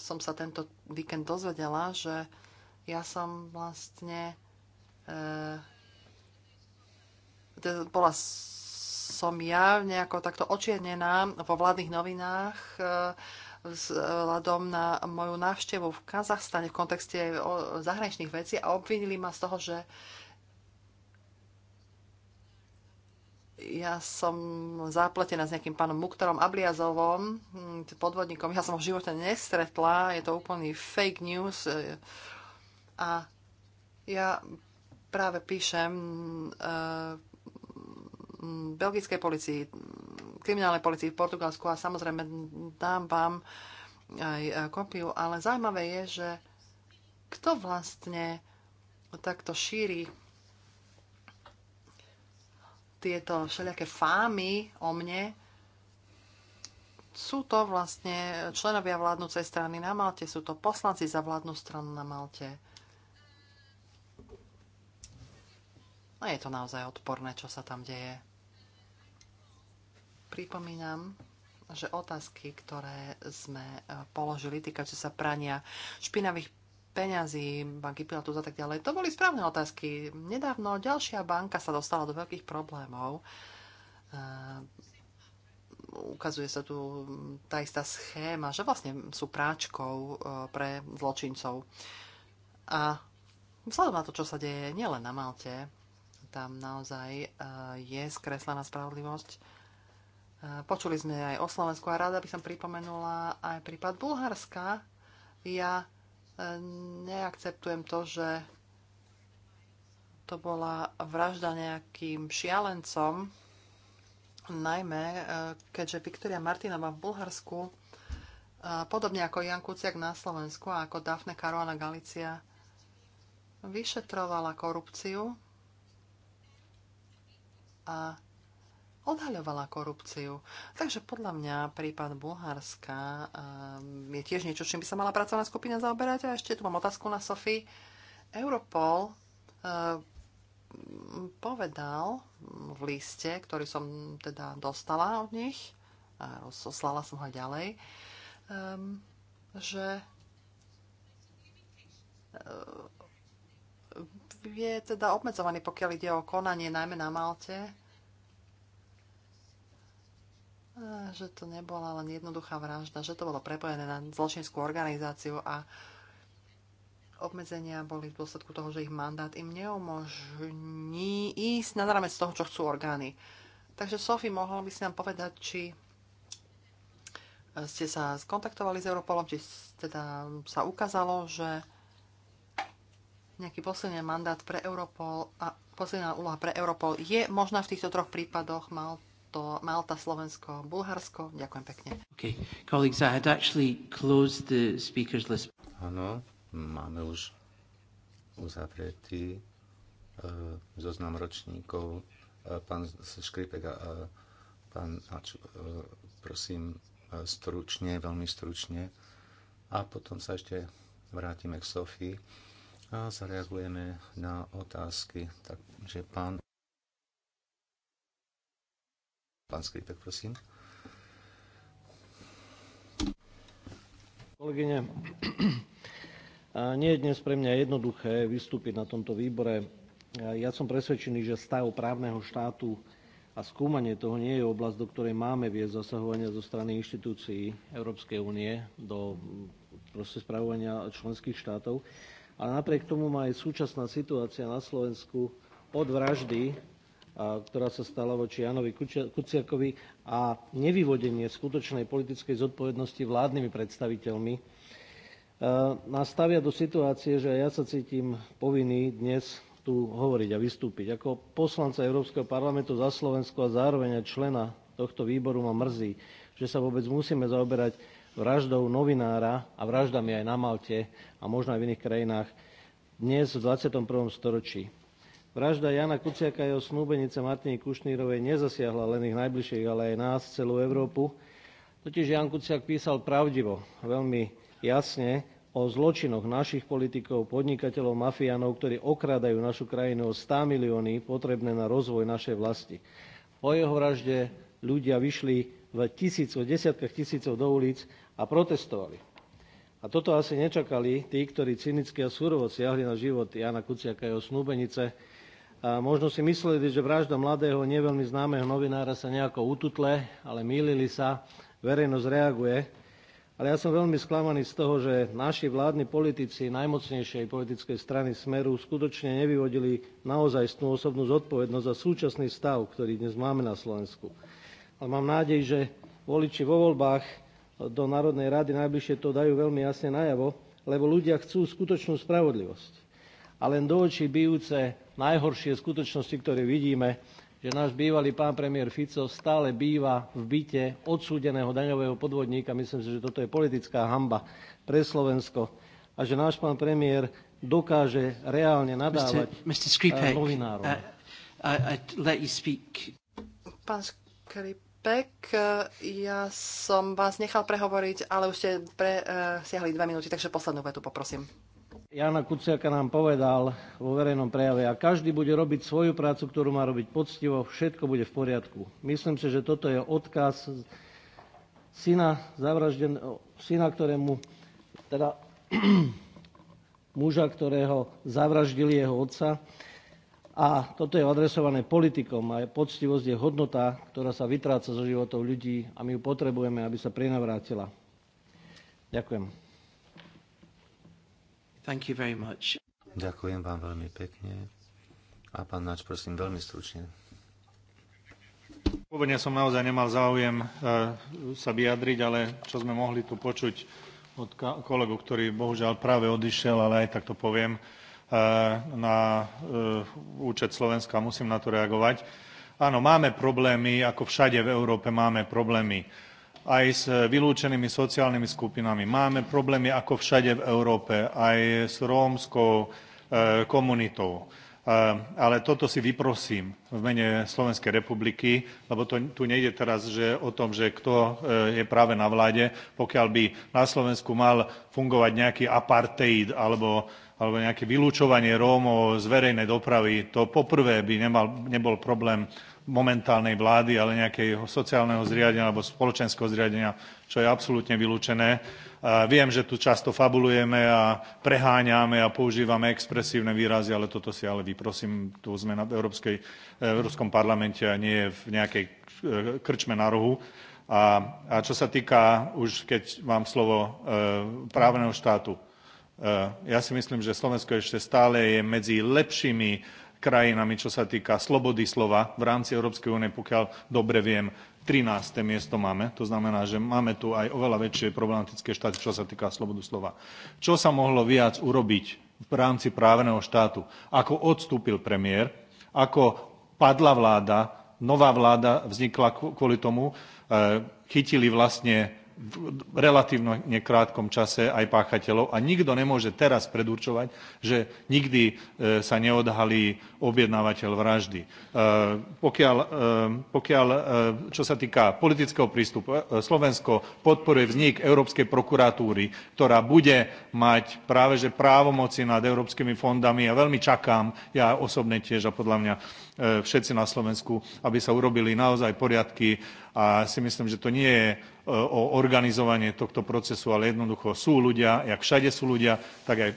som sa tento víkend dozvedela, že ja som vlastne e, teda bola som ja nejako takto očiernená vo vládnych novinách e, s hľadom na moju návštevu v Kazachstane v kontexte zahraničných vecí a obvinili ma z toho, že ja som zapletená s nejakým pánom Muktorom Abliazovom, hm, podvodníkom. Ja som ho v živote nestretla, je to úplný fake news. A ja práve píšem e, belgickej policii, kriminálnej policii v Portugalsku a samozrejme dám vám aj e, kopiu, ale zaujímavé je, že kto vlastne takto šíri tieto všelijaké fámy o mne, sú to vlastne členovia vládnúcej strany na Malte, sú to poslanci za vládnu stranu na Malte. A je to naozaj odporné, čo sa tam deje. Pripomínam, že otázky, ktoré sme e, položili, týkajúce sa prania špinavých peňazí, banky Pilatus a tak ďalej, to boli správne otázky. Nedávno ďalšia banka sa dostala do veľkých problémov. E, ukazuje sa tu tá istá schéma, že vlastne sú práčkou e, pre zločincov. A vzhľadom na to, čo sa deje nielen na Malte, tam naozaj je skreslená spravodlivosť Počuli sme aj o Slovensku a rada by som pripomenula aj prípad Bulharska. Ja e, neakceptujem to, že to bola vražda nejakým šialencom, najmä e, keďže Viktoria Martinova v Bulharsku, e, podobne ako Jan Kuciak na Slovensku a ako Dafne Karuana Galicia, vyšetrovala korupciu a odhaľovala korupciu. Takže podľa mňa prípad Bulharska ehm, je tiež niečo, čím by sa mala pracovná skupina zaoberať. A ešte tu mám otázku na Sofii. Europol ehm, povedal v liste, ktorý som teda dostala od nich, a rozoslala som ho ďalej, um, že je teda obmedzovaný, pokiaľ ide o konanie najmä na Malte Eh, že to nebola len jednoduchá vražda, že to bolo prepojené na zločinskú organizáciu a obmedzenia boli v dôsledku toho, že ich mandát im neumožní ísť na rámec toho, čo chcú orgány. Takže Sophie, mohla by si nám povedať, či eh, ste sa skontaktovali s Europolom, či teda sa ukázalo, že nejaký posledný mandát pre Europol a posledná úloha pre Europol je možná v týchto troch prípadoch mal to Malta, Slovensko, Bulharsko. Ďakujem pekne. Okay. Colleagues, I had actually closed the speakers list. Áno, máme už uzavretý uh, zoznam ročníkov. Uh, pán Škripek a uh, pán Ač, uh, prosím, uh, stručne, veľmi stručne. A potom sa ešte vrátime k Sofii a zareagujeme na otázky. Takže pán Pán Skripek, prosím. Kolegyne, nie je dnes pre mňa jednoduché vystúpiť na tomto výbore. Ja som presvedčený, že stav právneho štátu a skúmanie toho nie je oblasť, do ktorej máme viesť zasahovania zo strany inštitúcií Európskej únie do proste spravovania členských štátov. Ale napriek tomu má aj súčasná situácia na Slovensku od vraždy ktorá sa stala voči Janovi Kuciakovi a nevyvodenie skutočnej politickej zodpovednosti vládnymi predstaviteľmi nás stavia do situácie, že ja sa cítim povinný dnes tu hovoriť a vystúpiť. Ako poslanca Európskeho parlamentu za Slovensko a zároveň aj člena tohto výboru ma mrzí, že sa vôbec musíme zaoberať vraždou novinára a vraždami aj na Malte a možno aj v iných krajinách dnes v 21. storočí. Vražda Jana Kuciaka a jeho snúbenice Martiny Kušnírovej nezasiahla len ich najbližších, ale aj nás, celú Európu. Totiž Jan Kuciak písal pravdivo, veľmi jasne, o zločinoch našich politikov, podnikateľov, mafiánov, ktorí okradajú našu krajinu o 100 milióny potrebné na rozvoj našej vlasti. Po jeho vražde ľudia vyšli v tisícoch, desiatkách tisícov do ulic a protestovali. A toto asi nečakali tí, ktorí cynicky a surovo siahli na život Jana Kuciaka a jeho snúbenice, a možno si mysleli, že vražda mladého, neveľmi známeho novinára sa nejako ututle, ale mýlili sa, verejnosť reaguje. Ale ja som veľmi sklamaný z toho, že naši vládni politici najmocnejšej politickej strany Smeru skutočne nevyvodili naozajstnú osobnú zodpovednosť za súčasný stav, ktorý dnes máme na Slovensku. Ale mám nádej, že voliči vo voľbách do Národnej rady najbližšie to dajú veľmi jasne najavo, lebo ľudia chcú skutočnú spravodlivosť a len do očí bijúce najhoršie skutočnosti, ktoré vidíme, že náš bývalý pán premiér Fico stále býva v byte odsúdeného daňového podvodníka. Myslím si, že toto je politická hamba pre Slovensko. A že náš pán premiér dokáže reálne nadávať Mr. Skripek, eh, novinárom. Uh, I, I let you speak. Pán Skripek, eh, ja som vás nechal prehovoriť, ale už ste siahli dve minúty, takže poslednú vetu poprosím. Jana Kuciaka nám povedal vo verejnom prejave, a každý bude robiť svoju prácu, ktorú má robiť poctivo, všetko bude v poriadku. Myslím si, že toto je odkaz syna, zavražden, syna ktorému, teda muža, ktorého zavraždili jeho otca. A toto je adresované politikom a poctivosť je hodnota, ktorá sa vytráca zo životov ľudí a my ju potrebujeme, aby sa prinavrátila. Ďakujem. Thank you very much. Ďakujem vám veľmi pekne. A pán Nač, prosím, veľmi stručne. Pôvodne som naozaj nemal záujem eh, sa vyjadriť, ale čo sme mohli tu počuť od kolegu, ktorý bohužiaľ práve odišiel, ale aj tak to poviem, eh, na eh, účet Slovenska musím na to reagovať. Áno, máme problémy, ako všade v Európe máme problémy aj s eh, vylúčenými sociálnymi skupinami. Máme problémy ako všade v Európe, aj s rómskou eh, komunitou. Eh, ale toto si vyprosím v mene Slovenskej republiky, lebo to, tu nejde teraz že o tom, že kto je práve na vláde. Pokiaľ by na Slovensku mal fungovať nejaký apartheid alebo alebo nejaké vylúčovanie Rómov z verejnej dopravy, to poprvé by nemal, nebol problém momentálnej vlády, ale nejakého sociálneho zriadenia alebo spoločenského zriadenia, čo je absolútne vylúčené. Viem, že tu často fabulujeme a preháňame a používame expresívne výrazy, ale toto si ale vyprosím, tu sme na Európskej, Európskom parlamente a nie v nejakej e, krčme na rohu. A, a čo sa týka, už keď mám slovo, e, právneho štátu, e, ja si myslím, že Slovensko ešte stále je medzi lepšími krajinami, čo sa týka slobody slova v rámci Európskej únie, pokiaľ dobre viem, 13. miesto máme. To znamená, že máme tu aj oveľa väčšie problematické štáty, čo sa týka slobodu slova. Čo sa mohlo viac urobiť v rámci právneho štátu? Ako odstúpil premiér? Ako padla vláda? Nová vláda vznikla kvôli tomu. Eh, chytili vlastne v relatívne krátkom čase aj páchateľov a nikto nemôže teraz predurčovať, že nikdy e, sa neodhalí objednávateľ vraždy. E, pokiaľ, e, pokiaľ čo sa týka politického prístupu, Slovensko podporuje vznik Európskej prokuratúry, ktorá bude mať práve že právomoci nad európskymi fondami. Ja veľmi čakám, ja osobne tiež a podľa mňa E, všetci na Slovensku, aby sa urobili naozaj poriadky a si myslím, že to nie je e, o organizovanie tohto procesu, ale jednoducho sú ľudia, jak všade sú ľudia, tak aj, e,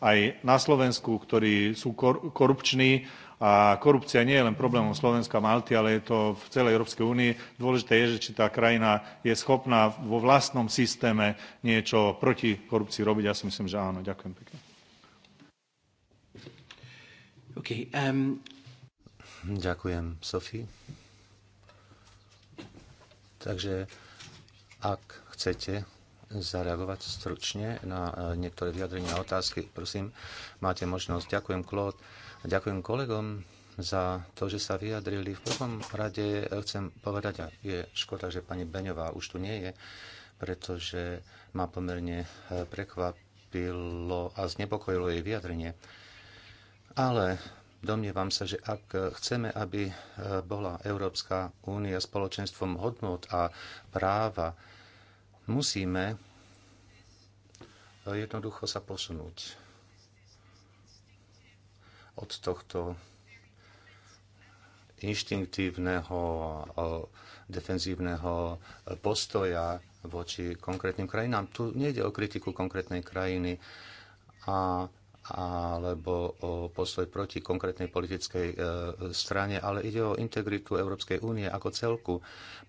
aj na Slovensku, ktorí sú korupční a korupcia nie je len problémom Slovenska a Malty, ale je to v celej Európskej únii. Dôležité je, že či tá krajina je schopná vo vlastnom systéme niečo proti korupcii robiť. Ja si myslím, že áno. Ďakujem pekne. Okay, um, Ďakujem, Sofie. Takže ak chcete zareagovať stručne na e, niektoré vyjadrenia a otázky, prosím, máte možnosť. Ďakujem, Claude. Ďakujem kolegom za to, že sa vyjadrili. V prvom rade chcem povedať, a je škoda, že pani Beňová už tu nie je, pretože ma pomerne e, prekvapilo a znepokojilo jej vyjadrenie. Ale Domnievam sa, že ak chceme, aby e, bola Európska únia spoločenstvom hodnot a práva, musíme e, jednoducho sa posunúť od tohto inštinktívneho e, defenzívneho postoja voči konkrétnym krajinám. Tu nejde o kritiku konkrétnej krajiny a alebo o postoj proti konkrétnej politickej e, strane, ale ide o integritu Európskej únie ako celku,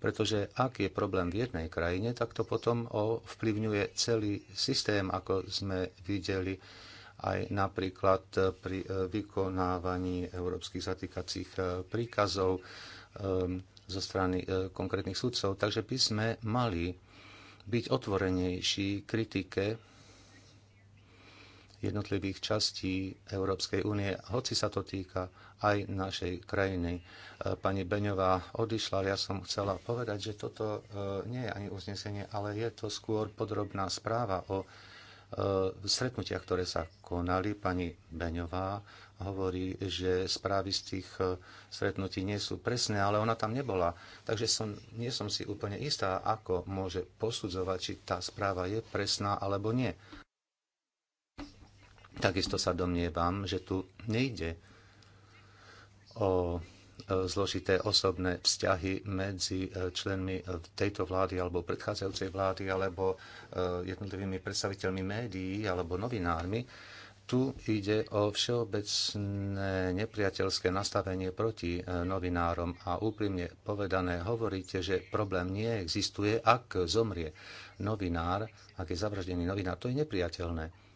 pretože ak je problém v jednej krajine, tak to potom ovplyvňuje celý systém, ako sme videli aj napríklad pri e, vykonávaní európskych zatýkacích e, príkazov zo strany konkrétnych sudcov. Takže by sme mali byť otvorenejší kritike jednotlivých častí Európskej únie, hoci sa to týka aj našej krajiny. E, pani Beňová odišla, ale ja som chcela povedať, že toto e, nie je ani uznesenie, ale je to skôr podrobná správa o e, stretnutiach, ktoré sa konali. Pani Beňová hovorí, že správy z tých stretnutí nie sú presné, ale ona tam nebola. Takže som, nie som si úplne istá, ako môže posudzovať, či tá správa je presná alebo nie. Takisto sa domnievam, že tu nejde o e, zložité osobné vzťahy medzi e, členmi e, tejto vlády alebo predchádzajúcej vlády alebo jednotlivými predstaviteľmi médií alebo novinármi. Tu ide o všeobecné nepriateľské nastavenie proti novinárom a úprimne povedané hovoríte, že problém neexistuje, ak zomrie novinár, ak je zavraždený novinár. To je nepriateľné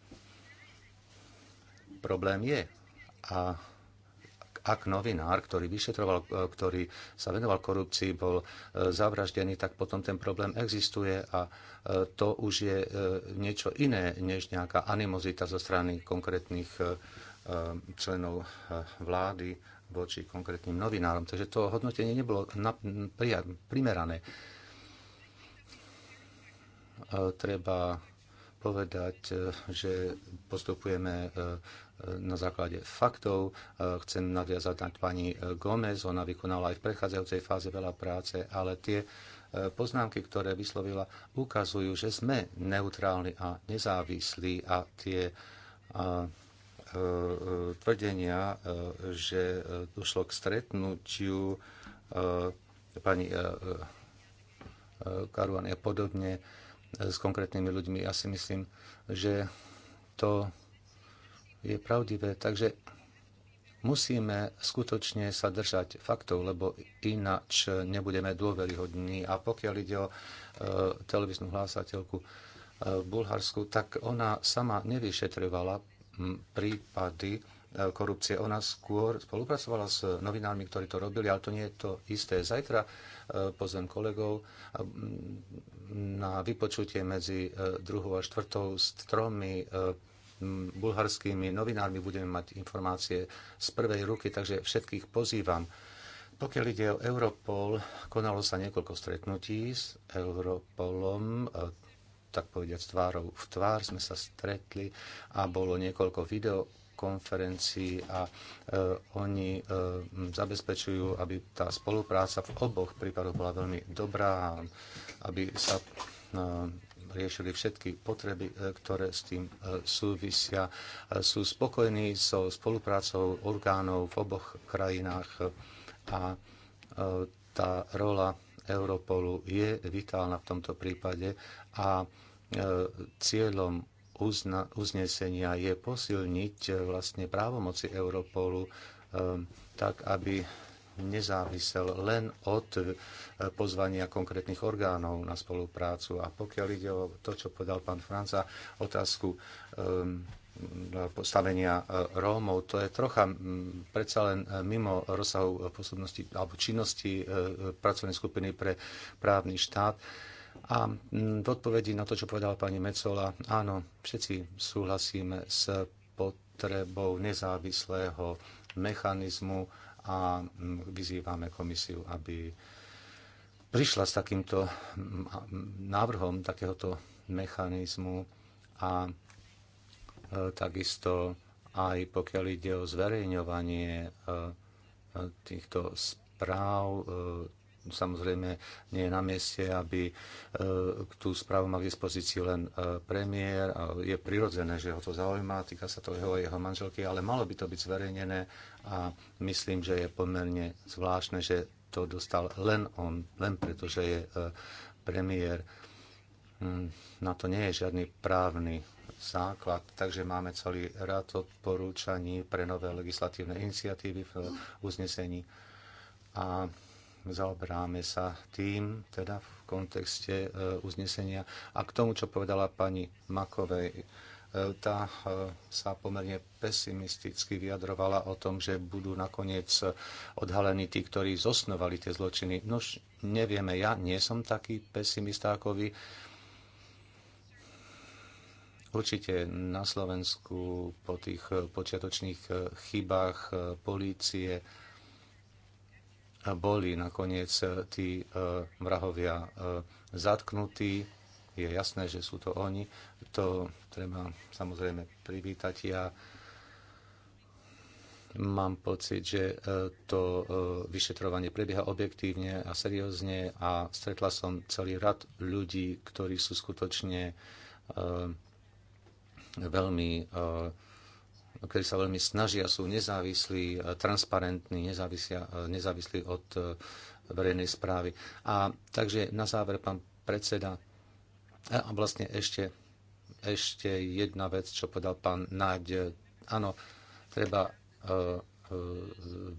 problém je. A ak novinár, ktorý vyšetroval, e, ktorý sa venoval korupcii, bol e, zavraždený, tak potom ten problém existuje a e, to už je niečo iné, než nejaká animozita zo strany konkrétnych členov vlády voči konkrétnym novinárom. Takže to hodnotenie nebolo primerané. Treba povedať, že postupujeme na základe faktov. E, chcem nadviazať na pani e, Gomez, ona vykonala aj v prechádzajúcej fáze veľa práce, ale tie e, poznámky, ktoré vyslovila, ukazujú, že sme neutrálni a nezávislí a tie tvrdenia, že došlo k stretnutiu pani Karuany a podobne s konkrétnymi ľuďmi. Ja si myslím, že to je pravdivé. Takže musíme skutočne sa držať faktov, lebo ináč nebudeme dôveryhodní. A pokiaľ ide o e, televíznu hlásateľku e, v Bulharsku, tak ona sama nevyšetrovala prípady e, korupcie. Ona skôr spolupracovala s novinármi, ktorí to robili, ale to nie je to isté. Zajtra e, pozvem kolegov na vypočutie medzi e, druhou a štvrtou s tromi bulharskými novinármi budeme mať informácie z prvej ruky, takže všetkých pozývam. Pokiaľ ide o Europol, konalo sa niekoľko stretnutí s Europolom, e, tak povediať tvárou v tvár sme sa stretli a bolo niekoľko videokonferencií a e, oni e, zabezpečujú, aby tá spolupráca v oboch prípadoch bola veľmi dobrá, aby sa e, riešili všetky potreby, e, ktoré s tým e, súvisia. E, sú spokojní so spoluprácou orgánov v oboch krajinách a tá rola Europolu je vitálna v tomto prípade a cieľom uznesenia je posilniť vlastne právomoci Europolu tak, aby nezávisel len od e, pozvania konkrétnych orgánov na spoluprácu. A pokiaľ ide o to, čo povedal pán Franca, otázku e, postavenia e, Rómov, to je trocha predsa len mimo rozsahu posobnosti alebo činnosti pracovnej skupiny pre právny štát. A v odpovedi na to, čo povedala pani Mecola, áno, všetci súhlasíme s potrebou nezávislého mechanizmu a vyzývame komisiu, aby prišla s takýmto návrhom takéhoto mechanizmu a e, takisto aj pokiaľ ide o zverejňovanie e, e, týchto správ, samozrejme nie je na mieste, aby e, tú správu mal k dispozícii len e, premiér. Je prirodzené, že ho to zaujíma, týka sa to jeho, jeho manželky, ale malo by to byť zverejnené a myslím, že je pomerne zvláštne, že to dostal len on, len preto, že je e, premiér. Hm, na to nie je žiadny právny základ, takže máme celý rad odporúčaní pre nové legislatívne iniciatívy v uznesení. A zaoberáme sa tým, teda v kontexte e, uznesenia. A k tomu, čo povedala pani Makovej, e, tá e, sa pomerne pesimisticky vyjadrovala o tom, že budú nakoniec odhalení tí, ktorí zosnovali tie zločiny. No nevieme, ja nie som taký pesimista ako vy. Určite na Slovensku po tých počiatočných chybách polície boli nakoniec e, tí vrahovia e, e, zatknutí. Je jasné, že sú to oni. To treba samozrejme privítať. Ja mám pocit, že to vyšetrovanie prebieha objektívne a seriózne a stretla som celý rad ľudí, ktorí sú skutočne veľmi ktorí sa veľmi snažia, sú nezávislí, e, transparentní, nezávislí e, od e, verejnej správy. A takže na záver, pán predseda, a vlastne ešte, ešte jedna vec, čo povedal pán Náď. Áno, treba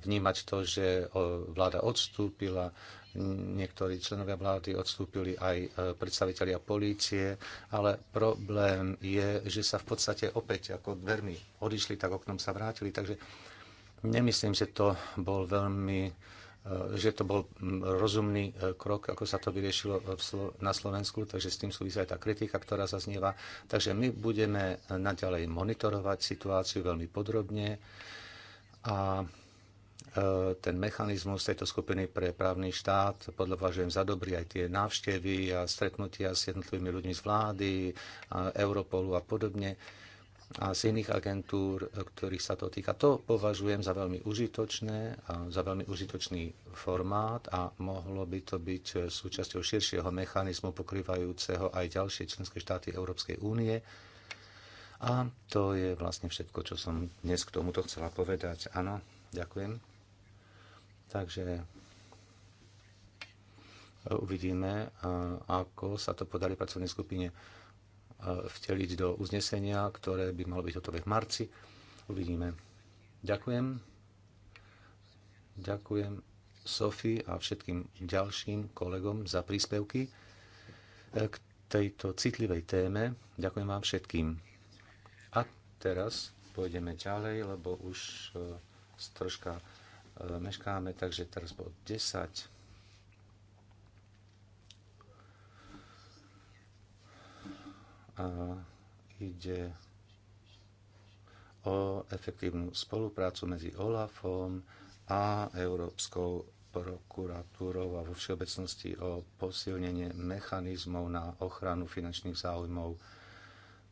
vnímať to, že vláda odstúpila, niektorí členovia vlády odstúpili aj e, predstavitelia polície, ale problém je, že sa v podstate opäť ako dvermi odišli, tak oknom sa vrátili, takže nemyslím, že to bol veľmi e, že to bol rozumný e, krok, ako sa to vyriešilo na Slovensku, takže s tým súvisí aj tá kritika, ktorá zaznieva. Takže my budeme naďalej monitorovať situáciu veľmi podrobne a E, ten mechanizmus tejto skupiny pre právny štát podľa za dobrý aj tie návštevy a stretnutia s jednotlivými ľuďmi z vlády, a Europolu a podobne a z iných agentúr, e, ktorých sa to týka. To považujem za veľmi užitočné, a za veľmi užitočný formát a mohlo by to byť e, súčasťou širšieho mechanizmu pokrývajúceho aj ďalšie členské štáty Európskej únie. A to je vlastne všetko, čo som dnes k tomuto chcela povedať. Áno, ďakujem. Takže e, uvidíme, e, ako sa to podarí pracovnej skupine e, vteliť do uznesenia, ktoré by malo byť hotové v marci. Uvidíme. Ďakujem. Ďakujem Sofi a všetkým ďalším kolegom za príspevky k tejto citlivej téme. Ďakujem vám všetkým. A teraz pôjdeme ďalej, lebo už troška E, meškáme, takže teraz bod 10. A ide o efektívnu spoluprácu medzi OLAFom a Európskou prokuratúrou a vo všeobecnosti o posilnenie mechanizmov na ochranu finančných záujmov.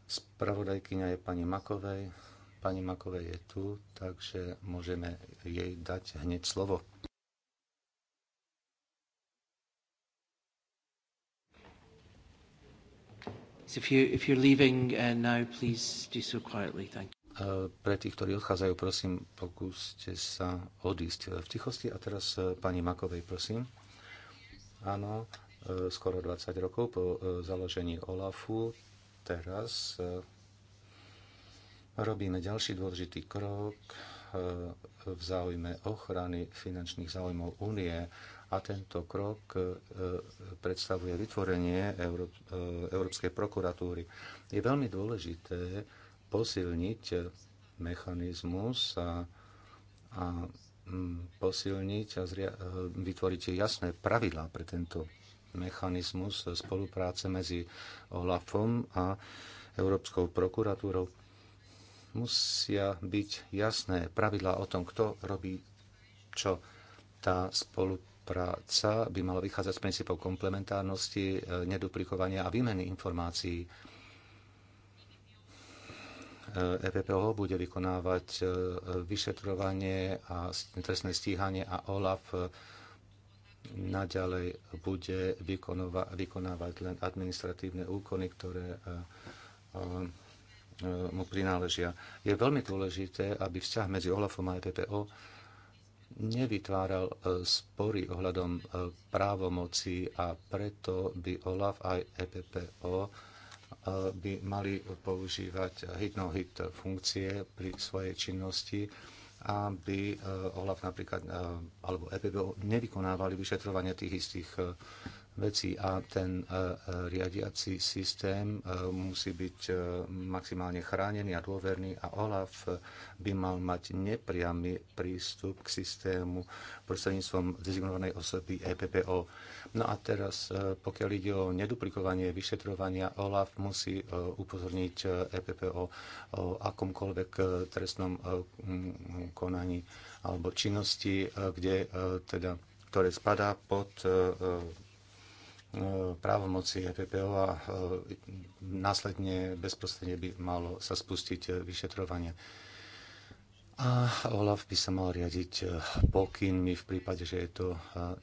Spravodajkyňa je pani Makovej. Pani Makovej je tu, takže môžeme jej dať hneď slovo. Pre tých, ktorí odchádzajú, prosím, pokúste sa odísť uh, v tichosti. A teraz uh, pani Makovej, prosím. Áno, uh, skoro 20 rokov po založení OLAFu. Teraz robíme ďalší dôležitý krok eh, v záujme ochrany finančných záujmov únie a tento krok eh, predstavuje vytvorenie eh, Európskej prokuratúry. Je veľmi dôležité posilniť mechanizmus a, a mm, posilniť a zria- vytvoriť jasné pravidlá pre tento mechanizmus spolupráce medzi OLAFom a Európskou prokuratúrou musia byť jasné pravidlá o tom, kto robí čo. Tá spolupráca by mala vychádzať z princípov komplementárnosti, e, neduplikovania a výmeny informácií. EPPO e bude vykonávať e, vyšetrovanie a trestné stíhanie a OLAF naďalej bude vykonávať len administratívne úkony, ktoré E, mu prináležia. Je veľmi dôležité, aby vzťah medzi OLAFom a EPPO nevytváral e, spory ohľadom e, právomoci a preto by OLAF aj EPPO by mali používať hit-no-hit -hit funkcie pri svojej činnosti, aby OLAF napríklad, alebo EPPO nevykonávali vyšetrovanie tých istých veci a ten e, e, riadiaci systém e, musí byť maximálne chránený a dôverný a OLAF by mal mať nepriamy prístup k systému prostredníctvom dezignovanej osoby EPPO. No a teraz, pokiaľ ide o neduplikovanie vyšetrovania, OLAF musí upozorniť EPPO o akomkoľvek trestnom konaní alebo činnosti, kde teda ktoré spadá pod E, právomoci EPPO a e, následne bezprostredne by malo sa spustiť e, vyšetrovanie. A OLAF by sa mal riadiť pokynmi v prípade, že je to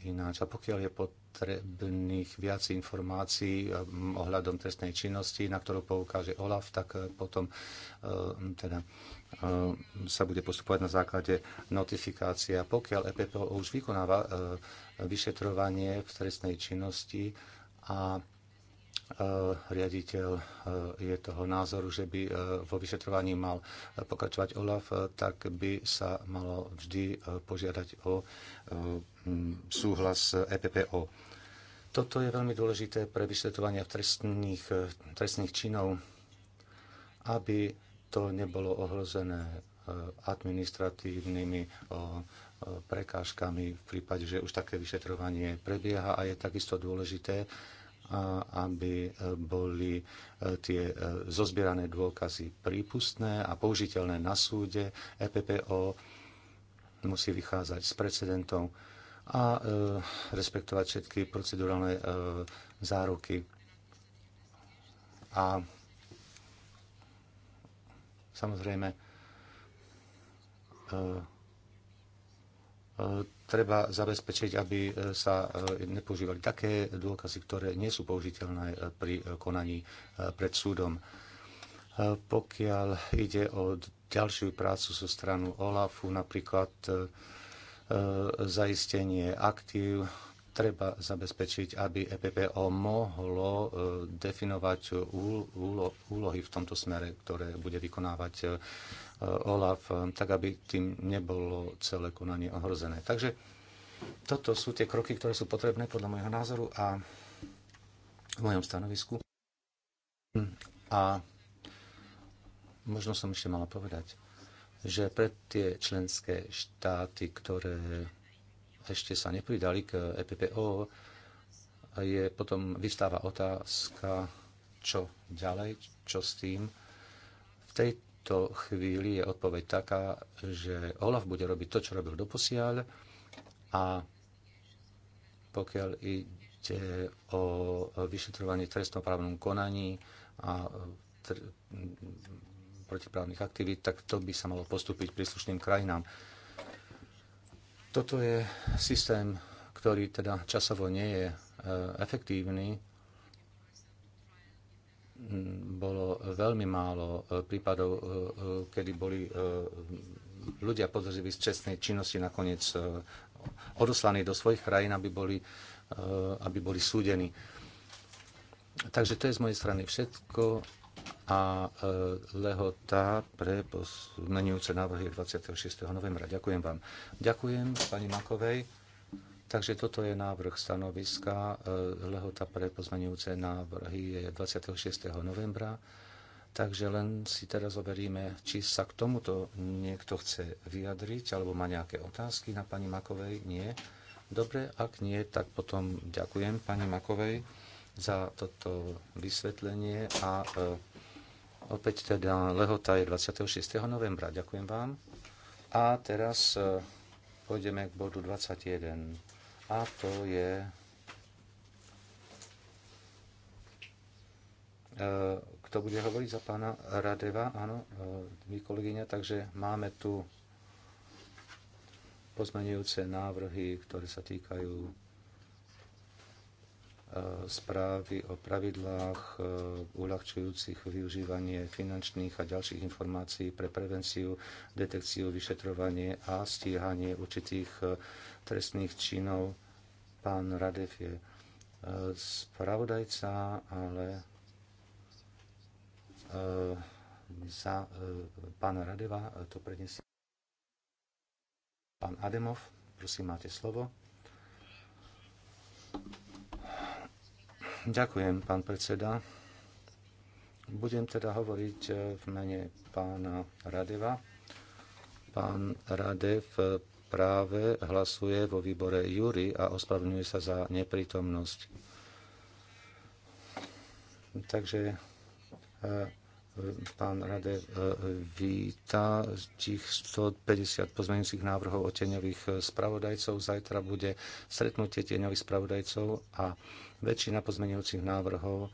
ináč. A pokiaľ je potrebných viac informácií ohľadom trestnej činnosti, na ktorú poukáže OLAF, tak potom teda sa bude postupovať na základe notifikácia. Pokiaľ EPPO už vykonáva vyšetrovanie v trestnej činnosti a e, riaditeľ e, je toho názoru, že by e, vo vyšetrovaní mal pokračovať OLAF, tak by sa malo vždy požiadať o súhlas EPPO. Toto je veľmi dôležité pre vyšetrovanie v trestných, trestných činov, aby to nebolo ohrozené administratívnymi prekážkami v prípade, že už také vyšetrovanie prebieha a je takisto dôležité, aby e, boli e, tie e, zozbierané dôkazy prípustné a použiteľné na súde. EPPO musí vychádzať s precedentov a respektovať všetky procedurálne záruky. A samozrejme, treba zabezpečiť, aby e, sa e, nepoužívali také dôkazy, ktoré nie sú použiteľné e, pri konaní pred súdom. Pokiaľ ide o ďalšiu prácu zo so stranu OLAFu, napríklad zaistenie aktív treba zabezpečiť, aby EPPO mohlo e, definovať úlohy v tomto smere, ktoré bude vykonávať e, OLAF, e, tak aby tým nebolo celé konanie ohrozené. Takže toto sú tie kroky, ktoré sú potrebné podľa môjho názoru a v mojom stanovisku. A možno som ešte mala povedať, že pre tie členské štáty, ktoré ešte sa nepridali k EPPO, je potom vystáva otázka, čo ďalej, čo s tým. V tejto chvíli je odpoveď taká, že Olaf bude robiť to, čo robil doposiaľ a pokiaľ ide o vyšetrovanie trestnoprávnom konaní a tr- protiprávnych aktivít, tak to by sa malo postúpiť príslušným krajinám. Toto je systém, ktorý teda časovo nie je e, efektívny. Bolo veľmi málo e, prípadov, e, kedy boli ľudia podozriví z čestnej činnosti nakoniec odoslaní do svojich krajín, aby boli, aby boli súdení. Takže to je z mojej strany všetko a e, lehota pre menujúce návrhy 26. novembra. Ďakujem vám. Ďakujem pani Makovej. Takže toto je návrh stanoviska. E, lehota pre pozmeňujúce návrhy je 26. novembra. Takže len si teraz overíme, či sa k tomuto niekto chce vyjadriť alebo má nejaké otázky na pani Makovej. Nie. Dobre, ak nie, tak potom ďakujem pani Makovej za toto vysvetlenie a e, Opäť teda lehota je 26. novembra. Ďakujem vám. A teraz e, pôjdeme k bodu 21. A to je e, kto bude hovoriť za pána Radeva, áno, e, my kolegyňa, takže máme tu pozmenujúce návrhy, ktoré sa týkajú E, správy o pravidlách e, uľahčujúcich využívanie finančných a ďalších informácií pre prevenciu, detekciu, vyšetrovanie a stíhanie určitých e, trestných činov. Pán Radev je spravodajca, ale za pána Radeva to predniesie pán Ademov. Prosím, máte slovo. Ďakujem, pán predseda. Budem teda hovoriť e, v mene pána Radeva. Pán Radev práve hlasuje vo výbore Júry a ospravňuje sa za neprítomnosť. Takže e, pán Rade e, víta tých 150 pozmeňujúcich návrhov o tieňových spravodajcov. Zajtra bude stretnutie tieňových spravodajcov a Väčšina pozmenujúcich návrhov e,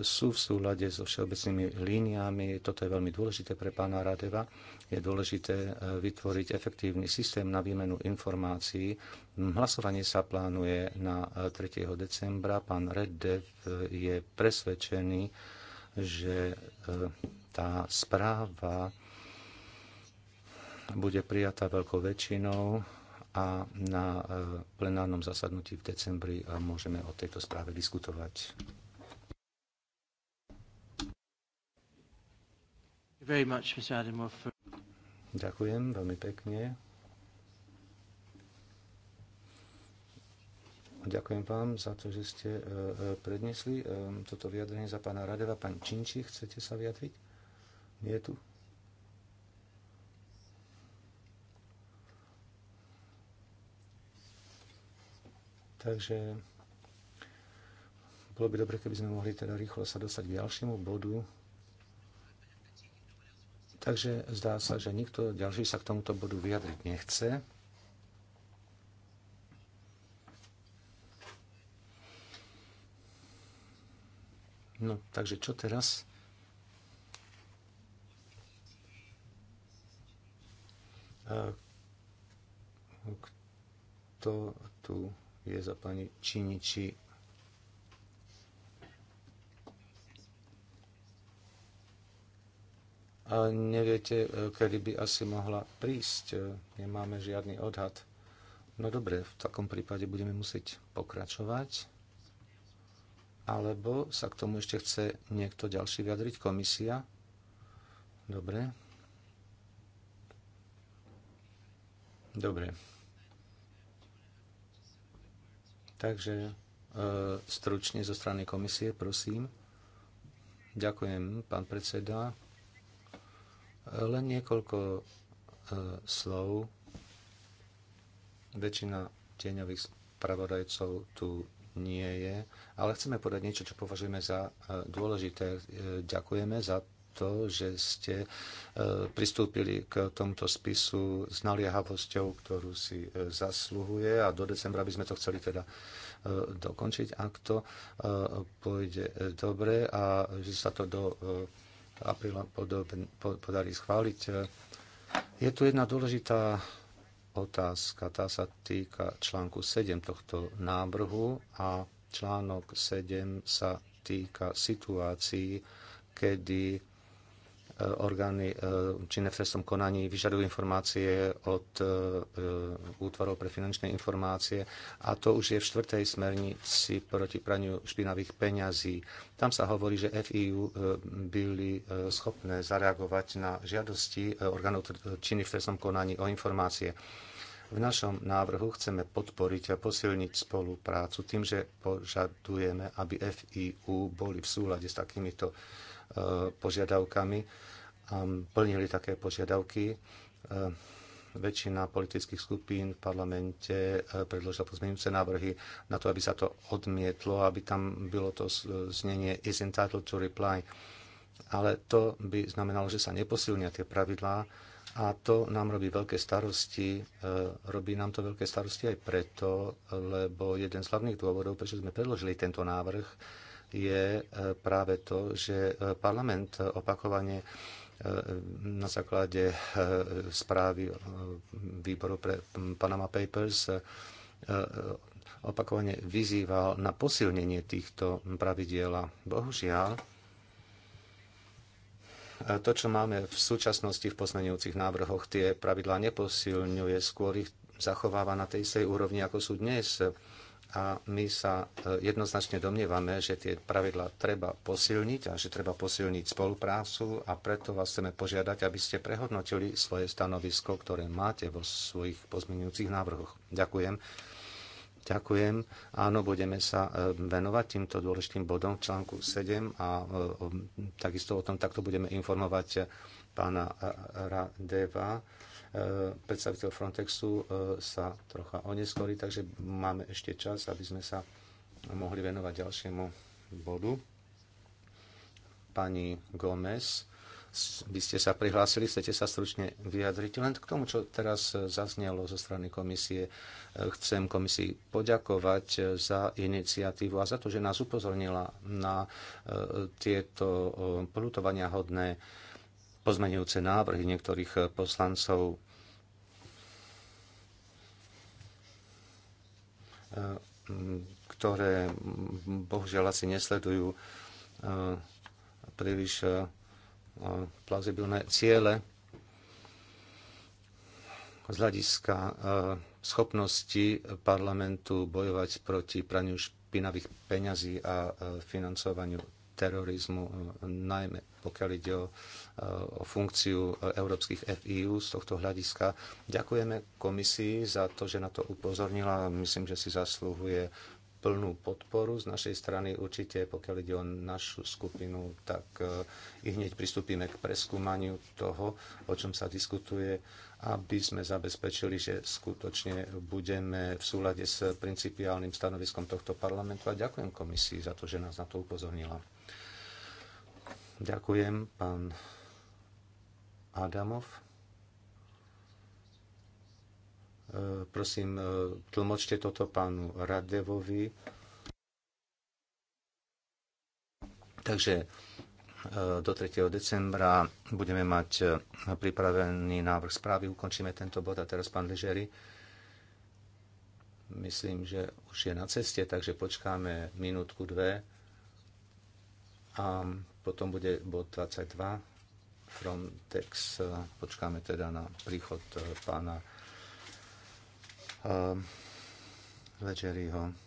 sú v súlade so všeobecnými líniami. Toto je veľmi dôležité pre pána Radeva. Je dôležité e, vytvoriť efektívny systém na výmenu informácií. Hlasovanie sa plánuje na 3. E, decembra. Pán Redev je presvedčený, že tá správa bude prijatá veľkou väčšinou a na e, plenárnom zasadnutí v decembri e, môžeme o tejto správe diskutovať. Much, Ďakujem veľmi pekne. Ďakujem vám za to, že ste e, prednesli toto vyjadrenie za pána Radeva. Pán Činči, chcete sa vyjadriť? Nie je tu? Takže bolo by dobre, keby sme mohli teda rýchlo sa dostať k ďalšiemu bodu. Takže zdá sa, že nikto ďalší sa k tomuto bodu vyjadriť nechce. No, takže čo teraz? Kto tu je za pani Činiči. A neviete, e, kedy by asi mohla prísť. E, nemáme žiadny odhad. No dobre, v takom prípade budeme musieť pokračovať. Alebo sa k tomu ešte chce niekto ďalší vyjadriť? Komisia? Dobre. Dobre. Takže e, stručne zo strany komisie, prosím. Ďakujem, pán predseda. Len niekoľko e, slov. Väčšina tieňových spravodajcov tu nie je, ale chceme podať niečo, čo považujeme za e, dôležité. Ďakujeme za to, že ste e, pristúpili k tomto spisu s naliehavosťou, ktorú si e, zasluhuje a do decembra by sme to chceli teda e, dokončiť, ak to pôjde dobre a že sa to do apríla podarí schváliť. Je tu jedna dôležitá otázka, tá sa týka článku 7 tohto návrhu a článok 7 sa týka situácií, kedy E, orgány e, činné v trestnom konaní vyžadujú informácie od e, útvarov pre finančné informácie a to už je v štvrtej smernici proti praniu špinavých peňazí. Tam sa hovorí, že FIU byli schopné zareagovať na žiadosti orgánov činných v trestnom konaní o informácie. V našom návrhu chceme podporiť a posilniť spoluprácu tým, že požadujeme, aby FIU boli v súlade s takýmito E, požiadavkami plnili také požiadavky. E, väčšina politických skupín v parlamente e, predložila pozmeňujúce návrhy na to, aby sa to odmietlo, aby tam bylo to znenie is entitled to reply. Ale to by znamenalo, že sa neposilnia tie pravidlá a to nám robí veľké starosti. Robí nám to veľké starosti aj preto, lebo jeden z hlavných dôvodov, prečo sme predložili tento návrh, je e, práve to, že e, parlament e, opakovane na základe správy výboru pre Panama Papers opakovane vyzýval na posilnenie týchto pravidiel. Bohužiaľ, to, čo máme v súčasnosti v posmenujúcich návrhoch, tie pravidlá neposilňuje, skôr ich zachováva na tej istej úrovni, ako sú dnes a my sa e, jednoznačne domnievame, že tie pravidlá treba posilniť a že treba posilniť spoluprácu a preto vás chceme požiadať, aby ste prehodnotili svoje stanovisko, ktoré máte vo svojich pozmeňujúcich návrhoch. Ďakujem. Ďakujem. Áno, budeme sa e, venovať týmto dôležitým bodom v článku 7 a e, takisto o tom takto budeme informovať pána Radeva Eh, predstaviteľ Frontexu eh, sa trocha oneskorí, takže máme ešte čas, aby sme sa mohli venovať ďalšiemu bodu. Pani Gomez, vy ste sa prihlásili, chcete sa stručne vyjadriť. Len k tomu, čo teraz zaznelo zo strany komisie, eh, chcem komisii poďakovať za iniciatívu a za to, že nás upozornila na tieto polutovania hodné pozmenujúce návrhy niektorých poslancov E, ktoré bohužiaľ asi nesledujú e, príliš e, plazibilné ciele z hľadiska schopnosti parlamentu bojovať proti praniu špinavých peňazí a financovaniu terorizmu najmä pokiaľ ide o, o funkciu európskych FIU z tohto hľadiska. Ďakujeme komisii za to, že na to upozornila. Myslím, že si zaslúhuje plnú podporu z našej strany určite, pokiaľ ide o našu skupinu, tak e, i hneď pristúpime k preskúmaniu toho, o čom sa diskutuje, aby sme zabezpečili, že skutočne budeme v súlade s principiálnym stanoviskom tohto parlamentu a ďakujem komisii za to, že nás na to upozornila. Ďakujem, pán Adamov. E, prosím, e, tlmočte toto pánu Radevovi. Takže e, do 3. decembra budeme mať pripravený návrh správy. Ukončíme tento bod a teraz pán Ležeri. Myslím, že už je na ceste, takže počkáme minútku, dve a potom bude bod 22. Frontex. Počkáme teda na príchod eh, pána eh, Ledgeryho.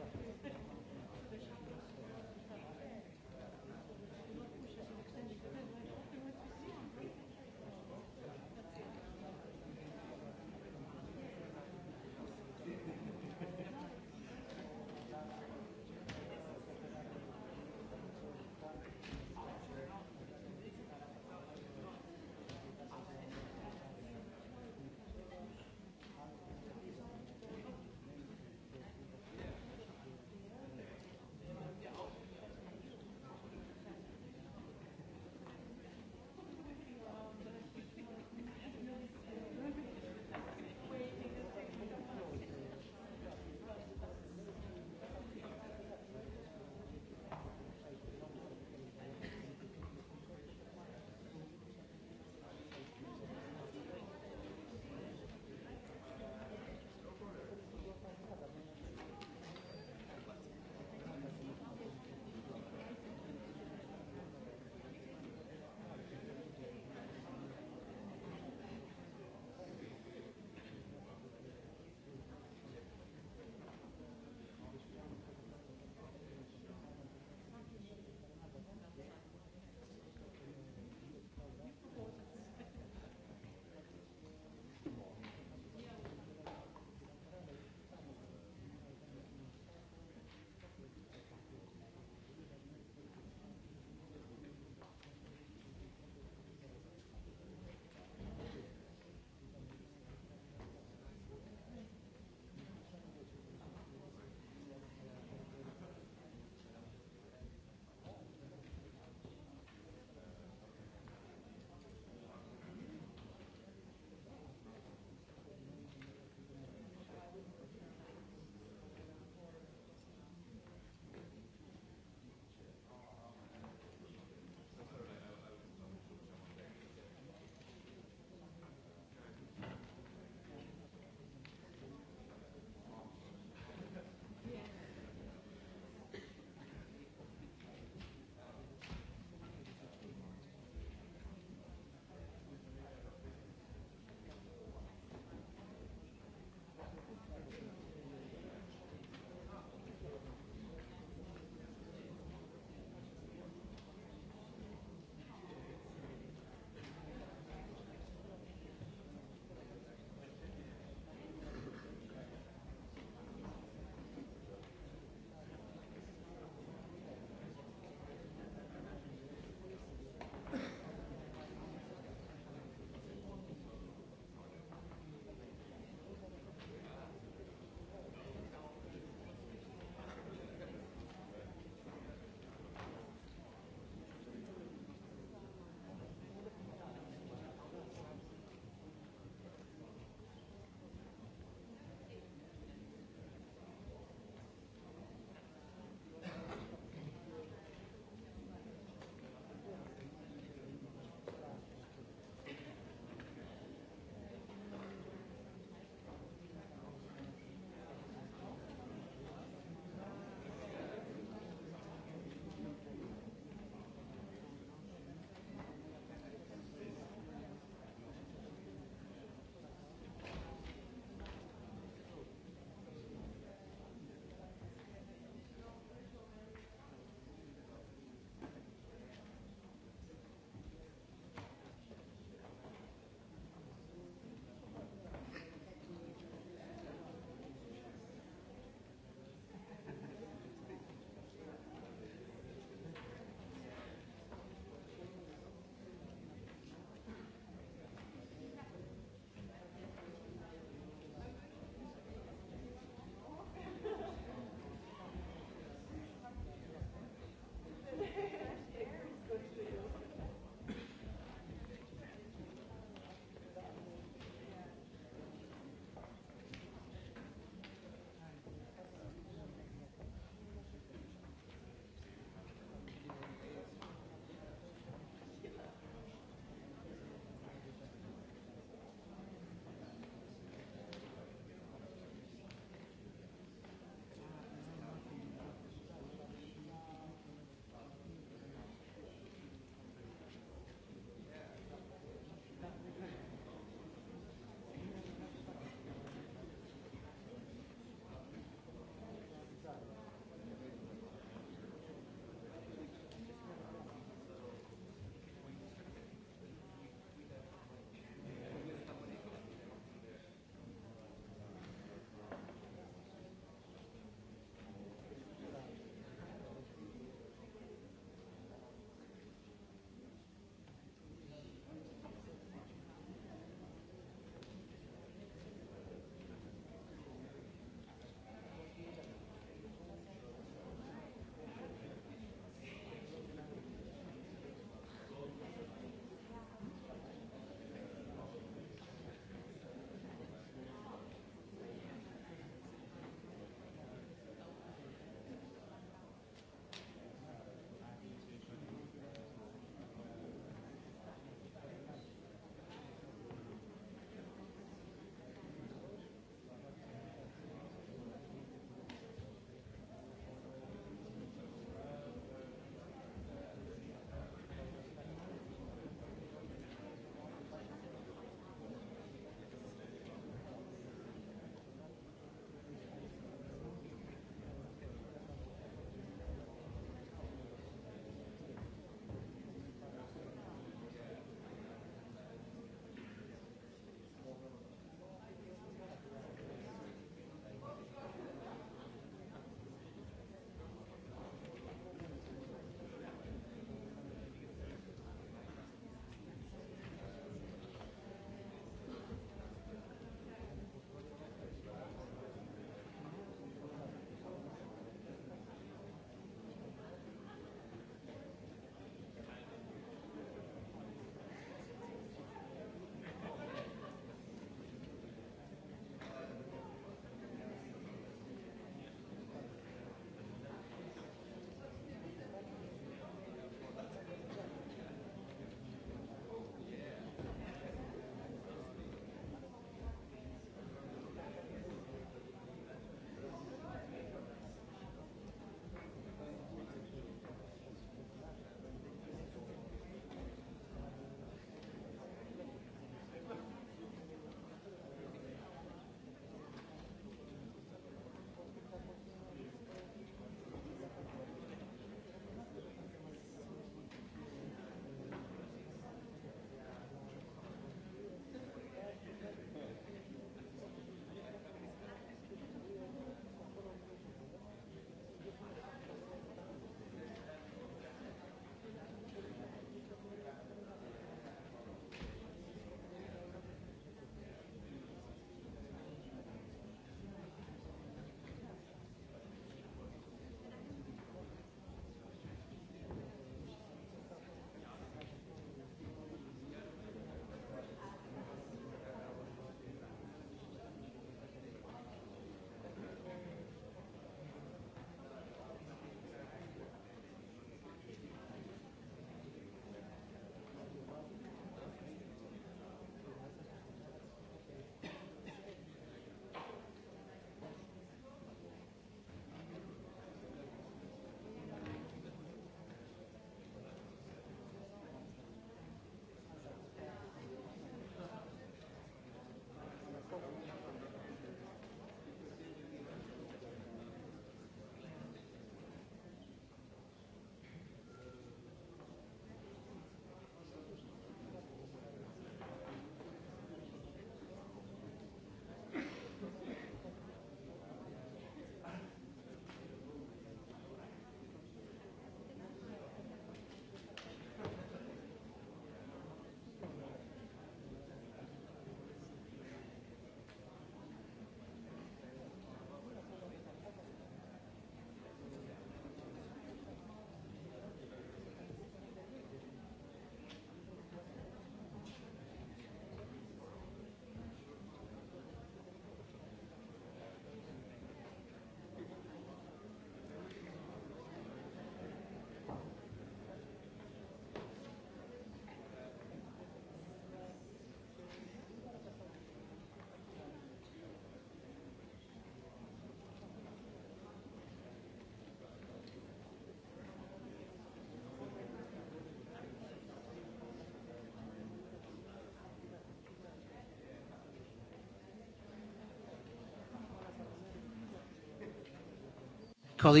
Uh,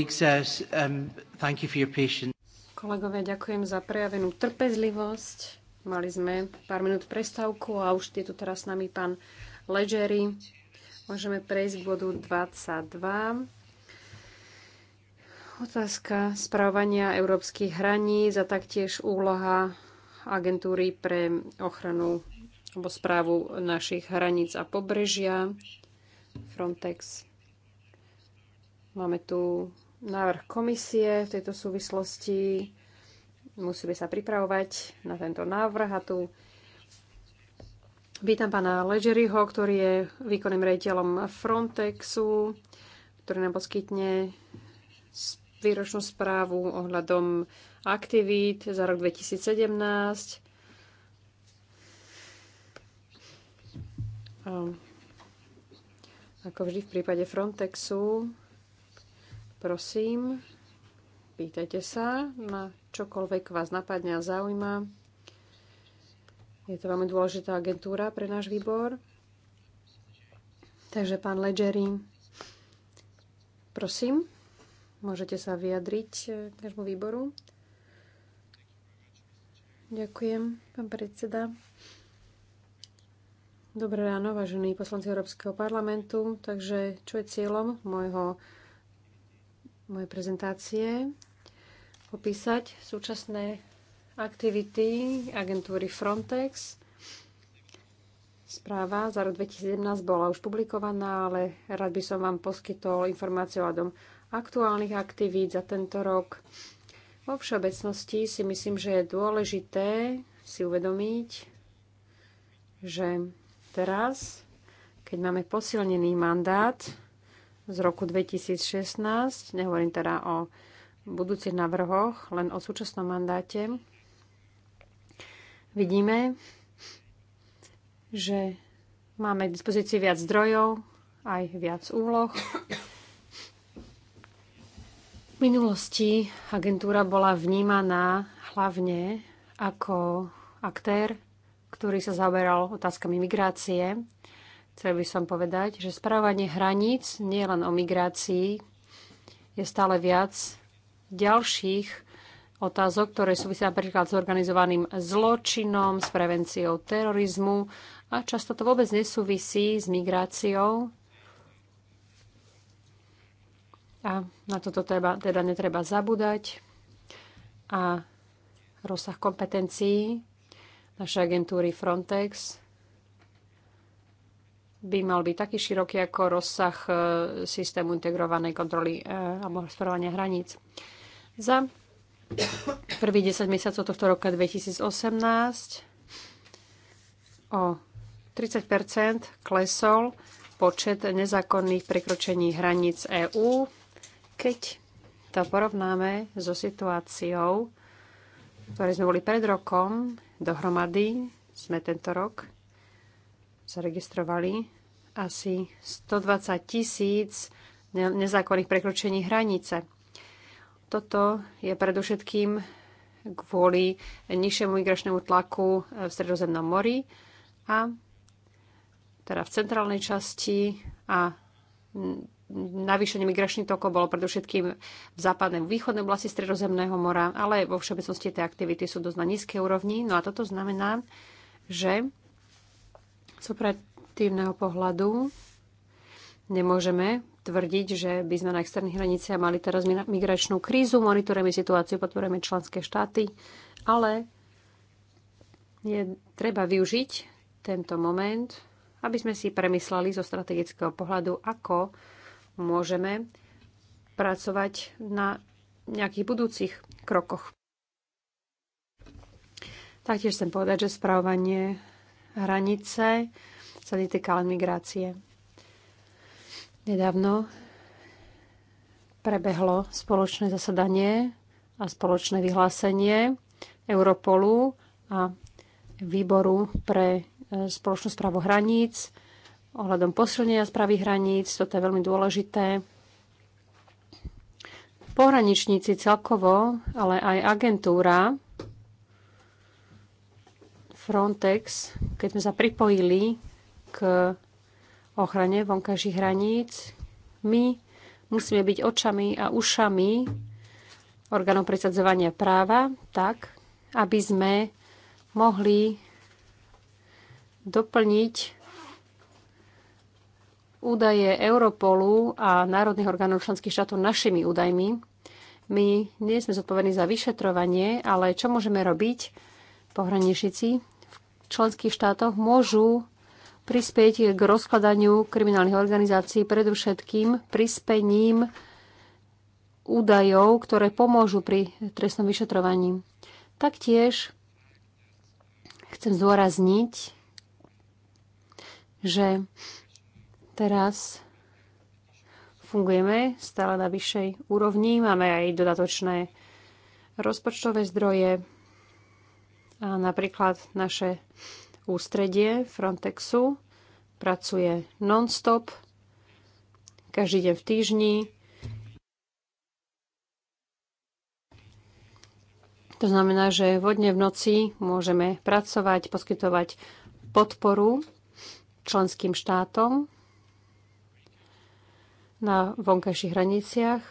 um, Kolegovia, ďakujem za prejavenú trpezlivosť. Mali sme pár minút prestávku a už je tu teraz s nami pán Ledgeri. Môžeme prejsť k bodu 22. Otázka správania európskych hraníc a taktiež úloha agentúry pre ochranu alebo správu našich hraníc a pobrežia Frontex. Máme tu návrh komisie v tejto súvislosti. Musíme sa pripravovať na tento návrh a tu vítam pána Ledgeryho, ktorý je výkonným rejiteľom Frontexu, ktorý nám poskytne výročnú správu ohľadom aktivít za rok 2017. Ako vždy v prípade Frontexu, Prosím, pýtajte sa na čokoľvek vás napadne a zaujíma. Je to veľmi dôležitá agentúra pre náš výbor. Takže pán Ledgeri, prosím, môžete sa vyjadriť k nášmu výboru. Ďakujem, pán predseda. Dobré ráno, vážení poslanci Európskeho parlamentu. Takže čo je cieľom môjho mojej prezentácie popísať súčasné aktivity agentúry Frontex. Správa za rok 2017 bola už publikovaná, ale rád by som vám poskytol informáciu o aktuálnych aktivít za tento rok. Vo všeobecnosti si myslím, že je dôležité si uvedomiť, že teraz, keď máme posilnený mandát z roku 2016, nehovorím teda o budúcich navrhoch, len o súčasnom mandáte, vidíme, že máme k dispozícii viac zdrojov, aj viac úloh. V minulosti agentúra bola vnímaná hlavne ako aktér, ktorý sa zaoberal otázkami migrácie Chcel by som povedať, že správanie hraníc nie len o migrácii, je stále viac ďalších otázok, ktoré súvisia napríklad s organizovaným zločinom, s prevenciou terorizmu a často to vôbec nesúvisí s migráciou. A na toto teda, teda netreba zabúdať. A rozsah kompetencií našej agentúry Frontex by mal byť taký široký ako rozsah e, systému integrovanej kontroly e, alebo správania hraníc. Za prvý 10 mesiacov tohto roka 2018 o 30 klesol počet nezákonných prekročení hraníc EÚ, keď to porovnáme so situáciou, ktoré sme boli pred rokom, dohromady sme tento rok zaregistrovali asi 120 tisíc nezákonných prekročení hranice. Toto je predovšetkým kvôli nižšiemu migračnému tlaku v Stredozemnom mori a teda v centrálnej časti a navýšenie migračných tokov bolo predovšetkým v západnej východnej oblasti Stredozemného mora, ale vo všeobecnosti tie aktivity sú dosť na nízkej úrovni. No a toto znamená, že z pohľadu nemôžeme tvrdiť, že by sme na externých hraniciach mali teraz migračnú krízu, monitorujeme situáciu, podporujeme členské štáty, ale je treba využiť tento moment, aby sme si premysleli zo strategického pohľadu, ako môžeme pracovať na nejakých budúcich krokoch. Taktiež chcem povedať, že spravovanie hranice sa netýka len migrácie. Nedávno prebehlo spoločné zasadanie a spoločné vyhlásenie Europolu a výboru pre e, spoločnú správu hraníc ohľadom posilnenia správy hraníc. Toto je veľmi dôležité. Pohraničníci celkovo, ale aj agentúra Frontex, keď sme sa pripojili k ochrane vonkajších hraníc, my musíme byť očami a ušami orgánov presadzovania práva tak, aby sme mohli doplniť údaje Europolu a národných orgánov členských štátov našimi údajmi. My nie sme zodpovední za vyšetrovanie, ale čo môžeme robiť? Pohraničici členských štátoch môžu prispieť k rozkladaniu kriminálnych organizácií predovšetkým prispením údajov, ktoré pomôžu pri trestnom vyšetrovaní. Taktiež chcem zdôrazniť, že teraz fungujeme stále na vyššej úrovni, máme aj dodatočné rozpočtové zdroje, napríklad naše ústredie Frontexu pracuje non-stop, každý deň v týždni. To znamená, že vodne v noci môžeme pracovať, poskytovať podporu členským štátom na vonkajších hraniciach.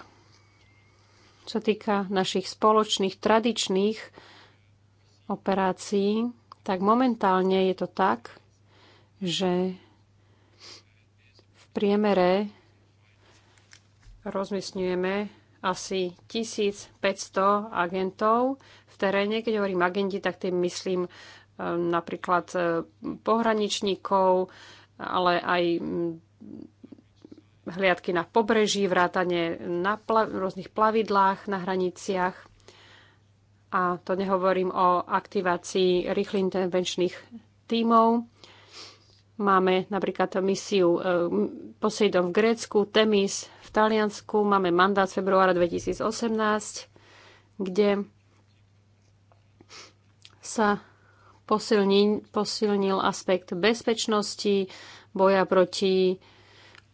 Čo týka našich spoločných tradičných operácií, tak momentálne je to tak, že v priemere rozmysňujeme asi 1500 agentov v teréne. Keď hovorím agenti, tak tým myslím e, napríklad e, pohraničníkov, ale aj hliadky na pobreží, vrátane na pl- rôznych plavidlách, na hraniciach a to nehovorím o aktivácii rýchly intervenčných tímov. Máme napríklad misiu e, Poseidon v Grécku, Temis v Taliansku, máme mandát z februára 2018, kde sa posilnil, posilnil aspekt bezpečnosti, boja proti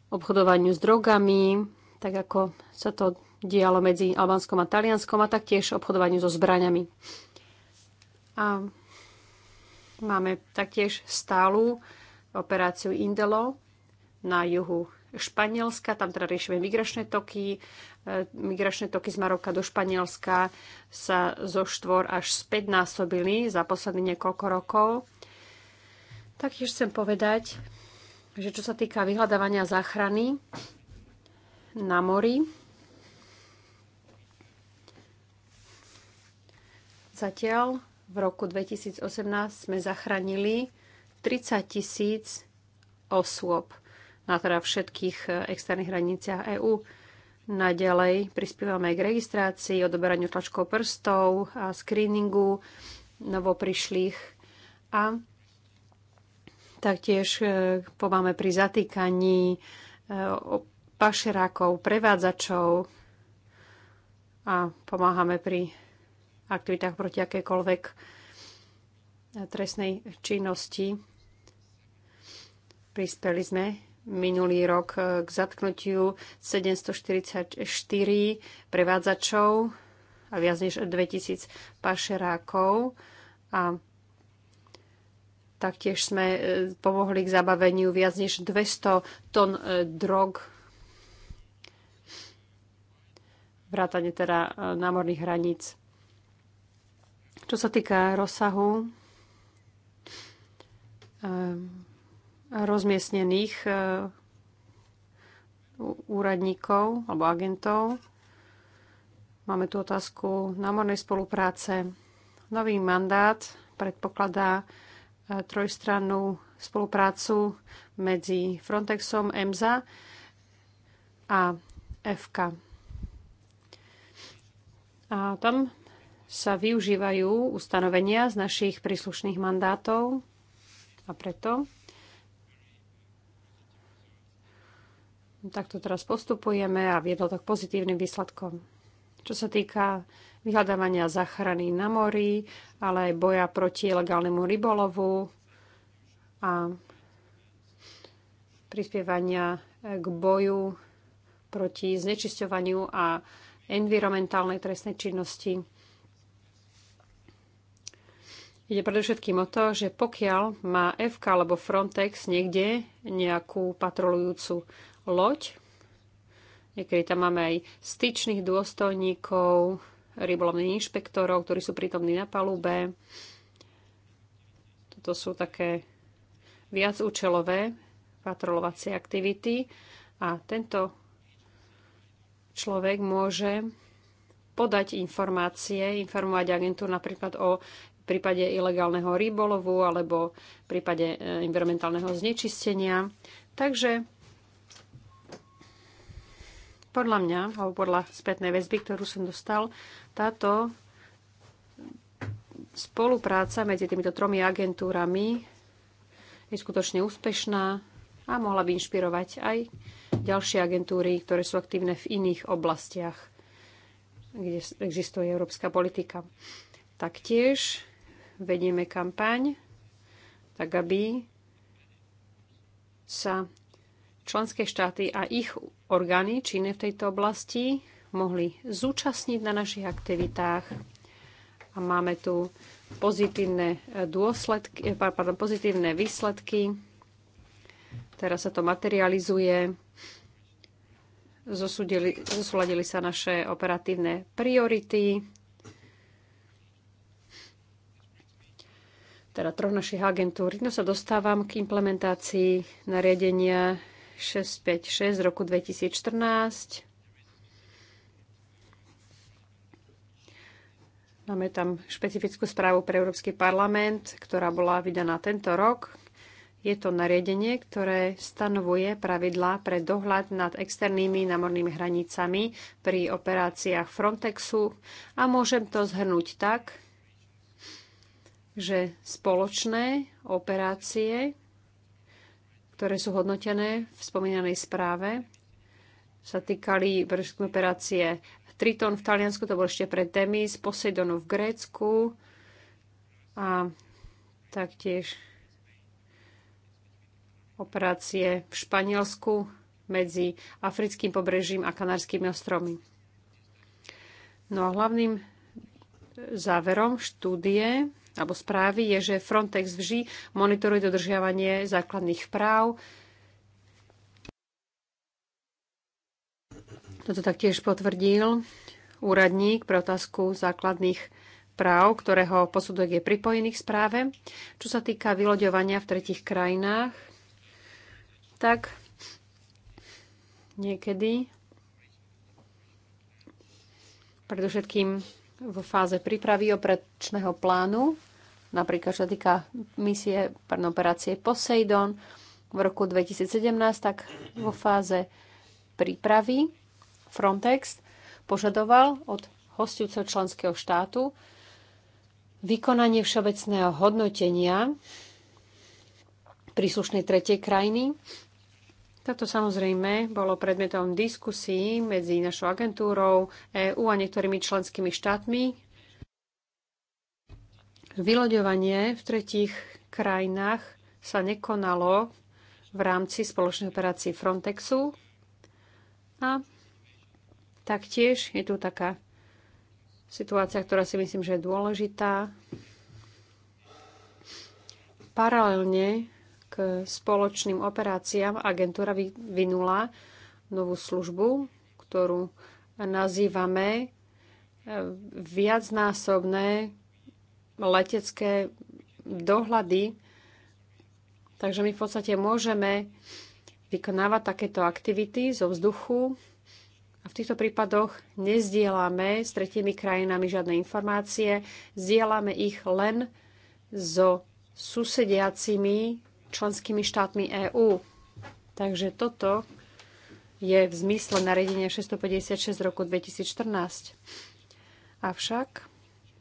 obchodovaniu s drogami, tak ako sa to dialo medzi Albánskom a Talianskom a taktiež obchodovaniu so zbraňami. A máme taktiež stálu operáciu Indelo na juhu Španielska, tam teda riešime migračné toky. E, migračné toky z Maroka do Španielska sa zo štvor až späť násobili za posledných niekoľko rokov. Taktiež chcem povedať, že čo sa týka vyhľadávania záchrany na mori, Zatiaľ v roku 2018 sme zachránili 30 tisíc osôb na teda všetkých eh, externých hraniciach EÚ. Naďalej prispievame k registrácii, odoberaniu tlačkov prstov a screeningu novoprišlých a taktiež eh, pomáme pri zatýkaní eh, pašerákov, prevádzačov a pomáhame pri aktivitách proti akékoľvek trestnej činnosti. Prispeli sme minulý rok k zatknutiu 744 prevádzačov a viac než 2000 pašerákov. A taktiež sme e, pomohli k zabaveniu viac než 200 tón e, drog vrátane teda e, námorných hraníc. Čo sa týka rozsahu eh, rozmiestnených eh, úradníkov alebo agentov, máme tu otázku námornej spolupráce. Nový mandát predpokladá eh, trojstrannú spoluprácu medzi Frontexom, EMSA a FK. A tam sa využívajú ustanovenia z našich príslušných mandátov a preto takto teraz postupujeme a viedlo to k pozitívnym výsledkom. Čo sa týka vyhľadávania záchrany na mori, ale aj boja proti ilegálnemu rybolovu a prispievania k boju proti znečisťovaniu a environmentálnej trestnej činnosti. Ide predovšetkým o to, že pokiaľ má FK alebo Frontex niekde nejakú patrolujúcu loď, niekedy tam máme aj styčných dôstojníkov, rybolovných inšpektorov, ktorí sú prítomní na palube. Toto sú také viacúčelové patrolovacie aktivity a tento človek môže podať informácie, informovať agentúr napríklad o prípade ilegálneho rybolovu alebo v prípade e, environmentálneho znečistenia. Takže podľa mňa, alebo podľa spätnej väzby, ktorú som dostal, táto spolupráca medzi týmito tromi agentúrami je skutočne úspešná a mohla by inšpirovať aj ďalšie agentúry, ktoré sú aktívne v iných oblastiach kde existuje európska politika. Taktiež vedieme kampaň, tak aby sa členské štáty a ich orgány činné v tejto oblasti mohli zúčastniť na našich aktivitách. A máme tu pozitívne, eh, dôsledky, eh, pardon, pozitívne výsledky. Teraz sa to materializuje zosúladili sa naše operatívne priority, teda troch našich agentúr. No sa dostávam k implementácii nariadenia 656 z roku 2014. Máme tam špecifickú správu pre Európsky parlament, ktorá bola vydaná tento rok. Je to nariadenie, ktoré stanovuje pravidlá pre dohľad nad externými námornými hranicami pri operáciách Frontexu a môžem to zhrnúť tak, že spoločné operácie, ktoré sú hodnotené v spomínanej správe, sa týkali operácie Triton v Taliansku, to bol ešte pred Demis, Poseidonu v Grécku a taktiež operácie v Španielsku medzi africkým pobrežím a kanárskými ostromy. No a hlavným záverom štúdie alebo správy je, že Frontex vždy monitoruje dodržiavanie základných práv. Toto taktiež potvrdil úradník pre otázku základných práv, ktorého posudok je pripojený k správe. Čo sa týka vyloďovania v tretich krajinách, tak niekedy, predovšetkým vo fáze prípravy operačného plánu, napríklad čo týka misie, pardon, operácie Poseidon v roku 2017, tak vo fáze prípravy Frontex požadoval od hostujúceho členského štátu vykonanie všeobecného hodnotenia príslušnej tretej krajiny toto samozrejme bolo predmetom diskusí medzi našou agentúrou EU a niektorými členskými štátmi. Vyloďovanie v tretích krajinách sa nekonalo v rámci spoločnej operácie Frontexu. A taktiež je tu taká situácia, ktorá si myslím, že je dôležitá. Paralelne spoločným operáciám agentúra vyvinula novú službu, ktorú nazývame e, viacnásobné letecké dohľady. Takže my v podstate môžeme vykonávať takéto aktivity zo vzduchu a v týchto prípadoch nezdielame s tretími krajinami žiadne informácie, zdieľame ich len so susediacimi členskými štátmi EÚ. Takže toto je v zmysle nariadenia 656 roku 2014. Avšak,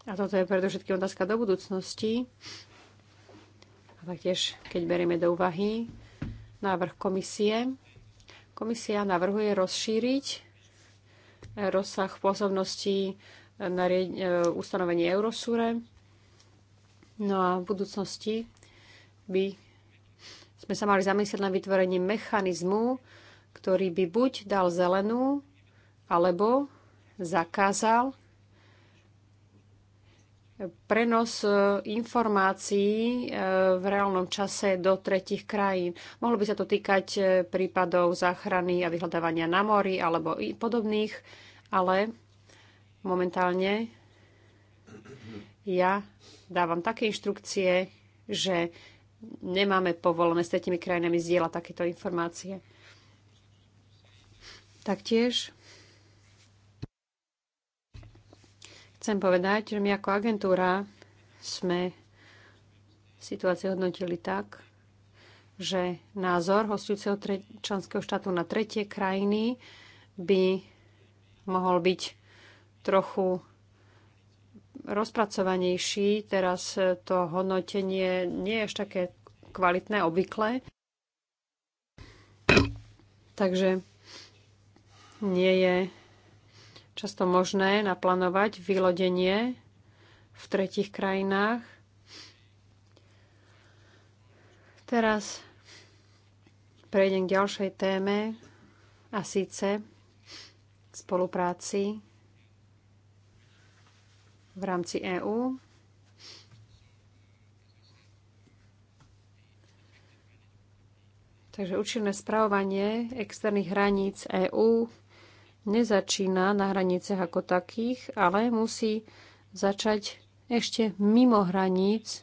a toto je predovšetkým otázka do budúcnosti, a taktiež keď berieme do úvahy návrh komisie, komisia navrhuje rozšíriť e, rozsah pôsobnosti e, na e, ustanovenie Eurosúre. No a v budúcnosti by sme sa mali zamyslieť na vytvorenie mechanizmu, ktorý by buď dal zelenú, alebo zakázal prenos e, informácií e, v reálnom čase do tretich krajín. Mohlo by sa to týkať e, prípadov záchrany a vyhľadávania na mori alebo i podobných, ale momentálne ja dávam také inštrukcie, že nemáme povolené s tretimi krajinami zdieľať takéto informácie. Taktiež chcem povedať, že my ako agentúra sme situáciu hodnotili tak, že názor hostujúceho členského štátu na tretie krajiny by mohol byť trochu rozpracovanejší. Teraz e, to hodnotenie nie je až také kvalitné, obvyklé. Takže nie je často možné naplánovať vylodenie v tretich krajinách. Teraz prejdem k ďalšej téme a síce spolupráci v rámci EÚ. Takže účinné spravovanie externých hraníc EÚ nezačína na hraniciach ako takých, ale musí začať ešte mimo hraníc.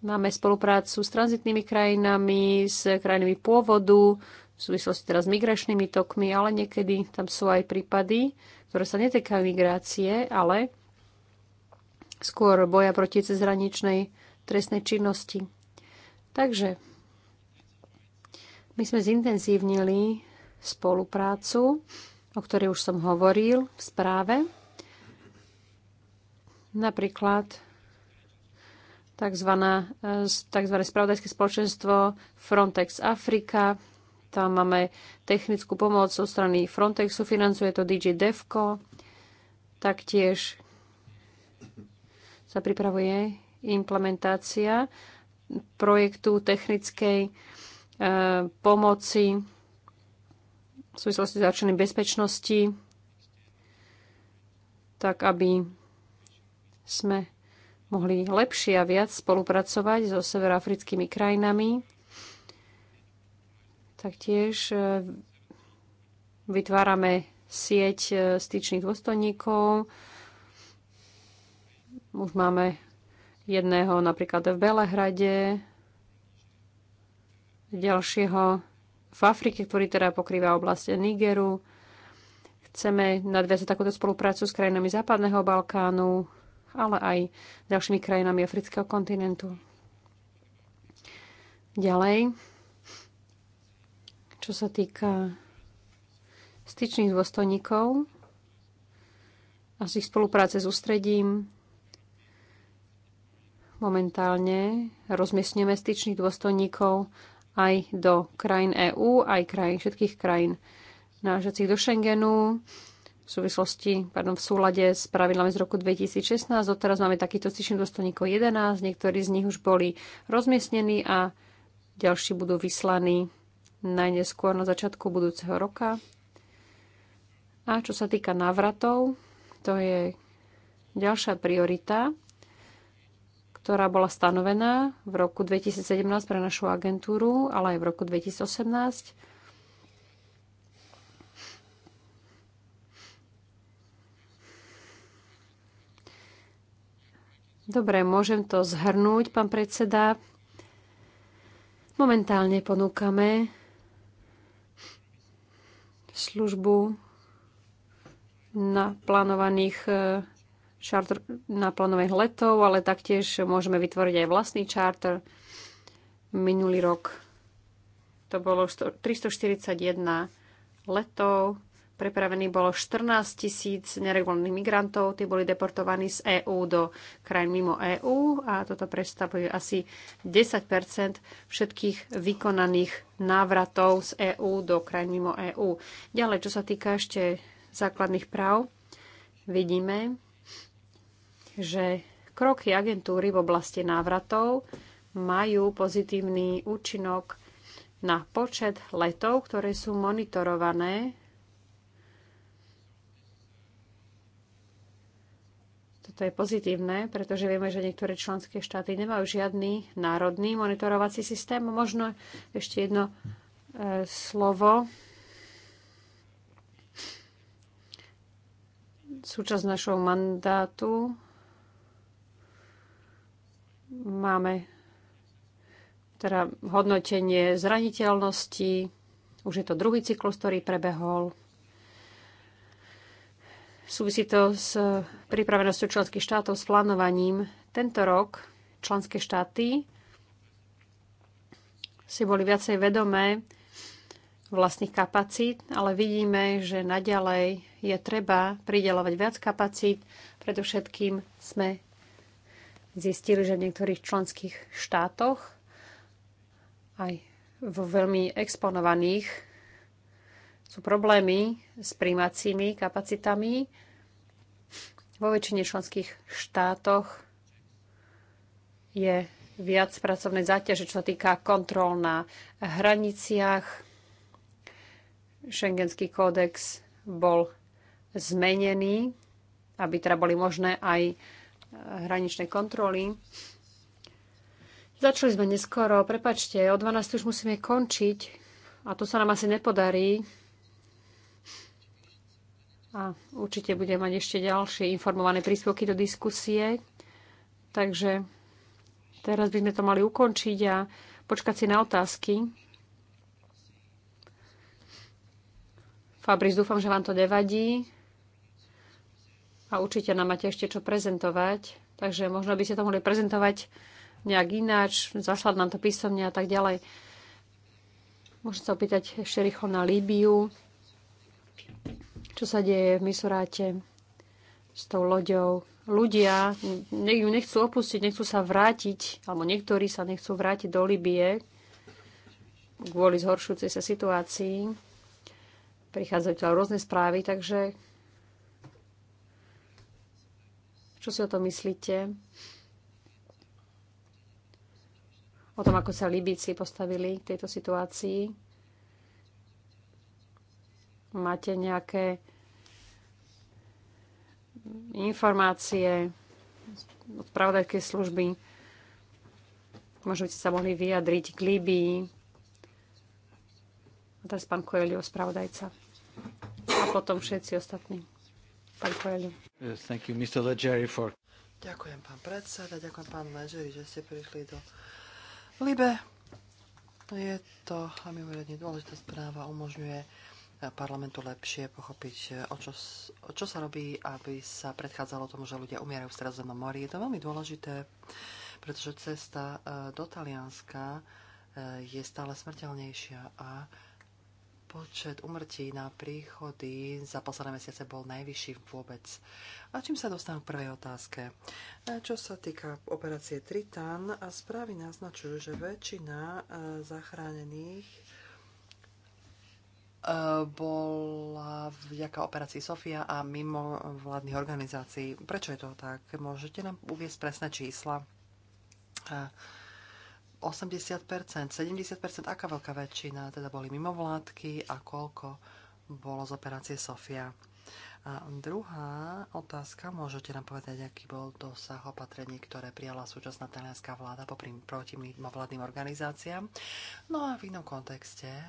Máme spoluprácu s tranzitnými krajinami, s krajinami pôvodu, v súvislosti teraz s migračnými tokmi, ale niekedy tam sú aj prípady, ktoré sa netekajú migrácie, ale skôr boja proti cezhraničnej trestnej činnosti. Takže my sme zintenzívnili spoluprácu, o ktorej už som hovoril v správe. Napríklad tzv. Eh, spravodajské spoločenstvo Frontex Afrika. Tam máme technickú pomoc zo strany Frontexu, financuje to DG Devco. Taktiež sa pripravuje implementácia projektu technickej e, pomoci v súvislosti s zaručením bezpečnosti, tak aby sme mohli lepšie a viac spolupracovať so severoafrickými krajinami. Taktiež e, vytvárame sieť e, styčných dôstojníkov, už máme jedného napríklad v Belehrade, ďalšieho v Afrike, ktorý teda pokrýva oblasť Nigeru. Chceme nadviazať takúto spoluprácu s krajinami Západného Balkánu, ale aj ďalšími krajinami afrického kontinentu. Ďalej, čo sa týka styčných dôstojníkov a z ich spolupráce s ústredím, momentálne rozmiestňujeme styčných dôstojníkov aj do krajín EÚ, aj krajín, všetkých krajín nážacích do Schengenu v súvislosti, pardon, v súlade s pravidlami z roku 2016. Doteraz máme takýchto styčných dôstojníkov 11, niektorí z nich už boli rozmiestnení a ďalší budú vyslaní najneskôr na začiatku budúceho roka. A čo sa týka návratov, to je ďalšia priorita ktorá bola stanovená v roku 2017 pre našu agentúru, ale aj v roku 2018. Dobre, môžem to zhrnúť, pán predseda. Momentálne ponúkame službu na plánovaných na naplánovaných letov, ale taktiež môžeme vytvoriť aj vlastný charter. Minulý rok to bolo 341 letov, prepravených bolo 14 tisíc neregulárnych migrantov, tí boli deportovaní z EÚ do krajín mimo EÚ a toto predstavuje asi 10 všetkých vykonaných návratov z EÚ do krajín mimo EÚ. Ďalej, čo sa týka ešte základných práv, vidíme, že kroky agentúry v oblasti návratov majú pozitívny účinok na počet letov, ktoré sú monitorované. Toto je pozitívne, pretože vieme, že niektoré členské štáty nemajú žiadny národný monitorovací systém. Možno ešte jedno e, slovo. Súčasť našho mandátu Máme teda hodnotenie zraniteľnosti. Už je to druhý cyklus, ktorý prebehol. Súvisí to s pripravenosťou členských štátov, s plánovaním. Tento rok členské štáty si boli viacej vedomé vlastných kapacít, ale vidíme, že naďalej je treba pridelovať viac kapacít. Predovšetkým sme zistili, že v niektorých členských štátoch aj vo veľmi exponovaných sú problémy s príjmacími kapacitami. Vo väčšine členských štátoch je viac pracovnej záťaže, čo sa týka kontrol na hraniciach. Schengenský kódex bol zmenený, aby teda boli možné aj hraničnej kontroly. Začali sme neskoro, prepačte, o 12 už musíme končiť a to sa nám asi nepodarí. A určite budem mať ešte ďalšie informované príspevky do diskusie. Takže teraz by sme to mali ukončiť a počkať si na otázky. Fabrice, dúfam, že vám to nevadí a určite nám máte ešte čo prezentovať, takže možno by ste to mohli prezentovať nejak ináč, zašľať nám to písomne a tak ďalej. Môžem sa opýtať ešte rýchlo na Líbiu, čo sa deje v Misuráte s tou loďou. Ľudia ju nechcú opustiť, nechcú sa vrátiť, alebo niektorí sa nechcú vrátiť do Libie kvôli zhoršujúcej sa situácii. Prichádzajú tam rôzne správy, takže Čo si o tom myslíte? O tom, ako sa Libíci postavili k tejto situácii? Máte nejaké informácie od pravodajskej služby? Možno by ste sa mohli vyjadriť k Líbii. A teraz pán Koelio, spravodajca. A potom všetci ostatní pán Coelho. thank you, Mr. Leggeri, for... Ďakujem, pán predseda, ďakujem, pán Leggeri, že ste prišli do Libe. Je to a mimoriadne dôležitá správa, umožňuje parlamentu lepšie pochopiť, o čo, o čo sa robí, aby sa predchádzalo tomu, že ľudia umierajú v Stredozemnom mori. Je to veľmi dôležité, pretože cesta eh, do Talianska eh, je stále smrteľnejšia a Počet umrtí na príchody za posledné mesiace bol najvyšší vôbec. A čím sa dostanú k prvej otázke? Čo sa týka operácie Tritan, správy naznačujú, že väčšina e, zachránených e, bola vďaka operácii Sofia a mimo vládnych organizácií. Prečo je to tak? Môžete nám uviezť presné čísla? A 80%, 70%, aká veľká väčšina, teda boli mimovládky a koľko bolo z operácie Sofia. A druhá otázka, môžete nám povedať, aký bol dosah opatrení, ktoré prijala súčasná talianská vláda popri, proti mimovládnym organizáciám. No a v inom kontexte, e,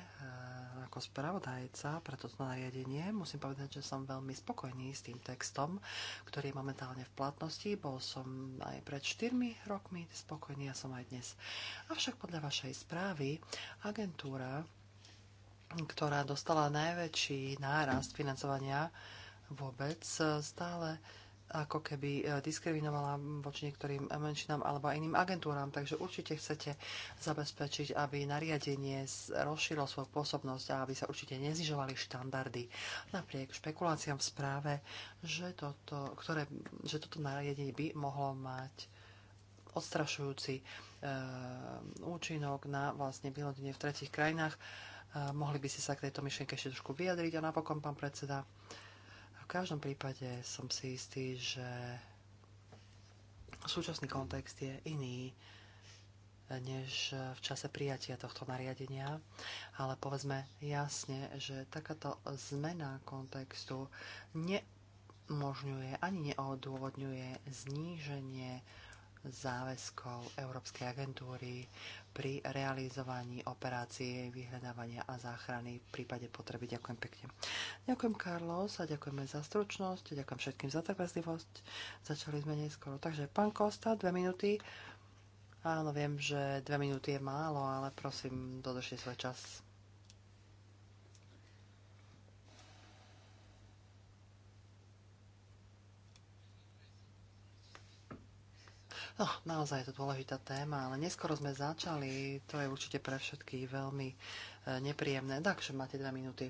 ako spravodajca pre toto nariadenie, musím povedať, že som veľmi spokojný s tým textom, ktorý je momentálne v platnosti. Bol som aj pred 4 rokmi spokojný a som aj dnes. Avšak podľa vašej správy agentúra ktorá dostala najväčší nárast financovania vôbec e, stále ako keby e, diskriminovala voči niektorým menšinám alebo aj iným agentúram. Takže určite chcete zabezpečiť, aby nariadenie rozšírilo svoju pôsobnosť a aby sa určite neznižovali štandardy. Napriek špekuláciám v správe, že toto, ktoré, že toto nariadenie by mohlo mať odstrašujúci e, účinok na vlastne vylodenie v tretich krajinách. E, mohli by ste sa k tejto myšlienke ešte trošku vyjadriť a napokon, pán predseda, každom prípade som si istý, že súčasný kontext je iný eh, než eh, v čase prijatia tohto nariadenia, ale povedzme jasne, že takáto zmena kontextu nemožňuje ani neodôvodňuje zníženie záväzkov Európskej agentúry pri realizovaní operácií vyhľadávania a záchrany v prípade potreby. Ďakujem pekne. Ďakujem Carlos a ďakujeme za stručnosť, ďakujem všetkým za trpezlivosť. Začali sme neskoro. Takže pán Kosta, dve minúty. Áno, viem, že dve minúty je málo, ale prosím, dodržte svoj čas. No, naozaj je to dôležitá téma, ale neskoro sme začali, to je určite pre všetkých veľmi e, nepríjemné. Takže máte 2 minúty.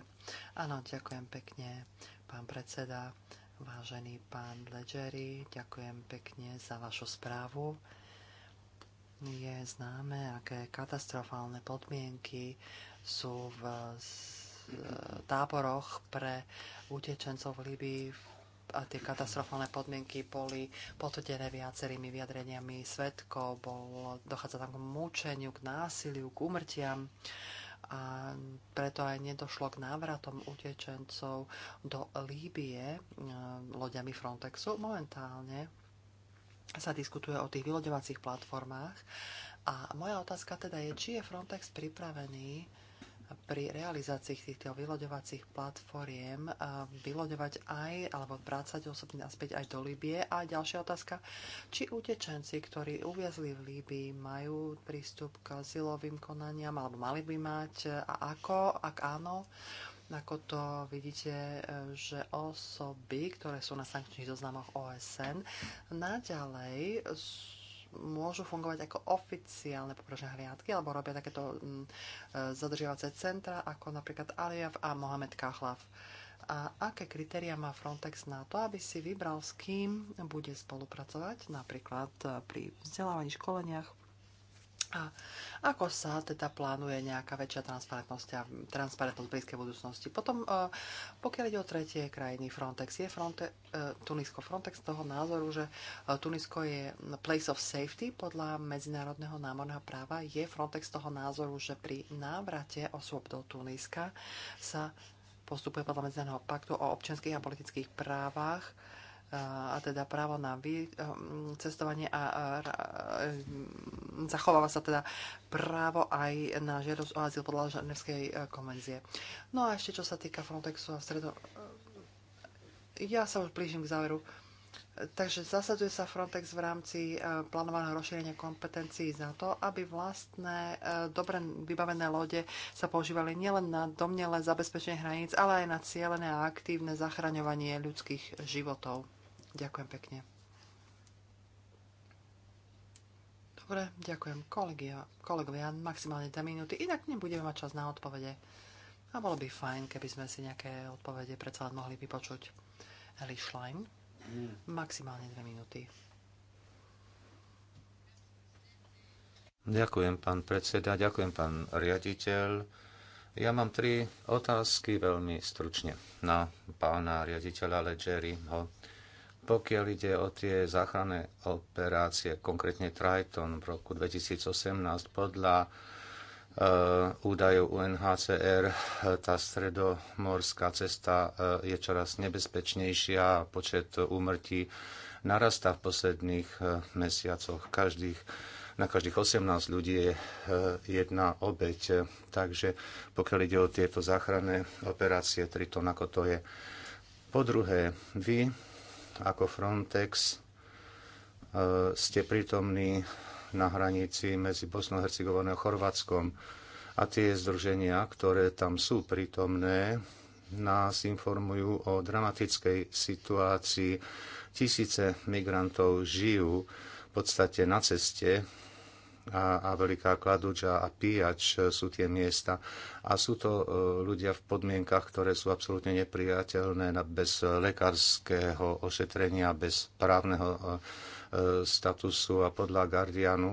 Áno, ďakujem pekne, pán predseda, vážený pán Ledgeri, ďakujem pekne za vašu správu. Je známe, aké katastrofálne podmienky sú v e, táboroch pre utečencov v Libii, v a tie katastrofálne podmienky boli potvrdené viacerými vyjadreniami svetkov, bol, dochádza tam k mučeniu, k násiliu, k úmrtiam. a preto aj nedošlo k návratom utečencov do Líbie e, loďami Frontexu. Momentálne sa diskutuje o tých vyloďovacích platformách a moja otázka teda je, či je Frontex pripravený pri realizácii týchto vyloďovacích platformiem vyloďovať aj alebo vrácať osobne naspäť aj do Líbie. A ďalšia otázka, či utečenci, ktorí uviazli v Líbii, majú prístup k azylovým konaniam alebo mali by mať a ako, ak áno, ako to vidíte, e, že osoby, ktoré sú na sankčných zoznamoch OSN, naďalej sú môžu fungovať ako oficiálne pobrežné hliadky alebo robia takéto mm, e, zadržiavace centra ako napríklad Aliyev a Mohamed Kahlav. A aké kritéria má Frontex na to, aby si vybral, s kým bude spolupracovať, napríklad pri vzdelávaní, školeniach? A ako sa teda plánuje nejaká väčšia transparentnosť a transparentnosť blízkej budúcnosti. Potom, e, pokiaľ ide o tretie krajiny, Frontex je Fronte, e, Tunisko. Frontex toho názoru, že e, Tunisko je place of safety podľa medzinárodného námorného práva, je Frontex toho názoru, že pri návrate osôb do Tuniska sa postupuje podľa medzinárodného paktu o občianských a politických právach, a teda právo na ehm, cestovanie a ehm, zachováva sa teda právo aj na žiadosť o azyl podľa Ženevskej e, konvenzie. No a ešte čo sa týka Frontexu a stredo... E, ja sa už blížim k záveru. Takže zasaduje sa Frontex v rámci e, plánovaného rozšírenia kompetencií na to, aby vlastné dobre vybavené lode sa používali nielen na domnele zabezpečenie hraníc, ale aj na cieľené a aktívne zachraňovanie ľudských životov. Ďakujem pekne. Dobre, ďakujem kolegia, kolegovia, maximálne 2 minúty, inak nebudeme mať čas na odpovede. A bolo by fajn, keby sme si nejaké odpovede predsa len mohli vypočuť. Eli Schlein, mm. maximálne 2 minúty. Ďakujem, pán predseda, ďakujem, pán riaditeľ. Ja mám tri otázky veľmi stručne na pána riaditeľa Ledgeryho. Pokiaľ ide o tie záchranné operácie, konkrétne Triton v roku 2018, podľa eh, údajov UNHCR eh, tá stredomorská cesta eh, je čoraz nebezpečnejšia a počet úmrtí narastá v posledných mesiacoch. Každých, na každých 18 ľudí je jedna obeď. Takže pokiaľ ide o tieto záchranné operácie Triton, ako to je. Po druhé, vy ako Frontex e, ste prítomní na hranici medzi Bosnou, Hercegovinou a Chorvátskom a tie združenia, ktoré tam sú prítomné, nás informujú o dramatickej situácii. Tisíce migrantov žijú v podstate na ceste a, a Veľká Kladuča a Píjač e, sú tie miesta. A sú to e, ľudia v podmienkach, ktoré sú absolútne nepriateľné bez lekárskeho ošetrenia, bez právneho e, statusu a podľa Guardianu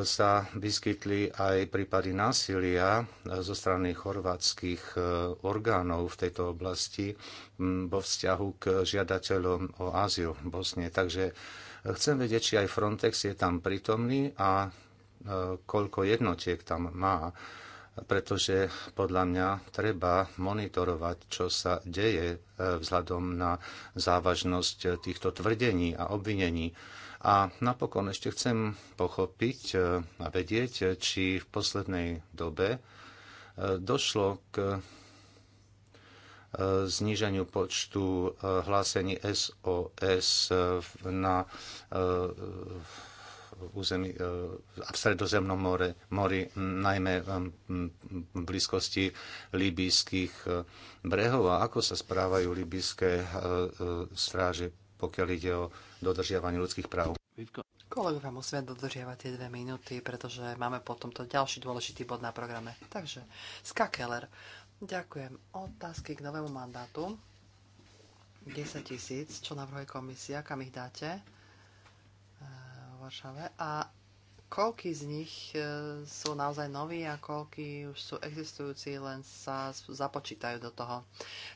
sa vyskytli aj prípady násilia zo strany chorvátskych orgánov v tejto oblasti vo vzťahu k žiadateľom o azyl v Bosne. Takže Chcem vedieť, či aj Frontex je tam prítomný a e, koľko jednotiek tam má, pretože podľa mňa treba monitorovať, čo sa deje e, vzhľadom na závažnosť týchto tvrdení a obvinení. A napokon ešte chcem pochopiť e, a vedieť, či v poslednej dobe došlo k zníženiu počtu eh, hlásení SOS eh, na eh, území a v Sredozemnom more, mori, najmä v blízkosti libijských brehov. A ako sa správajú libijské stráže, pokiaľ ide o dodržiavanie ľudských práv? Kolegovia, musíme dodržiavať tie dve minúty, pretože máme potom to ďalší dôležitý bod na programe. Takže, Skakeler, Ďakujem. Otázky k novému mandátu. 10 tisíc, čo navrhuje komisia, kam ich dáte e, v Varšave. A koľky z nich e, sú naozaj noví a koľky už sú existujúci, len sa započítajú do toho.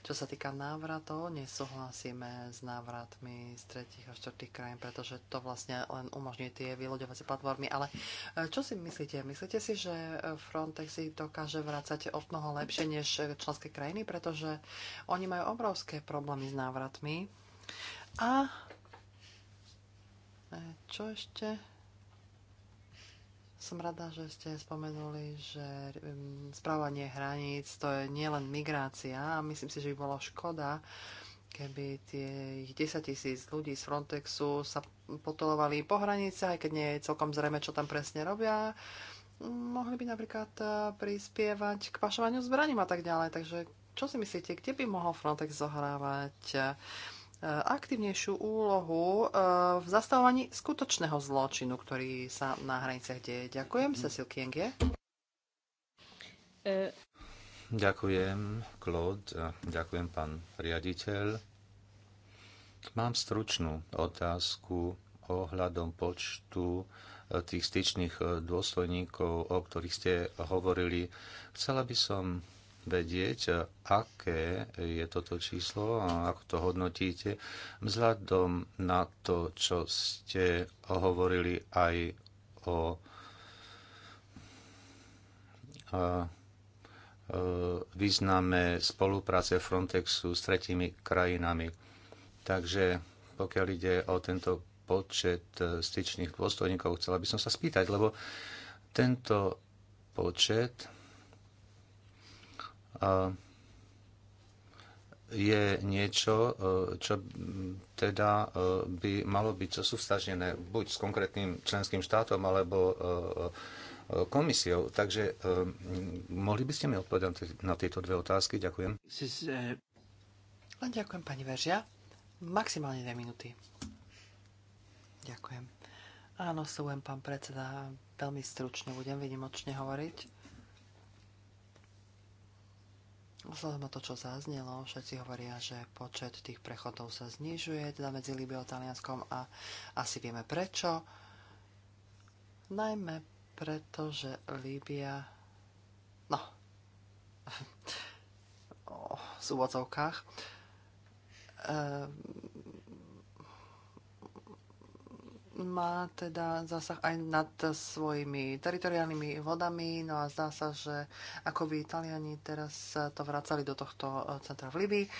Čo sa týka návratov, nesúhlasíme s návratmi z tretich a štvrtých krajín, pretože to vlastne len umožní tie vyloďovacie platformy. Ale e, čo si myslíte? Myslíte si, že e, Frontex ich dokáže vrácať o mnoho lepšie než členské krajiny, pretože oni majú obrovské problémy s návratmi. A čo ešte? Som rada, že ste spomenuli, že správanie hraníc to je nielen migrácia a myslím si, že by bolo škoda, keby tie 10 tisíc ľudí z Frontexu sa potolovali po hranice, aj keď nie je celkom zrejme, čo tam presne robia mohli by napríklad eh, prispievať k pašovaniu zbraním a tak ďalej. Takže čo si myslíte, kde by mohol Frontex zohrávať eh, Eh, Aktivnejšiu úlohu eh, v zastavovaní skutočného zločinu, ktorý sa na hraniciach deje. Ďakujem, Cecil Kienge. Eh, ďakujem, Claude. Ďakujem, pán riaditeľ. Mám stručnú otázku ohľadom počtu tých styčných dôstojníkov, o ktorých ste hovorili. Chcela by som vedieť, e, aké je toto číslo a ako to hodnotíte, vzhľadom na to, čo ste hovorili aj o e, e, význame spolupráce Frontexu s tretími krajinami. Takže pokiaľ ide o tento počet styčných dôstojníkov, chcela by som sa spýtať, lebo tento počet je niečo, e, čo teda e, by malo byť súvstažnené buď s konkrétnym členským štátom alebo e, komisiou. Takže mohli by ste mi odpovedať na tieto dve otázky? Ďakujem. Ďakujem, pani Veržia. Maximálne dve minúty. Ďakujem. Áno, sújem, pán predseda. Veľmi stručne budem vynimočne hovoriť. Vzhľadom na to, čo zaznelo, všetci hovoria, že počet tých prechodov sa znižuje, teda medzi Libiou a Talianskom a asi vieme prečo. Najmä preto, že Líbia... No, v úvodzovkách. Ehm, má teda zásah aj nad svojimi teritoriálnymi vodami, no a zdá sa, že ako by Italiani teraz to vracali do tohto e, centra v Libii. E,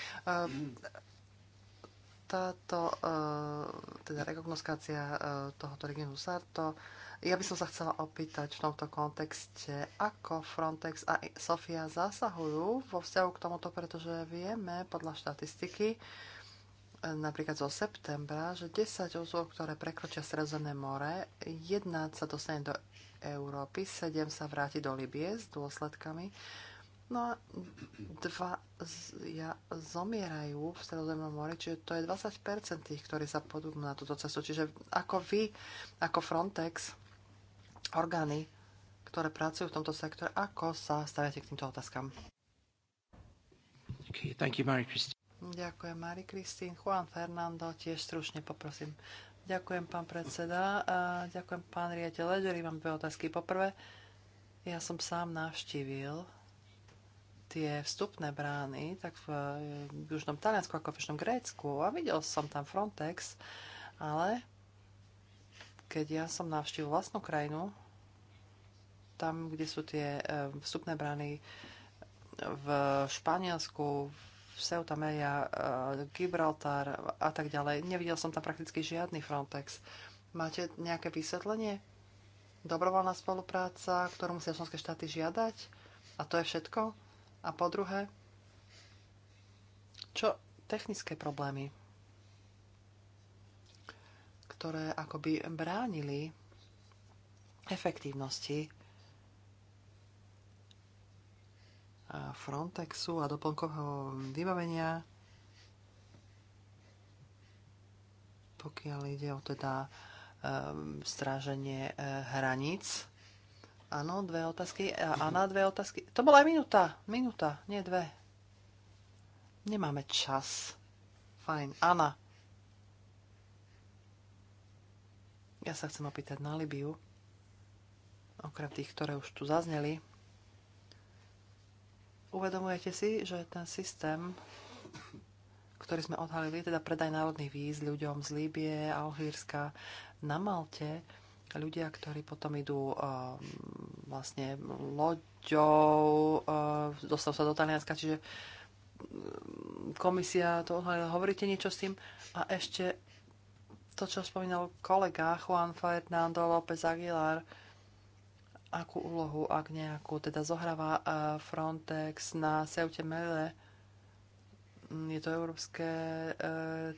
táto e, teda rekognoskácia tohoto regionu Sarto, ja by som sa chcela opýtať v tomto kontexte, ako Frontex a Sofia zasahujú vo vzťahu k tomuto, pretože vieme podľa štatistiky, napríklad zo septembra, že 10 osôb, ktoré prekročia Sredozemné more, jedna sa dostane do Európy, 7 sa vráti do Libie s dôsledkami, no a dva ja, zomierajú v Sredozemnom mori, čiže to je 20% tých, ktorí sa podúbnú na túto cestu. Čiže ako vy, ako Frontex, orgány, ktoré pracujú v tomto sektore, ako sa staviate k týmto otázkam? Okay, thank you, Mary Christine. Ďakujem, Mari Kristín. Juan Fernando, tiež stručne poprosím. Ďakujem, pán predseda. A ďakujem, pán riaditeľ Ledery. Mám dve otázky. Poprvé, ja som sám navštívil tie vstupné brány, tak eh, v južnom Taliansku ako v južnom Grécku a videl som tam Frontex, ale keď ja som navštívil vlastnú krajinu, tam, kde sú tie eh, vstupné brány v Španielsku, v Ceuta, Meria, eh, Gibraltar a tak ďalej. Nevidel som tam prakticky žiadny Frontex. Máte nejaké vysvetlenie? Dobrovoľná spolupráca, ktorú musia členské štáty žiadať? A to je všetko? A po druhé, čo technické problémy, ktoré akoby bránili efektívnosti Frontexu a doplnkového vybavenia, pokiaľ ide o teda um, stráženie uh, hraníc. Áno, dve otázky. A na dve otázky. To bola aj minúta. Minúta, nie dve. Nemáme čas. Fajn. Anna. Ja sa chcem opýtať na Libiu. Okrem tých, ktoré už tu zazneli. Uvedomujete si, že ten systém, ktorý sme odhalili, teda predaj národných víz ľuďom z Líbie, Alžírska na Malte, ľudia, ktorí potom idú uh, vlastne loďou, uh, dostal sa do Talianska, čiže um, komisia to odhalila. Hovoríte niečo s tým? A ešte to, čo spomínal kolega Juan Fernando López Aguilar, uh, akú úlohu, ak nejakú, teda zohráva e, Frontex na Seute Mele. Mm, je to európske e,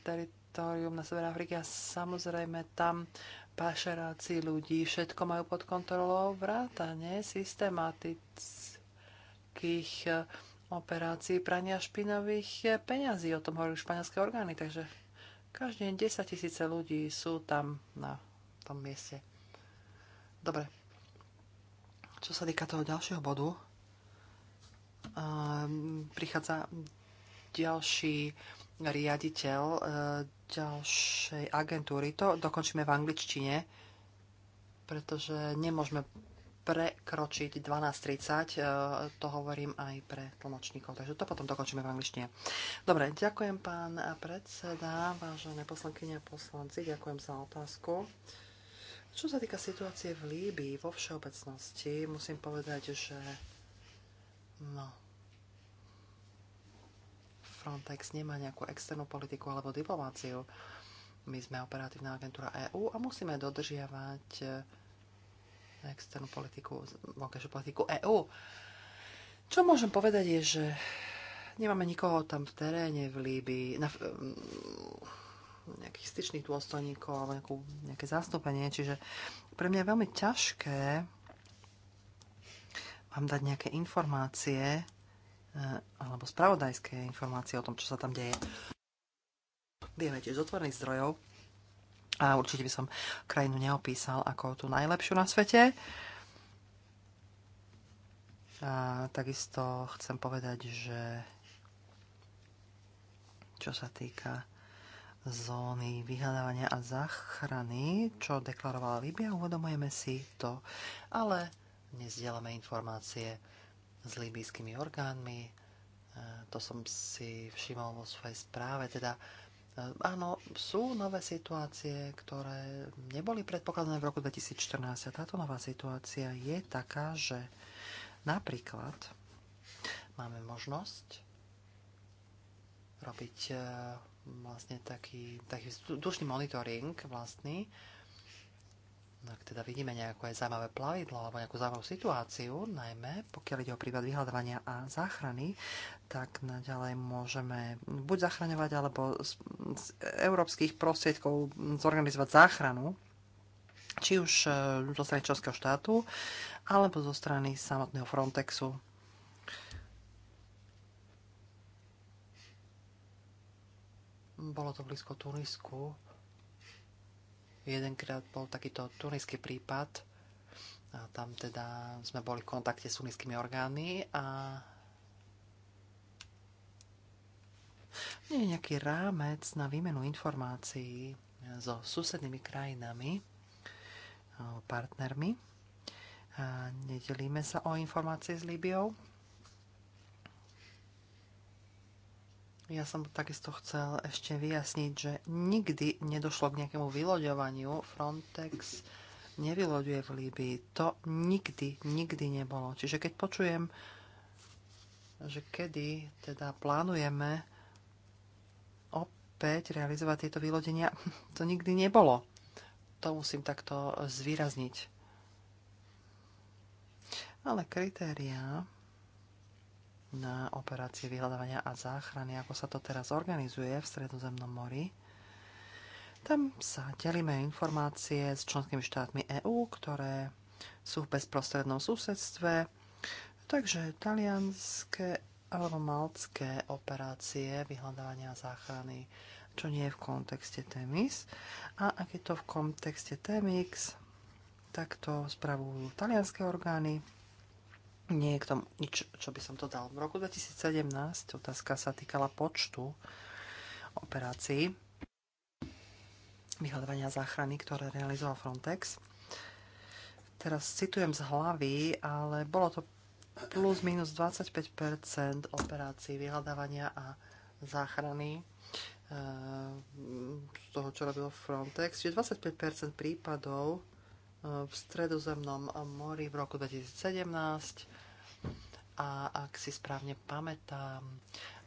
teritorium na Sever Afriky a samozrejme tam pašeráci ľudí všetko majú pod kontrolou vrátane systematických e, operácií prania špinavých peňazí. O tom hovorili španielské orgány, takže každý deň 10 tisíce ľudí sú tam na tom mieste. Dobre, čo sa týka toho ďalšieho bodu, ehm, prichádza ďalší riaditeľ eh, ďalšej agentúry. To dokončíme v angličtine, pretože nemôžeme prekročiť 12.30, eh, to hovorím aj pre tlmočníkov, takže to potom dokončíme v angličtine. Dobre, ďakujem pán predseda, vážené poslankyne a poslanci, ďakujem za otázku. Čo sa týka situácie v Líbii vo všeobecnosti, musím povedať, že no, Frontex nemá nejakú externú politiku alebo diplomáciu. My sme operatívna agentúra EÚ a musíme dodržiavať eh, externú politiku, vonkajšiu politiku EÚ. Čo môžem povedať je, že nemáme nikoho tam v teréne v Líbii, na, nejakých styčných dôstojníkov alebo nejakú, nejaké zastúpenie. Čiže pre mňa je veľmi ťažké vám dať nejaké informácie eh, alebo spravodajské informácie o tom, čo sa tam deje. Vieme tiež z otvorených zdrojov a určite by som krajinu neopísal ako tú najlepšiu na svete. A takisto chcem povedať, že čo sa týka zóny vyhľadávania a záchrany, čo deklarovala Libia, uvedomujeme si to, ale nezdielame informácie s libijskými orgánmi. E, to som si všimol vo svojej správe. Teda e, áno, sú nové situácie, ktoré neboli predpokladané v roku 2014 a táto nová situácia je taká, že napríklad máme možnosť robiť e, vlastne taký, taký dušný monitoring vlastný. No, ak teda vidíme nejaké zaujímavé plavidlo alebo nejakú zaujímavú situáciu, najmä pokiaľ ide o prípad vyhľadávania a záchrany, tak naďalej môžeme buď zachraňovať, alebo z, z európskych prostriedkov zorganizovať záchranu, či už e, zo strany Českého štátu, alebo zo strany samotného Frontexu Bolo to blízko Tunisku. Jedenkrát bol takýto tuniský prípad. A tam teda sme boli v kontakte s tuniskými orgánmi a nie je nejaký rámec na výmenu informácií so susednými krajinami, partnermi. A nedelíme sa o informácie s Líbiou. Ja som takisto chcel ešte vyjasniť, že nikdy nedošlo k nejakému vyloďovaniu. Frontex nevyloďuje v Líbii. To nikdy, nikdy nebolo. Čiže keď počujem, že kedy teda plánujeme opäť realizovať tieto vylodenia, to nikdy nebolo. To musím takto zvýrazniť. Ale kritériá na operácie vyhľadávania a záchrany, ako sa to teraz organizuje v Stredozemnom mori. Tam sa delíme informácie s členskými štátmi EÚ, ktoré sú v bezprostrednom susedstve. Takže talianské alebo maltské operácie vyhľadávania a záchrany, čo nie je v kontexte TEMIS. A ak je to v kontexte TEMIX, tak to spravujú talianské orgány, nie je k tomu nič, čo by som to dal. V roku 2017 otázka sa týkala počtu operácií vyhľadovania záchrany, ktoré realizoval Frontex. Teraz citujem z hlavy, ale bolo to plus minus 25 operácií vyhľadávania a záchrany e, z toho, čo robil Frontex. Čiže 25 prípadov e, v stredozemnom mori v roku 2017 a ak si správne pamätám,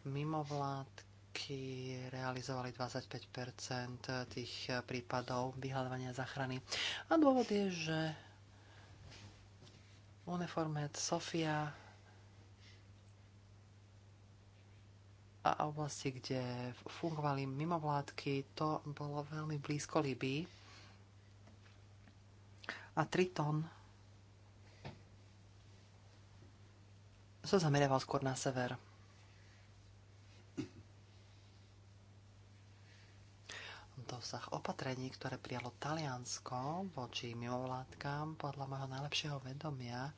mimovládky realizovali 25 tých prípadov vyhľadávania záchrany. A dôvod je, že Uniformed Sofia a oblasti, kde fungovali mimovládky, to bolo veľmi blízko Libii. A Triton sa zameriaval skôr na sever. dosah opatrení, ktoré prijalo Taliansko voči mimovládkam, podľa môjho najlepšieho vedomia,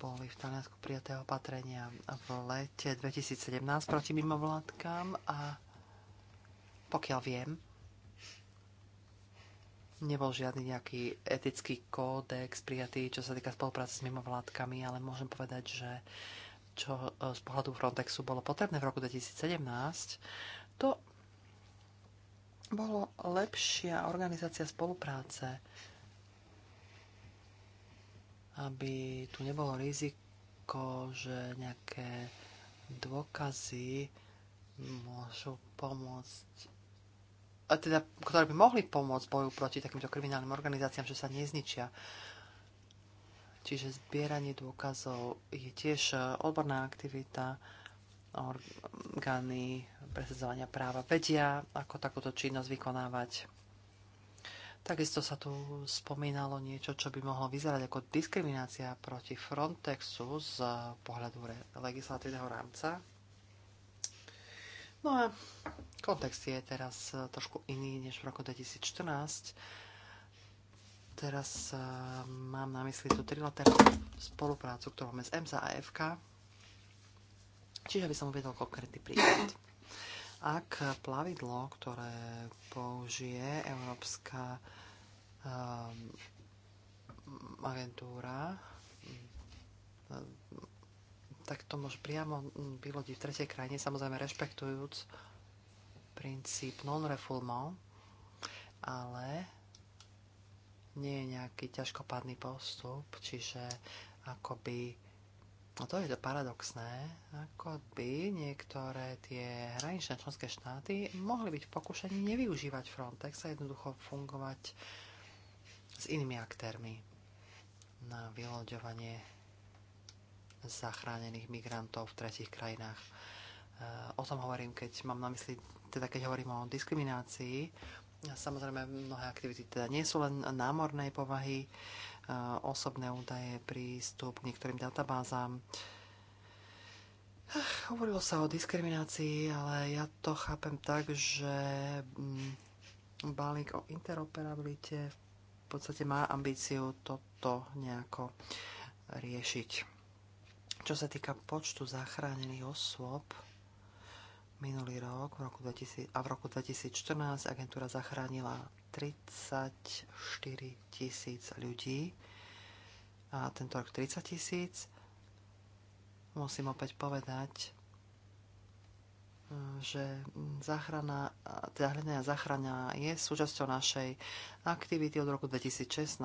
boli v Taliansku prijaté opatrenia v lete 2017 proti mimovládkam a pokiaľ viem, nebol žiadny nejaký etický kódex prijatý, čo sa týka spolupráce s mimovládkami, ale môžem povedať, že čo e, z pohľadu Frontexu bolo potrebné v roku 2017, to bolo lepšia organizácia spolupráce, aby tu nebolo riziko, že nejaké dôkazy môžu pomôcť teda, ktoré by mohli pomôcť boju proti takýmto kriminálnym organizáciám, že sa nezničia. Čiže zbieranie dôkazov je tiež e, odborná aktivita, orgány presadzovania práva vedia, ako takúto činnosť vykonávať. Takisto sa tu spomínalo niečo, čo by mohlo vyzerať ako diskriminácia proti Frontexu z pohľadu legislatívneho rámca, No a kontext je teraz e, trošku iný než v roku 2014. Teraz e, mám na mysli tú trilaterálnu spoluprácu, ktorú máme s EMSA a e FK. Čiže aby som uvedol konkrétny príklad. Ak plavidlo, ktoré použije Európska um, agentúra tak to môže priamo vylodiť mm, v tretej krajine, samozrejme rešpektujúc princíp non-refoulement, ale nie je nejaký ťažkopádny postup, čiže akoby, no to je to paradoxné, akoby niektoré tie hraničné členské štáty mohli byť v pokušení nevyužívať Frontex a jednoducho fungovať s inými aktérmi na vyloďovanie zachránených migrantov v tretich krajinách. Eh, o tom hovorím, keď mám na mysli, teda keď hovorím o diskriminácii. Samozrejme, mnohé aktivity teda nie sú len námornej povahy, eh, osobné údaje, prístup k niektorým databázám. Hovorilo sa o diskriminácii, ale ja to chápem tak, že mm, balík o interoperabilite v podstate má ambíciu toto nejako riešiť. Čo sa týka počtu zachránených osôb, minulý rok, v roku 2000, a v roku 2014 agentúra zachránila 34 tisíc ľudí a tento rok 30 tisíc. Musím opäť povedať, že záchrana, teda hľadania záchrana je súčasťou našej aktivity od roku 2016.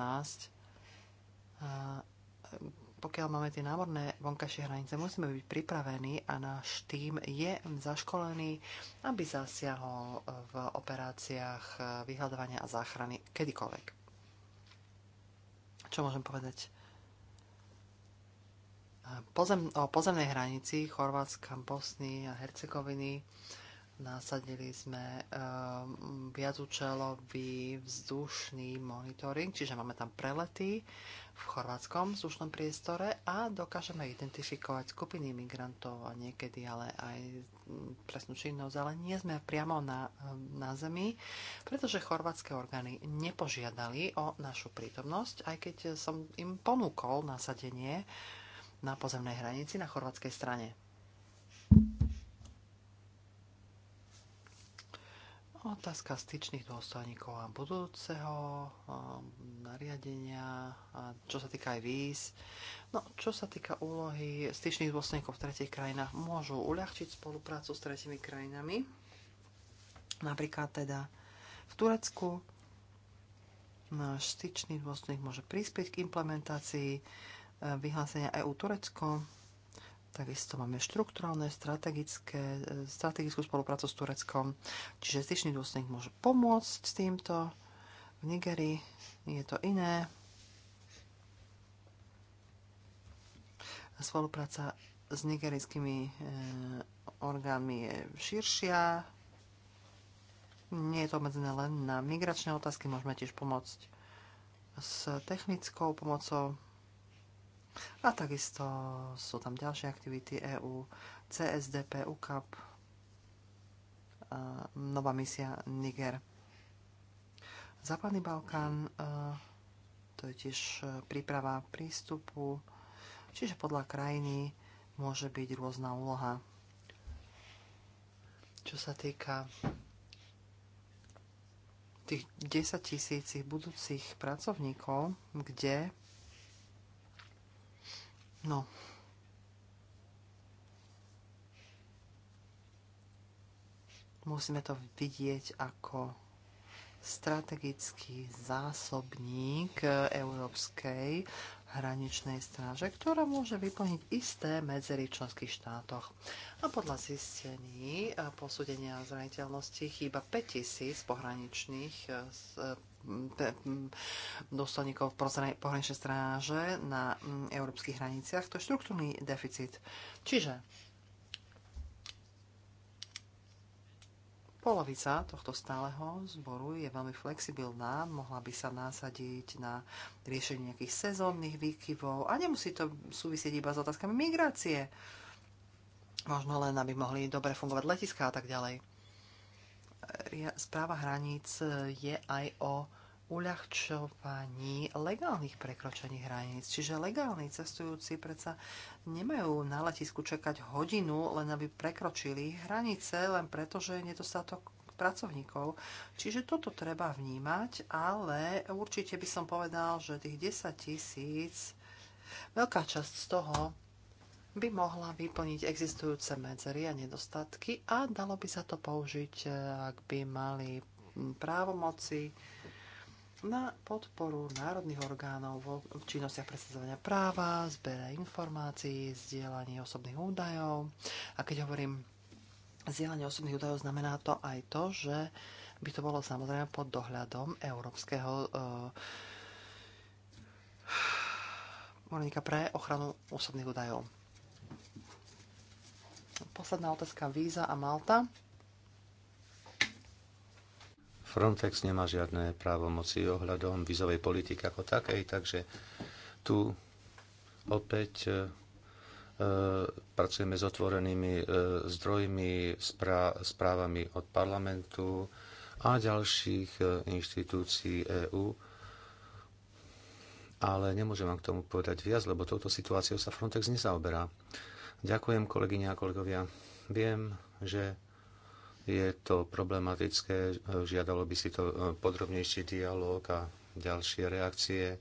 A, pokiaľ máme tie námorné vonkajšie hranice, musíme byť pripravení a náš tým je zaškolený, aby zasiahol v operáciách vyhľadovania a záchrany kedykoľvek. Čo môžem povedať? Pozem, o pozemnej hranici Chorvátska, Bosny a Hercegoviny Nasadili sme eh, viacúčelový vzdušný monitoring, čiže máme tam prelety v chorvátskom vzdušnom priestore a dokážeme identifikovať skupiny migrantov a niekedy ale aj presnú hm, činnosť, ale nie sme priamo na, eh, na zemi, pretože chorvátske orgány nepožiadali o našu prítomnosť, aj keď som im ponúkol nasadenie na pozemnej hranici na chorvátskej strane. Otázka styčných dôstojníkov a budúceho nariadenia, a čo sa týka aj víz. No, čo sa týka úlohy styčných dôstojníkov v tretich krajinách, môžu uľahčiť spoluprácu s tretimi krajinami. Napríklad teda v Turecku náš styčný dôstojník môže prispieť k implementácii e, vyhlásenia EU Turecko Takisto máme štruktúralne, strategické, e, strategickú spoluprácu s Tureckom. Čiže styčný dôstojník môže pomôcť s týmto. V Nigerii je to iné. Spolupráca s nigerijskými e, orgánmi je širšia. Nie je to obmedzené len na migračné otázky, môžeme tiež pomôcť s technickou pomocou a takisto sú tam ďalšie aktivity EU, CSDP, UCAP, nová misia Niger. Západný Balkán, to je tiež e, príprava prístupu, čiže podľa krajiny môže byť rôzna úloha. Čo sa týka tých 10 tisíc budúcich pracovníkov, kde No. Musíme to vidieť ako strategický zásobník e, Európskej hraničnej stráže, ktorá môže vyplniť isté medzery v členských štátoch. A podľa zistení e, posúdenia zraniteľnosti chýba 5000 pohraničných e, dôstojníkov pohraničnej stráže na mm, európskych hraniciach. To je štruktúrny deficit. Čiže Polovica tohto stáleho zboru je veľmi flexibilná, mohla by sa násadiť na riešenie nejakých sezónnych výkyvov a nemusí to súvisieť iba s otázkami migrácie. Možno len, aby mohli dobre fungovať letiská a tak ďalej. Správa hraníc je aj o uľahčovaní legálnych prekročení hraníc. Čiže legálni cestujúci predsa nemajú na letisku čakať hodinu, len aby prekročili hranice, len preto, že je nedostatok pracovníkov. Čiže toto treba vnímať, ale určite by som povedal, že tých 10 tisíc, veľká časť z toho by mohla vyplniť existujúce medzery a nedostatky a dalo by sa to použiť, ak by mali právomoci na podporu národných orgánov v činnostiach presadzovania práva, zbere informácií, zdieľanie osobných údajov. A keď hovorím zdieľanie osobných údajov, znamená to aj to, že by to bolo samozrejme pod dohľadom Európskeho eh, Monika pre ochranu osobných údajov. Posledná otázka víza a Malta. Frontex nemá žiadne právomoci ohľadom vizovej politiky ako takej, takže tu opäť e, e, pracujeme s otvorenými e, zdrojmi, správami od parlamentu a ďalších inštitúcií EÚ. Ale nemôžem vám k tomu povedať viac, lebo touto situáciou sa Frontex nezaoberá. Ďakujem, kolegyne a kolegovia. Viem, že je to problematické, žiadalo by si to e, podrobnejší dialog a ďalšie reakcie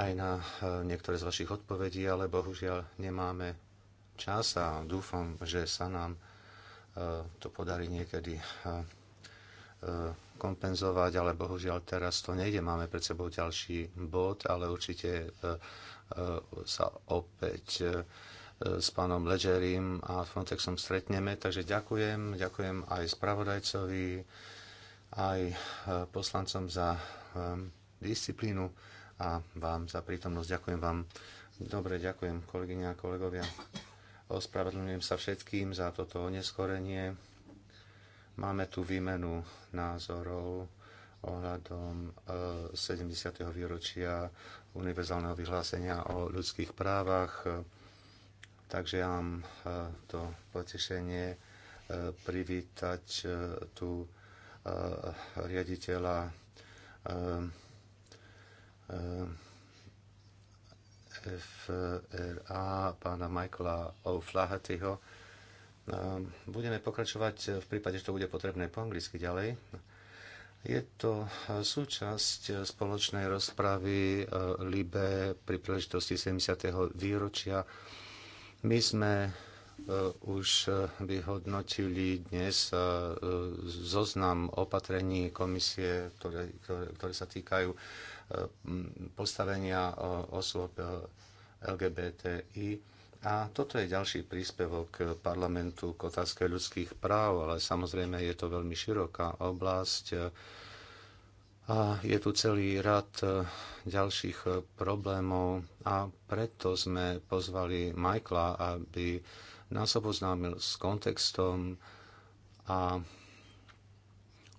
aj na e, niektoré z vašich odpovedí, ale bohužiaľ nemáme čas a dúfam, že sa nám e, to podarí niekedy kompenzovať, ale bohužiaľ teraz to nejde. Máme pred sebou ďalší bod, ale určite sa opäť s pánom Ledgerim a Frontexom stretneme. Takže ďakujem, ďakujem aj spravodajcovi, aj e, poslancom za e, disciplínu a vám za prítomnosť. Ďakujem vám. Dobre, ďakujem kolegyňa a kolegovia. Ospravedlňujem sa všetkým za toto oneskorenie. Máme tu výmenu názorov ohľadom 70. E, výročia univerzálneho vyhlásenia o ľudských právach. Takže ja mám e, to potešenie e, privítať e, tu riaditeľa FRA, pána Michaela O'Flahertyho. Budeme pokračovať v prípade, že to bude potrebné po anglicky ďalej. Je to súčasť spoločnej rozpravy LIBE pri príležitosti 70. výročia my sme e, už e, vyhodnotili dnes e, zoznam opatrení komisie, ktoré, ktoré, ktoré sa týkajú postavenia osôb LGBTI. A toto je ďalší príspevok parlamentu k otázke ľudských práv, ale samozrejme je to veľmi široká oblasť a je tu celý rad e, ďalších e, problémov a preto sme pozvali Michaela, aby nás oboznámil s kontextom a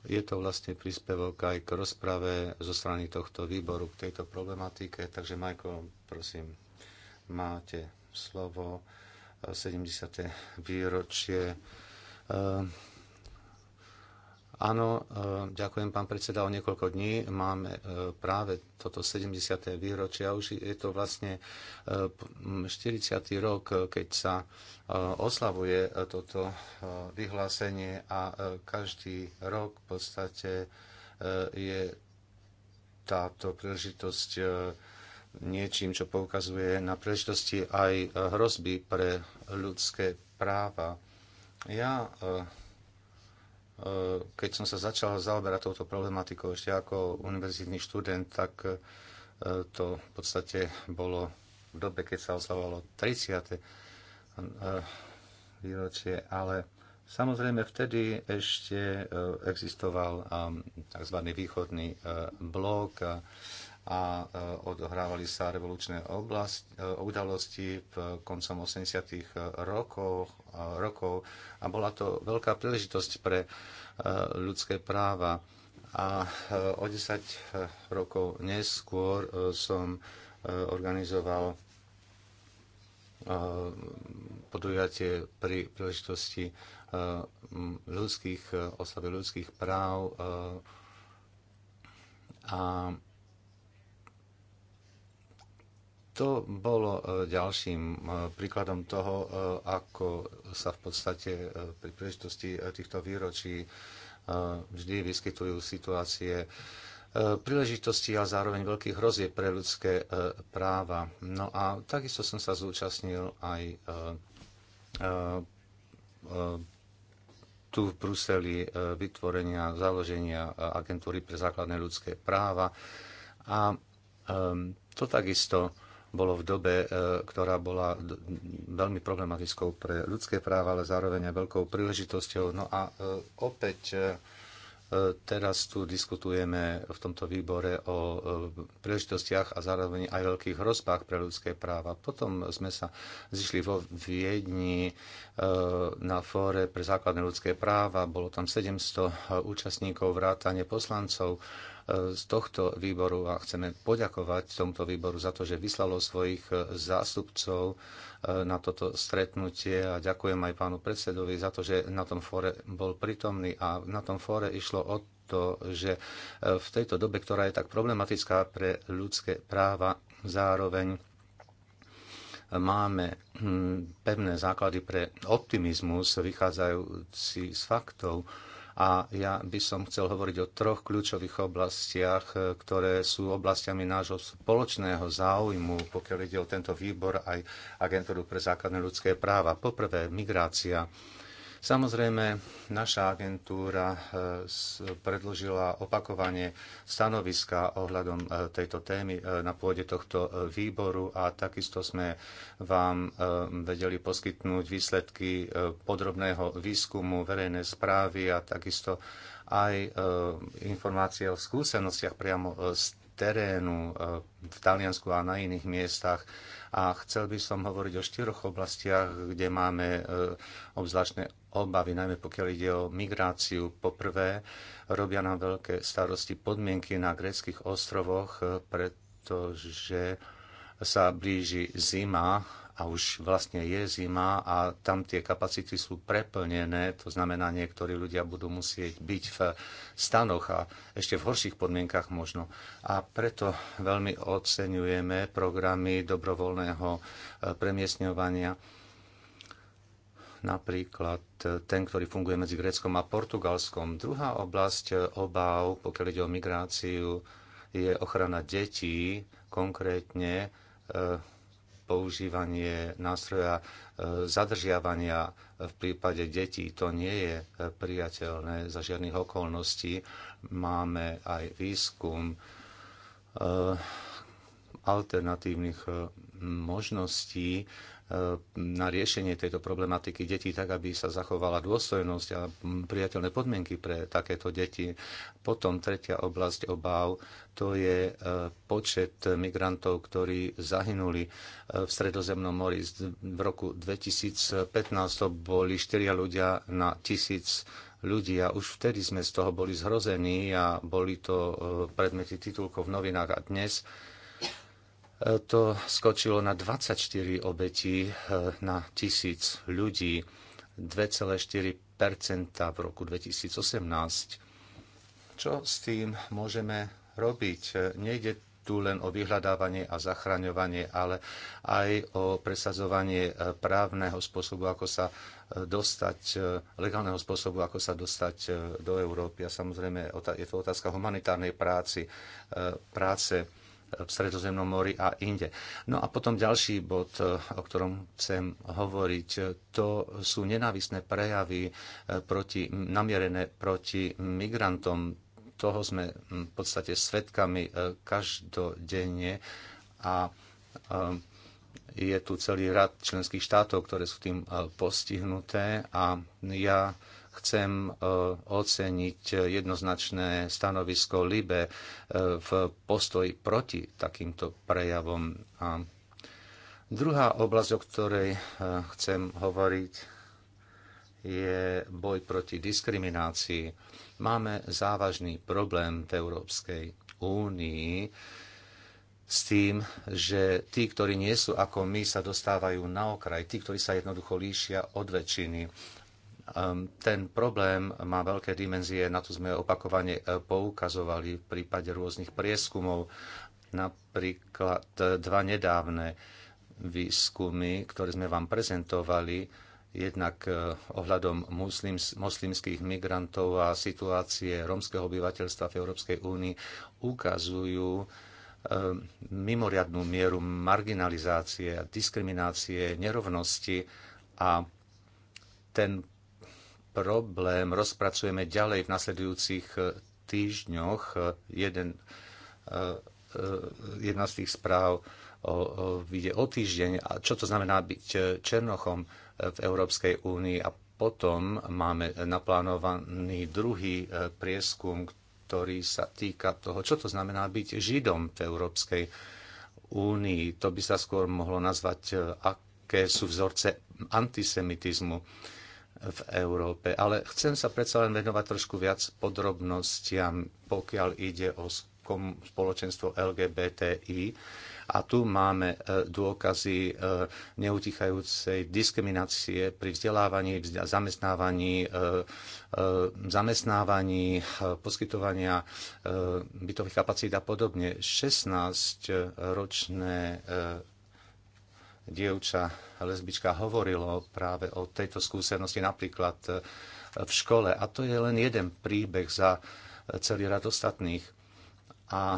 je to vlastne príspevok aj k rozprave zo strany tohto výboru k tejto problematike. Takže, Michael, prosím, máte slovo. 70. E, výročie Áno, e, ďakujem pán predseda, o niekoľko dní máme e, práve toto 70. výročie a už je to vlastne 40. E, rok, keď sa oslavuje toto vyhlásenie a každý rok v podstate je táto príležitosť niečím, čo poukazuje na príležitosti aj hrozby pre ľudské práva. Ja Eh, keď som sa začal zaoberať touto problematikou ešte ako univerzitný študent, tak eh, to v podstate bolo v dobe, keď sa oslavovalo 30. Eh, výročie, ale samozrejme vtedy ešte existoval tzv. východný blok a a e, odohrávali sa revolučné e, udalosti v koncom 80. Rokov, e, rokov a bola to veľká príležitosť pre ľudské práva. A o 10 rokov neskôr som organizoval podujatie pri príležitosti ľudských, oslavy ľudských práv a to bolo e, ďalším e, príkladom toho, e, ako sa v podstate pri príležitosti týchto výročí vždy vyskytujú situácie príležitosti a zároveň veľkých hrozie pre ľudské práva. No a takisto som sa zúčastnil aj tu v Bruseli vytvorenia, založenia agentúry pre základné ľudské práva. A to takisto bolo v dobe, e, ktorá bola veľmi problematickou pre ľudské práva, ale zároveň aj veľkou príležitosťou. No a e, opäť e, teraz tu diskutujeme v tomto výbore o príležitostiach a zároveň aj veľkých hrozbách pre ľudské práva. Potom sme sa zišli vo Viedni na fóre pre základné ľudské práva. Bolo tam 700 účastníkov vrátane poslancov z tohto výboru a chceme poďakovať tomto výboru za to, že vyslalo svojich e, zástupcov e, na toto stretnutie a ďakujem aj pánu predsedovi za to, že na tom fóre bol pritomný a na tom fóre išlo o to, že e, v tejto dobe, ktorá je tak problematická pre ľudské práva, zároveň máme hm, pevné základy pre optimizmus vychádzajúci z faktov. A ja by som chcel hovoriť o troch kľúčových oblastiach, e, ktoré sú oblastiami nášho spoločného záujmu, pokiaľ ide o tento výbor aj agentúru pre základné ľudské práva. Poprvé, migrácia. Samozrejme, naša agentúra e, predložila opakovanie stanoviska ohľadom e, tejto témy e, na pôde tohto výboru a takisto sme vám vedeli poskytnúť výsledky podrobného výskumu verejnej správy a takisto aj informácie o skúsenostiach priamo z terénu v Taliansku a na iných miestach. A chcel by som hovoriť o štyroch oblastiach, kde máme obzvláštne obavy, najmä pokiaľ ide o migráciu. Poprvé, robia nám veľké starosti podmienky na greckých ostrovoch, eh, pretože sa blíži zima a už vlastne je zima a tam tie kapacity sú preplnené, to znamená, niektorí ľudia budú musieť byť v stanoch a ešte v horších podmienkach možno. A preto veľmi oceňujeme programy dobrovoľného eh, premiesňovania napríklad e, ten, ktorý funguje medzi Gréckom a Portugalskom. Druhá oblasť e, obáv, pokiaľ ide o migráciu, je ochrana detí, konkrétne e, používanie nástroja zadržiavania v prípade detí. To nie je priateľné za žiadnych okolností. Máme aj výskum alternatívnych možností na riešenie tejto problematiky detí tak, aby sa zachovala dôstojnosť a priateľné podmienky pre takéto deti. Potom tretia oblasť obáv, to je e, počet migrantov, ktorí zahynuli e, v Stredozemnom mori. V roku 2015 to boli štyria ľudia na tisíc ľudí a už vtedy sme z toho boli zhrození a boli to e, predmety titulkov v novinách a dnes to skočilo na 24 obetí e, na tisíc ľudí, 2,4 v roku 2018. Čo s tým môžeme robiť? E, nejde tu len o vyhľadávanie a zachraňovanie, ale aj o presadzovanie e, právneho spôsobu, ako sa dostať, legálneho spôsobu, ako sa dostať do Európy. A samozrejme je to otázka humanitárnej práci, práce v Stredozemnom mori a inde. No a potom ďalší bod, e, o ktorom chcem hovoriť, e, to sú nenávisné prejavy e, proti, namierené proti migrantom. Toho sme v podstate svetkami každodenne a je tu celý rad členských štátov, ktoré sú tým postihnuté a ja chcem e, oceniť jednoznačné stanovisko Libe e, v postoji proti takýmto prejavom. A druhá oblasť, o ktorej e, chcem hovoriť, je boj proti diskriminácii. Máme závažný problém v Európskej únii s tým, že tí, ktorí nie sú ako my, sa dostávajú na okraj, tí, ktorí sa jednoducho líšia od väčšiny. Ehm, ten problém má veľké dimenzie, na to sme opakovane e, poukazovali v prípade rôznych prieskumov. Napríklad e, dva nedávne výskumy, ktoré sme vám prezentovali, jednak e, ohľadom muslims, moslimských migrantov a situácie rómskeho obyvateľstva v Európskej únii ukazujú mimoriadnú mieru marginalizácie, diskriminácie, nerovnosti a ten problém rozpracujeme ďalej v nasledujúcich eh, týždňoch. Eh, jeden, eh, jedna z tých správ vyjde o týždeň. A čo to znamená byť Černochom v Európskej únii a potom máme naplánovaný druhý prieskum, ktorý sa týka toho, čo to znamená byť Židom v Európskej únii. To by sa skôr mohlo nazvať, aké sú vzorce antisemitizmu v Európe. Ale chcem sa predsa len venovať trošku viac podrobnostiam, pokiaľ ide o spoločenstvo LGBTI. A tu máme e, dôkazy e, neutichajúcej diskriminácie pri vzdelávaní, zamestnávaní, e, zamestnávaní, poskytovania bytových kapacít a podobne. 16-ročné dievča, lesbička hovorilo práve o tejto skúsenosti napríklad e, v škole. A to je len jeden príbeh za e, celý rad ostatných. A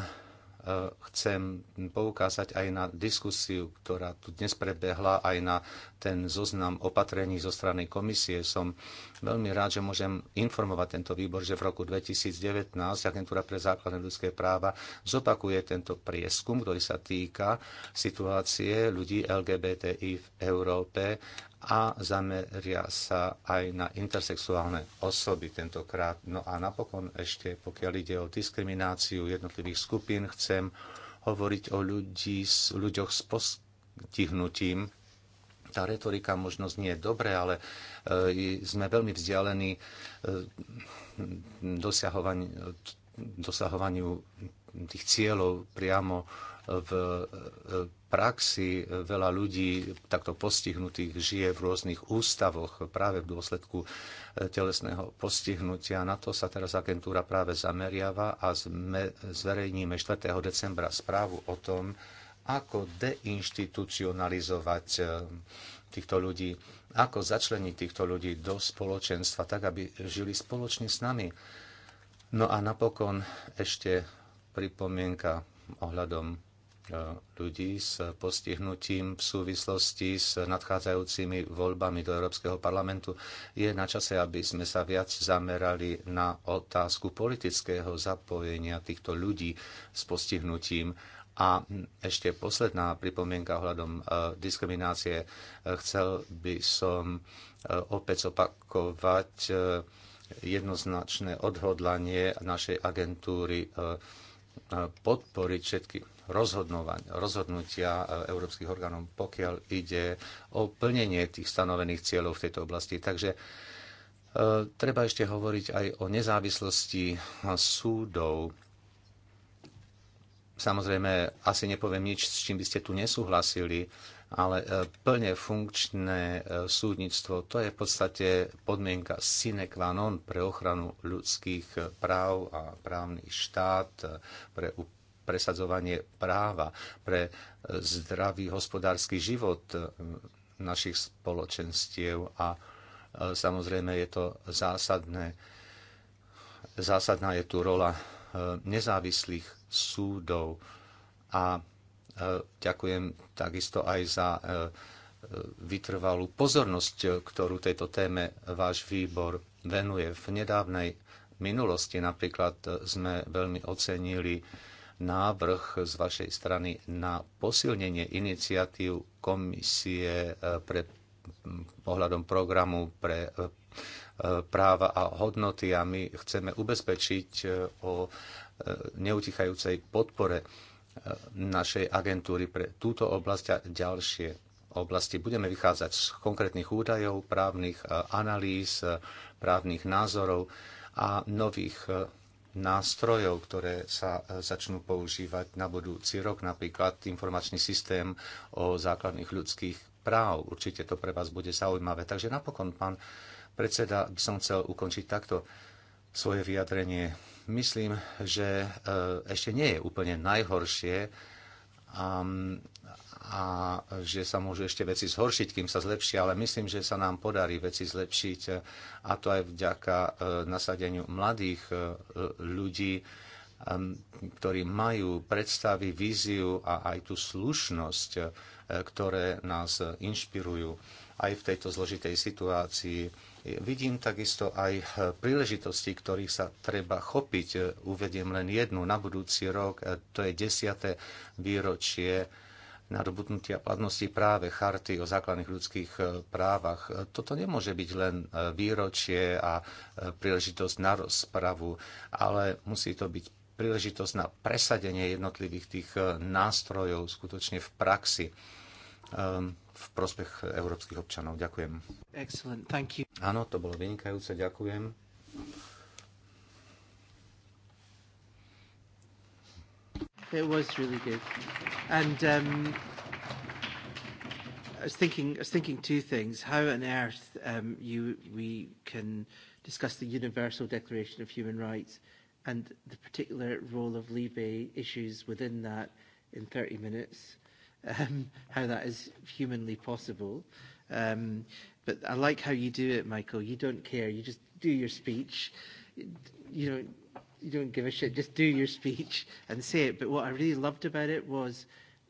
chcem poukázať aj na diskusiu, ktorá tu dnes prebehla, aj na ten zoznam opatrení zo strany komisie. Som veľmi rád, že môžem informovať tento výbor, že v roku 2019 Agentúra pre základné ľudské práva zopakuje tento prieskum, ktorý sa týka situácie ľudí LGBTI v Európe a zameria sa aj na intersexuálne osoby tentokrát. No a napokon ešte, pokiaľ ide o diskrimináciu jednotlivých skupín, chcem hovoriť o ľudí, ľuďoch s postihnutím. Tá retorika možno znie dobre, ale e, sme veľmi vzdialení dosahovaniu, e, dosahovaniu tých cieľov priamo v e, praxi veľa ľudí takto postihnutých žije v rôznych ústavoch práve v dôsledku e, telesného postihnutia. Na to sa teraz agentúra práve zameriava a zverejníme 4. decembra správu o tom, ako deinstitucionalizovať e, týchto ľudí, ako začleniť týchto ľudí do spoločenstva, tak aby žili spoločne s nami. No a napokon ešte pripomienka ohľadom ľudí s postihnutím v súvislosti s nadchádzajúcimi voľbami do Európskeho parlamentu. Je na čase, aby sme sa viac zamerali na otázku politického zapojenia týchto ľudí s postihnutím. A ešte posledná pripomienka ohľadom e, diskriminácie. E, chcel by som e, opäť opakovať jednoznačné odhodlanie našej agentúry podporiť všetky rozhodnutia e, európskych orgánov, pokiaľ ide o plnenie tých stanovených cieľov v tejto oblasti. Takže e, treba ešte hovoriť aj o nezávislosti súdov. Samozrejme, asi nepoviem nič, s čím by ste tu nesúhlasili, ale e, plne funkčné súdnictvo to je v podstate podmienka sine qua non pre ochranu ľudských práv a právny štát, pre presadzovanie práva, pre zdravý hospodársky život eh, našich spoločenstiev a eh, samozrejme je to zásadné. Zásadná je tu rola eh, nezávislých súdov a ďakujem takisto aj za vytrvalú pozornosť, ktorú tejto téme váš výbor venuje. V nedávnej minulosti napríklad sme veľmi ocenili návrh z vašej strany na posilnenie iniciatív komisie e, pre ohľadom programu pre e, e, práva a hodnoty a my chceme ubezpečiť o neutichajúcej podpore našej agentúry pre túto oblasť a ďalšie oblasti. Budeme vychádzať z konkrétnych údajov, právnych analýz, právnych názorov a nových nástrojov, ktoré sa e, začnú používať na budúci rok, napríklad informačný systém o základných ľudských práv. Určite to pre vás bude zaujímavé. Takže napokon, pán predseda, by som chcel ukončiť takto svoje vyjadrenie. Myslím, že e, ešte nie je úplne najhoršie, a že sa môžu ešte veci zhoršiť, kým sa zlepšia, ale myslím, že sa nám podarí veci zlepšiť e, a to aj vďaka e, nasadeniu mladých e, ľudí, ktorí majú predstavy, víziu a aj tú slušnosť, ktoré nás inšpirujú aj v tejto zložitej situácii. Vidím takisto aj príležitosti, ktorých sa treba chopiť. Uvediem len jednu na budúci rok, to je desiate výročie nadobudnutia platnosti práve charty o základných ľudských e, právach. E, toto nemôže byť len e, výročie a príležitosť na rozpravu, ale musí to byť príležitosť na presadenie jednotlivých tých nástrojov skutočne v praxi v prospech európskych občanov. Ďakujem. Áno, to bolo vynikajúce, ďakujem. It was really good. And um, I was thinking, I was thinking two things: how on earth um, you we can discuss the Universal Declaration of Human Rights and the particular role of Libé issues within that in 30 minutes, um, how that is humanly possible. Um, but I like how you do it, Michael. You don't care. You just do your speech. You know you don't give a shit. Just do your speech and say it. But what I really loved about it was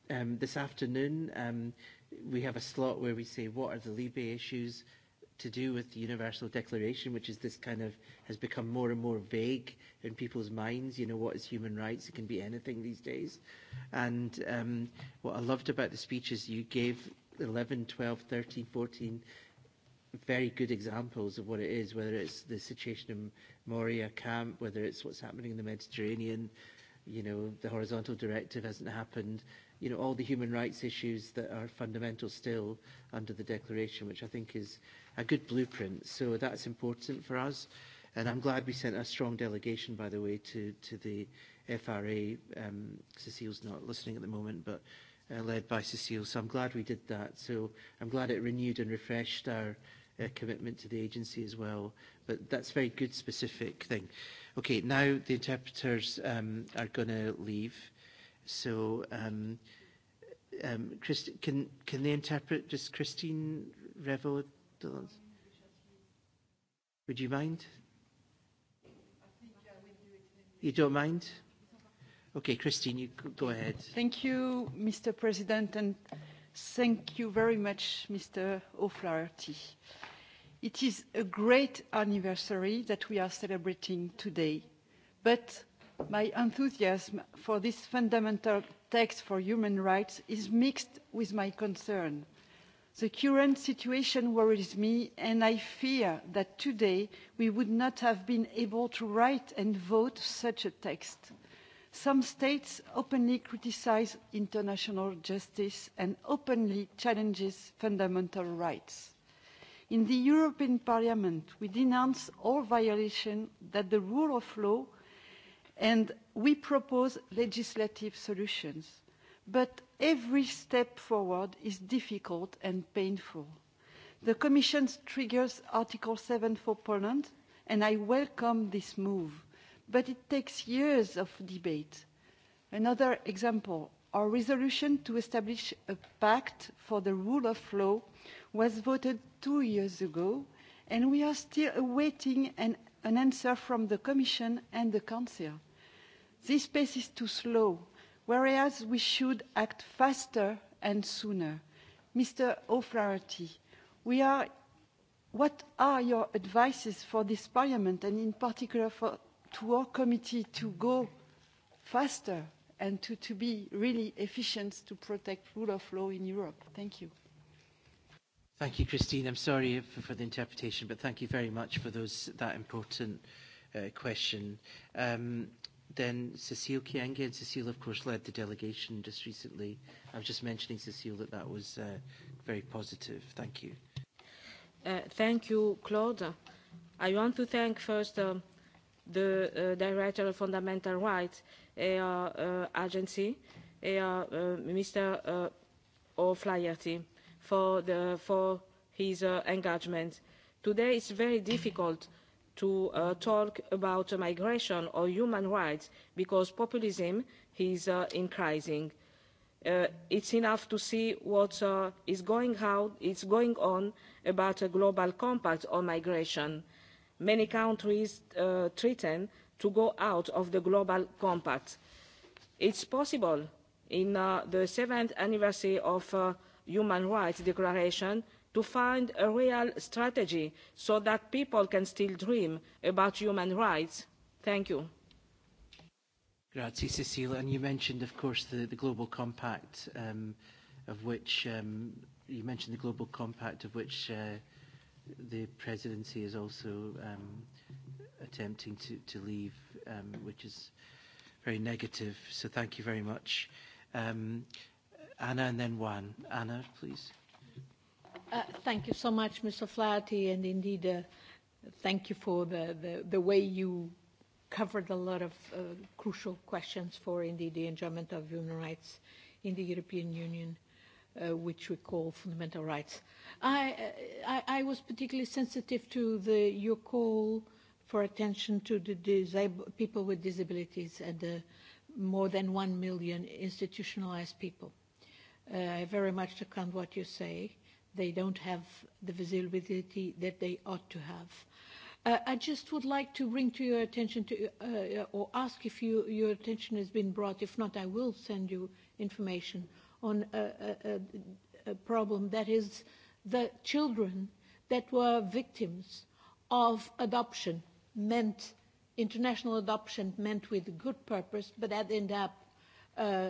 um, this afternoon um, we have a slot where we say what are the Libe issues to do with the Universal Declaration, which is this kind of has become more and more vague in people's minds. You know, what is human rights? It can be anything these days. And um, what I loved about the speeches you gave 11, 12, 13, 14 very good examples of what it is, whether it's the situation in Moria camp, whether it's what's happening in the Mediterranean, you know, the horizontal directive hasn't happened, you know, all the human rights issues that are fundamental still under the declaration, which I think is a good blueprint. So that's important for us. And I'm glad we sent a strong delegation, by the way, to, to the FRA. Um, Cecile's not listening at the moment, but uh, led by Cecile. So I'm glad we did that. So I'm glad it renewed and refreshed our uh, commitment to the agency as well. But that's a very good specific thing. Okay, now the interpreters um, are going to leave. So, um, um, Christ can, can they interpret just Christine Revel? Would you mind? You don't mind? Okay, Christine, you go ahead. Thank you, Mr. President, and thank you very much, Mr. O'Flaherty. Uh, It is a great anniversary that we are celebrating today. But my enthusiasm for this fundamental text for human rights is mixed with my concern. The current situation worries me, and I fear that today we would not have been able to write and vote such a text. Some states openly criticise international justice and openly challenges fundamental rights in the european parliament we denounce all violations that the rule of law and we propose legislative solutions but every step forward is difficult and painful. the commission triggers article seven for poland and i welcome this move but it takes years of debate. another example our resolution to establish a pact for the rule of law was voted two years ago, and we are still awaiting an, an answer from the Commission and the Council. This pace is too slow, whereas we should act faster and sooner. Mr. O'Flaherty, we are, what are your advices for this Parliament and in particular for, to our committee to go faster and to, to be really efficient to protect rule of law in Europe? Thank you. Thank you, Christine. I'm sorry for, for the interpretation, but thank you very much for those that important uh, question. Um, then Cecile Kienge, and Cecile, of course, led the delegation just recently. I was just mentioning, Cecile, that that was uh, very positive. Thank you. Uh, thank you, Claude. I want to thank first uh the uh, Director of Fundamental Rights uh, uh, Agency, uh, uh, Mr. Uh, O'Flaherty for, the, for his uh, engagement. Today it's very difficult to uh, talk about uh, migration or human rights because populism is uh, increasing. Uh, it's enough to see what uh, is going, how it's going on about a global compact on migration. Many countries uh, threaten to go out of the global compact. It's possible in uh, the seventh anniversary of uh, human rights declaration to find a real strategy so that people can still dream about human rights. Thank you. Grazie, And you mentioned, of course, the, the Global Compact, um, of which um, you mentioned the Global Compact, of which uh, the presidency is also um, attempting to, to leave, um, which is very negative. So thank you very much. Um, Anna and then Juan. Anna, please. Uh, thank you so much, Mr. Flaherty, and indeed, uh, thank you for the, the, the way you covered a lot of uh, crucial questions for indeed the enjoyment of human rights in the European Union, uh, which we call fundamental rights. I, uh I, I was particularly sensitive to the, your call for attention to the disab- people with disabilities and the more than one million institutionalized people. Uh, I very much second what you say. They don't have the visibility that they ought to have. Uh, I just would like to bring to your attention to, uh, or ask if you, your attention has been brought. If not, I will send you information on a, a, a, a problem that is the children that were victims of adoption meant international adoption meant with good purpose, but that end up uh,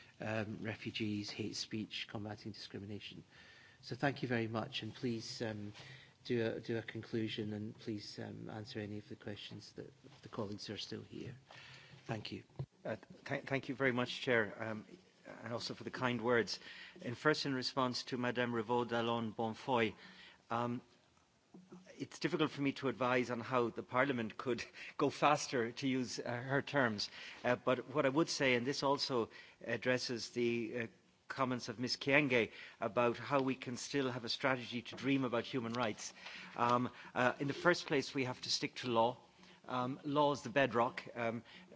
um, refugees, hate speech, combating discrimination. So thank you very much, and please um, do, a, do a conclusion and please um, answer any of the questions that the colleagues are still here. Thank you. Uh, th thank you very much, Chair, um, and also for the kind words. And first, in response to Madame Revaud d'Alon Bonfoy, um, it's difficult for me to advise on how the Parliament could go faster, to use uh, her terms. Uh, but what I would say, and this also addresses the uh, comments of Ms. Kienge about how we can still have a strategy to dream about human rights. Um, uh, in the first place, we have to stick to law. Um, law is the bedrock. Um,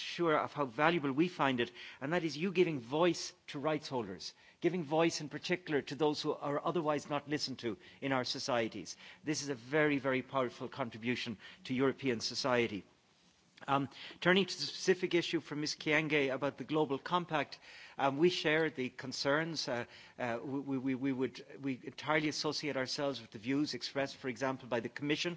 sure of how valuable we find it, and that is you giving voice to rights holders, giving voice in particular to those who are otherwise not listened to in our societies. This is a very, very powerful contribution to European society. Um, turning to the specific issue from Ms. Kienge about the Global Compact, um, we share the concerns. Uh, uh, we, we, we, would, we entirely associate ourselves with the views expressed, for example, by the Commission